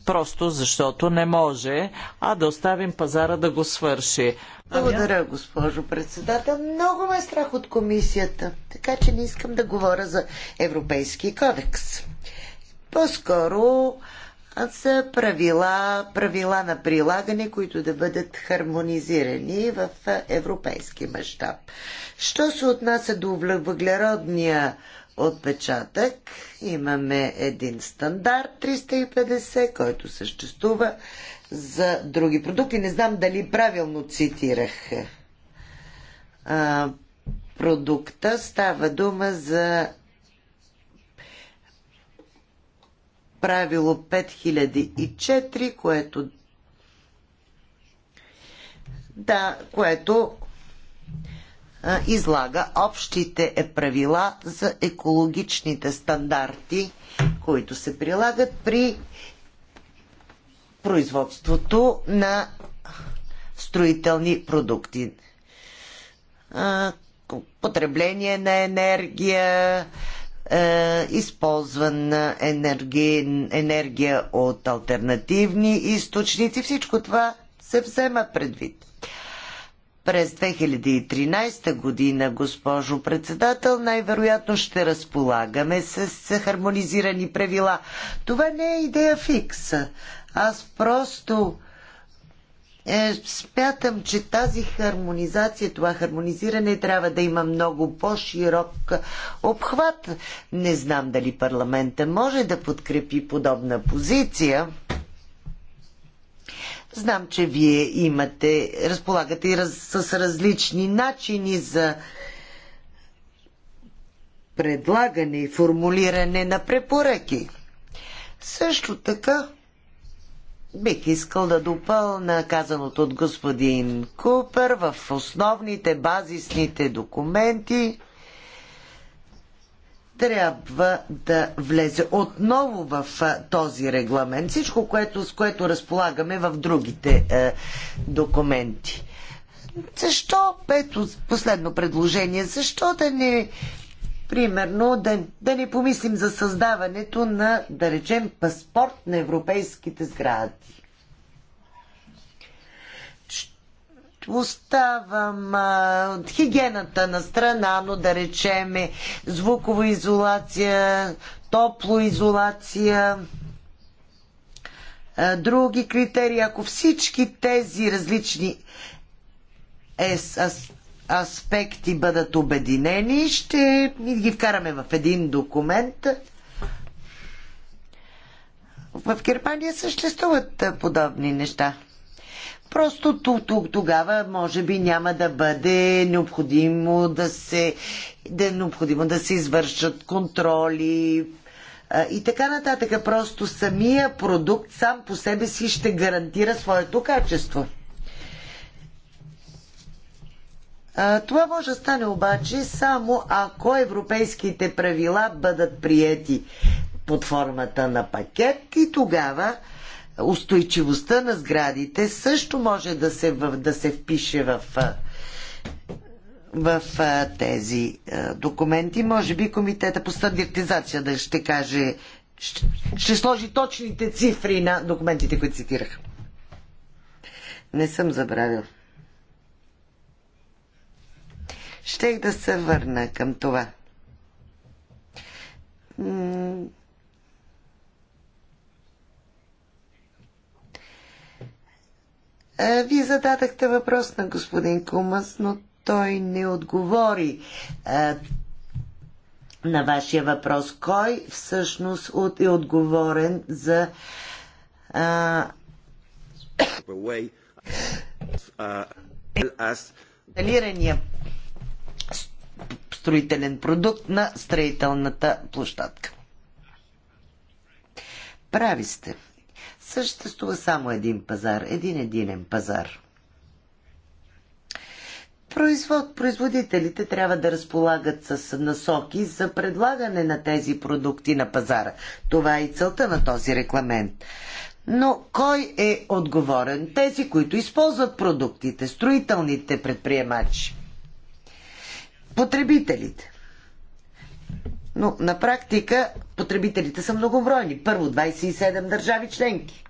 Просто защото не може, а да оставим пазара да го свърши. Благодаря, госпожо председател. Много ме е страх от комисията, така че не искам да говоря за Европейски кодекс по-скоро са правила, правила на прилагане, които да бъдат хармонизирани в европейски мащаб. Що се отнася до въглеродния отпечатък, имаме един стандарт 350, който съществува за други продукти. Не знам дали правилно цитирах а, продукта. Става дума за правило 5004, което да, което а, излага общите е правила за екологичните стандарти, които се прилагат при производството на строителни продукти. А, потребление на енергия, е, използван използвана енергия, енергия от альтернативни източници. Всичко това се взема предвид. През 2013 година, госпожо председател, най-вероятно ще разполагаме с хармонизирани правила. Това не е идея фикс. Аз просто е, смятам, че тази хармонизация, това хармонизиране трябва да има много по-широк обхват. Не знам дали парламента може да подкрепи подобна позиция. Знам, че вие имате, разполагате и раз, с различни начини за предлагане и формулиране на препоръки. Също така, Бих искал да допълна казаното от господин Купер в основните базисните документи трябва да влезе отново в този регламент. Всичко, което, с което разполагаме в другите е, документи. Защо, ето последно предложение, защо да не Примерно да, да не помислим за създаването на, да речем, паспорт на европейските сгради. оставам а, хигиената на страна, но да речем, е звукова изолация, топлоизолация, а, други критерии. Ако всички тези различни е, аспекти бъдат обединени, ще ги вкараме в един документ. В Германия съществуват подобни неща. Просто тогава може би няма да бъде необходимо да се, да е необходимо да се извършат контроли и така нататък. Просто самия продукт сам по себе си ще гарантира своето качество. Това може да стане обаче само ако европейските правила бъдат приети под формата на пакет и тогава устойчивостта на сградите също може да се, да се впише в, в тези документи. Може би комитета по стандартизация да ще каже, ще, ще сложи точните цифри на документите, които цитирах. Не съм забравил. Щех да се върна към това. Вие зададахте въпрос на господин Кумас, но той не отговори а, на вашия въпрос. Кой всъщност е отговорен за а, е, uh, дали строителен продукт на строителната площадка. Прави сте. Съществува само един пазар, един единен пазар. Производ, производителите трябва да разполагат с насоки за предлагане на тези продукти на пазара. Това е и целта на този рекламент. Но кой е отговорен? Тези, които използват продуктите, строителните предприемачи потребителите. Но на практика потребителите са многобройни. Първо 27 държави членки,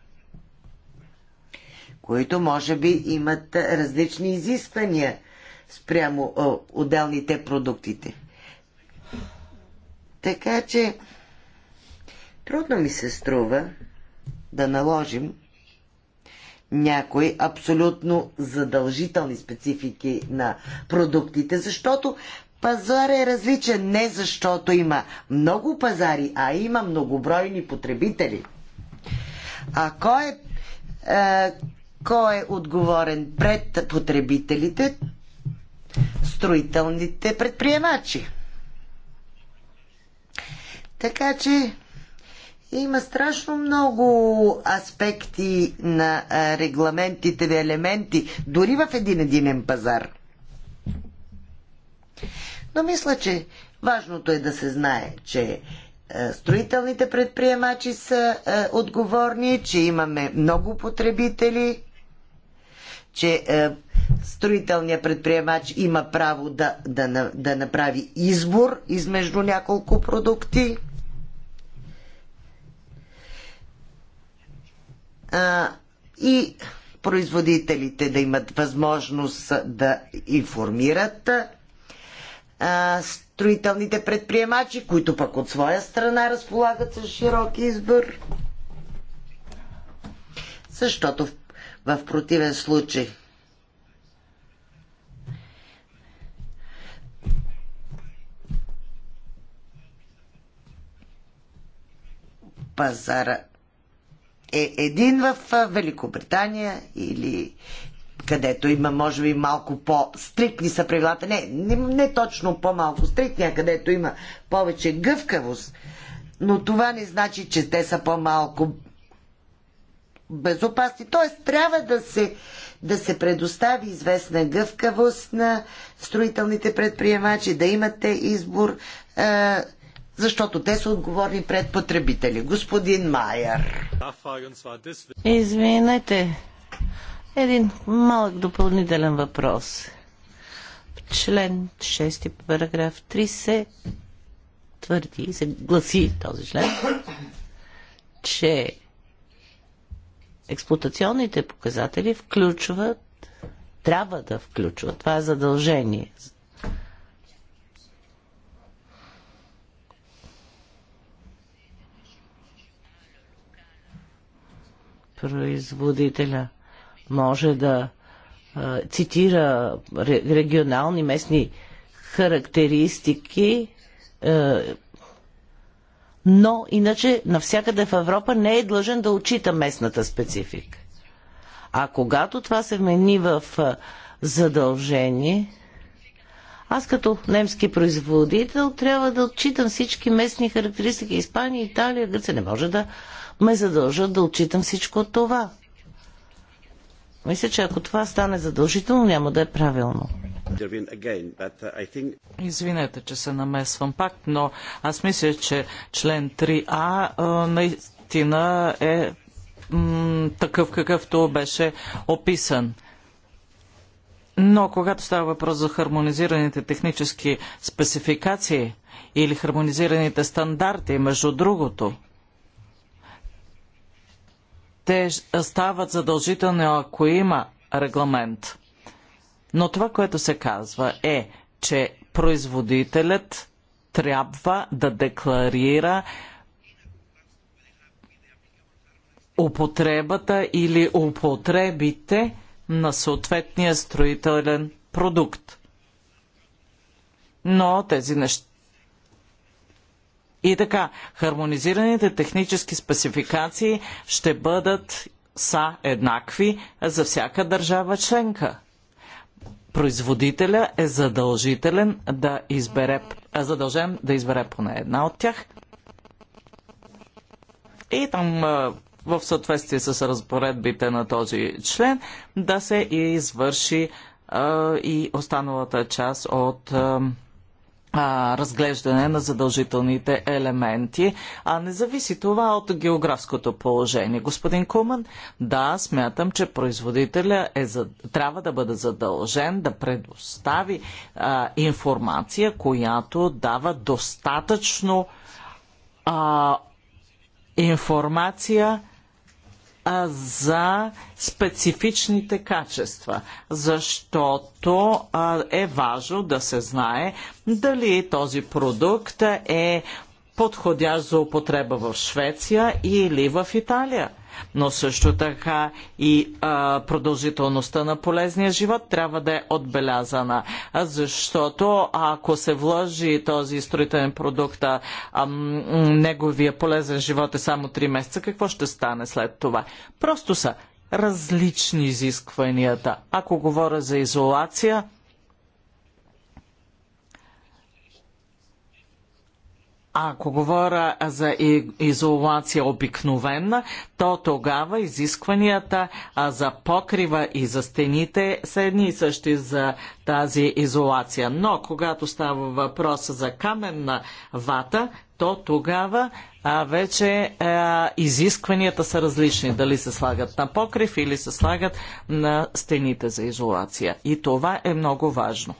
които може би имат различни изисквания спрямо отделните продуктите. Така че трудно ми се струва да наложим някои абсолютно задължителни специфики на продуктите, защото пазар е различен не защото има много пазари, а има многобройни потребители. А кой е, е, кой е отговорен пред потребителите? Строителните предприемачи. Така че има страшно много аспекти на регламентите, елементи, дори в един единен пазар. Но мисля, че важното е да се знае, че строителните предприемачи са отговорни, че имаме много потребители, че строителният предприемач има право да, да, да направи избор измежду няколко продукти. и производителите да имат възможност да информират строителните предприемачи, които пък от своя страна разполагат с широк избор. Защото в, в противен случай пазара е един в Великобритания или където има, може би, малко по-стриктни са правилата. Не, не, не точно по-малко стриктни, а където има повече гъвкавост. Но това не значи, че те са по-малко безопасни. Тоест, трябва да се, да се предостави известна гъвкавост на строителните предприемачи, да имате избор защото те са отговорни пред потребители. Господин Майер. Извинете. Един малък допълнителен въпрос. В член 6, параграф 3 се твърди и се гласи този член, че експлуатационните показатели включват, трябва да включват, това е задължение производителя може да цитира регионални местни характеристики, но иначе навсякъде в Европа не е длъжен да отчита местната специфика. А когато това се вмени в задължение, аз като немски производител трябва да отчитам всички местни характеристики. Испания, Италия, Гърция не може да ме задължат да отчитам всичко от това. Мисля, че ако това стане задължително, няма да е правилно. Извинете, че се намесвам пак, но аз мисля, че член 3А наистина е такъв какъвто беше описан. Но когато става въпрос за хармонизираните технически спецификации или хармонизираните стандарти, между другото, те стават задължителни, ако има регламент. Но това, което се казва е, че производителят трябва да декларира употребата или употребите на съответния строителен продукт. Но тези неща и така, хармонизираните технически спецификации ще бъдат са еднакви за всяка държава членка. Производителя е задължителен да избере, е задължен да избере поне една от тях. И там е, в съответствие с разпоредбите на този член да се извърши е, и останалата част от а, разглеждане на задължителните елементи, а не зависи това от географското положение. Господин Куман, да, смятам, че производителя е, за, трябва да бъде задължен да предостави а, информация, която дава достатъчно а, информация за специфичните качества, защото е важно да се знае дали този продукт е подходящ за употреба в Швеция или в Италия но също така и а, продължителността на полезния живот трябва да е отбелязана. Защото ако се вложи този строителен продукт, а, а, неговия полезен живот е само 3 месеца, какво ще стане след това? Просто са различни изискванията. Ако говоря за изолация, Ако говоря за изолация обикновена, то тогава изискванията за покрива и за стените са едни и същи за тази изолация. Но когато става въпрос за каменна вата, то тогава а, вече а, изискванията са различни. Дали се слагат на покрив или се слагат на стените за изолация. И това е много важно.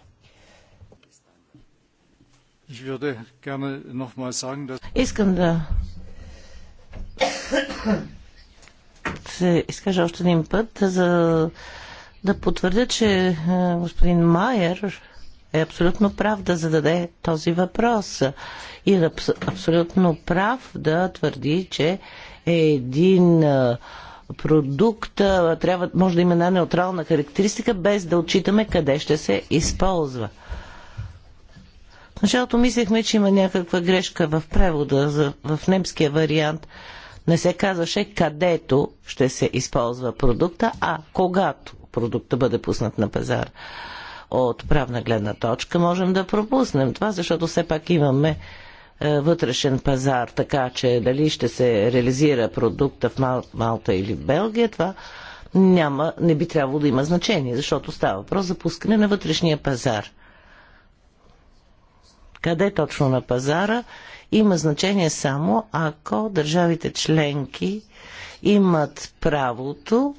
Искам да се изкажа още един път, за да потвърдя, че е, господин Майер е абсолютно прав да зададе този въпрос и е абсолютно прав да твърди, че е един е, продукт е, трябва, може да има една неутрална характеристика, без да отчитаме къде ще се използва. В началото мислехме, че има някаква грешка в превода, за, в немския вариант не се казваше където ще се използва продукта, а когато продукта бъде пуснат на пазар. От правна гледна точка можем да пропуснем това, защото все пак имаме е, вътрешен пазар, така че дали ще се реализира продукта в Мал- Малта или в Белгия, това няма, не би трябвало да има значение, защото става въпрос за пускане на вътрешния пазар къде точно на пазара, има значение само ако държавите членки имат правото,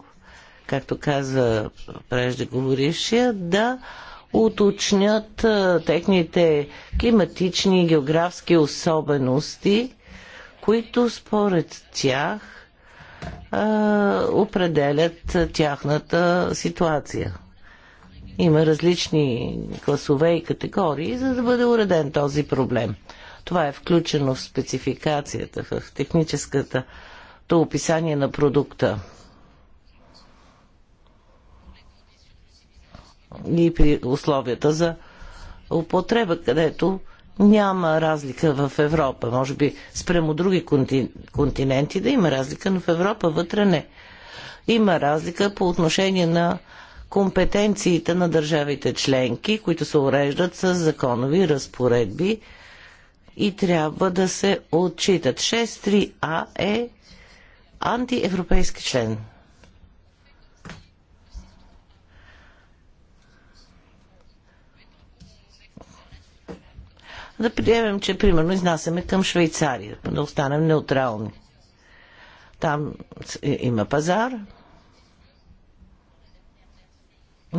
както каза преждеговорившия, да уточнят техните климатични и географски особености, които според тях определят тяхната ситуация. Има различни класове и категории, за да бъде уреден този проблем. Това е включено в спецификацията, в техническата то описание на продукта. И при условията за употреба, където няма разлика в Европа. Може би спрямо други континенти да има разлика, но в Европа вътре не. Има разлика по отношение на компетенциите на държавите членки, които се уреждат с законови разпоредби и трябва да се отчитат. 6.3а е антиевропейски член. Да приемем, че примерно изнасяме към Швейцария, да останем неутрални. Там има пазар,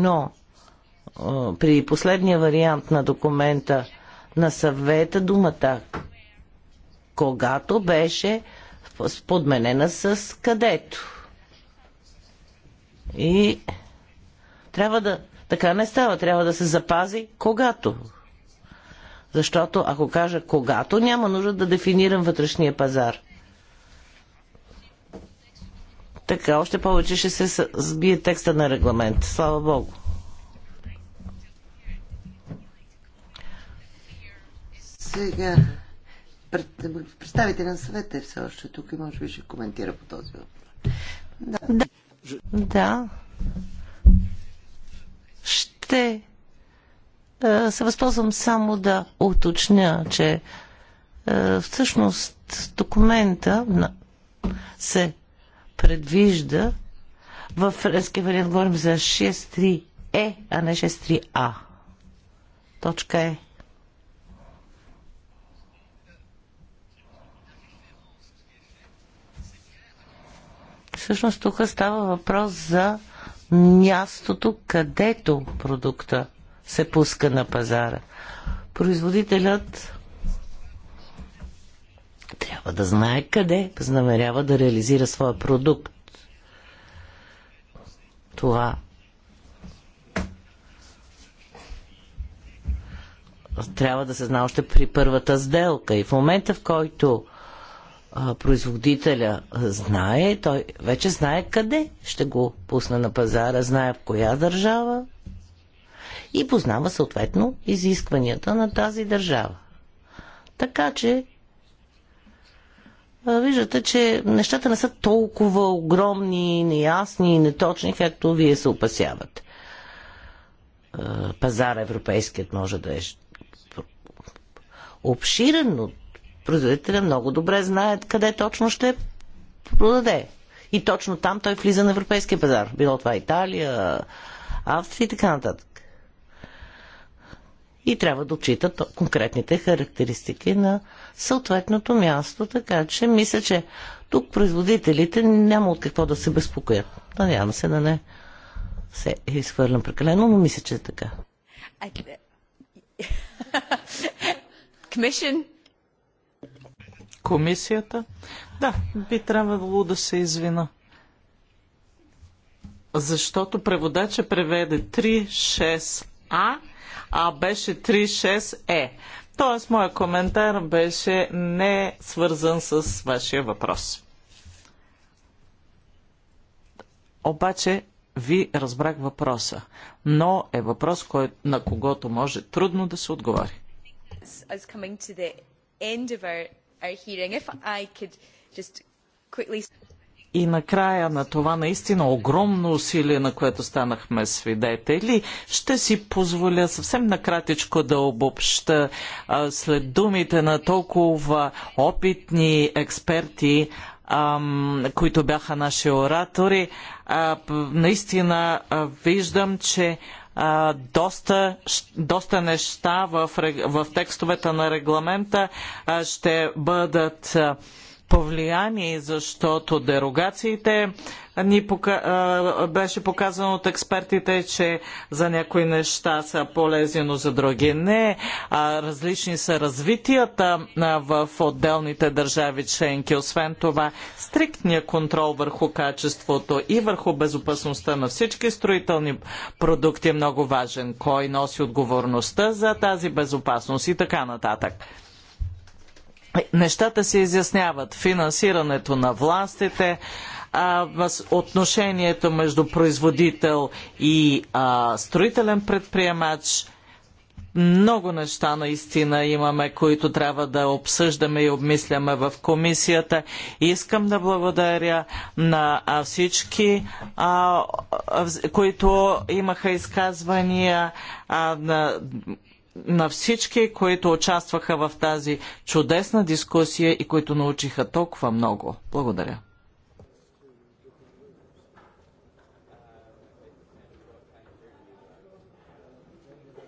но при последния вариант на документа на съвета думата когато беше подменена с където. И трябва да. Така не става. Трябва да се запази когато. Защото ако кажа когато, няма нужда да дефинирам вътрешния пазар. Така, още повече ще се сбие текста на регламент. Слава Богу. Сега, представите на съвета е все още тук и може би ще коментира по този въпрос. Да. да. да. Ще е, се възползвам само да уточня, че е, всъщност документа се предвижда в френския вариант говорим за 6.3е, а не 6.3а. Точка е. Всъщност тук става въпрос за мястото, където продукта се пуска на пазара. Производителят трябва да знае къде възнамерява да реализира своя продукт. Това трябва да се знае още при първата сделка. И в момента, в който а, производителя знае, той вече знае къде ще го пусне на пазара, знае в коя държава и познава съответно изискванията на тази държава. Така че виждате, че нещата не са толкова огромни, неясни и неточни, както вие се опасявате. Пазар европейският може да е обширен, но производителя много добре знаят къде точно ще продаде. И точно там той влиза на европейския пазар. Било това Италия, Австрия и така нататък и трябва да отчитат конкретните характеристики на съответното място. Така че мисля, че тук производителите няма от какво да се безпокоят. Надявам се да не се изхвърлям прекалено, но мисля, че е така. Е, Комисията? Да, би трябвало да се извина. Защото преводача преведе 3-6-А а беше 3.6е. Тоест, моят коментар беше не свързан с вашия въпрос. Обаче, ви разбрах въпроса, но е въпрос, кой, на когото може трудно да се отговори. И накрая на това наистина огромно усилие, на което станахме свидетели, ще си позволя съвсем накратичко да обобща а, след думите на толкова опитни експерти, ам, които бяха наши оратори. А, наистина а, виждам, че доста, доста неща в, в текстовете на регламента ще бъдат повлияни, защото дерогациите ни пока... беше показано от експертите, че за някои неща са полезни, но за други не. А, различни са развитията в отделните държави членки. Освен това, стриктния контрол върху качеството и върху безопасността на всички строителни продукти е много важен. Кой носи отговорността за тази безопасност и така нататък нещата се изясняват. Финансирането на властите, отношението между производител и а, строителен предприемач. Много неща наистина имаме, които трябва да обсъждаме и обмисляме в комисията. Искам да благодаря на всички, а, които имаха изказвания. А, на на всички, които участваха в тази чудесна дискусия и които научиха толкова много. Благодаря.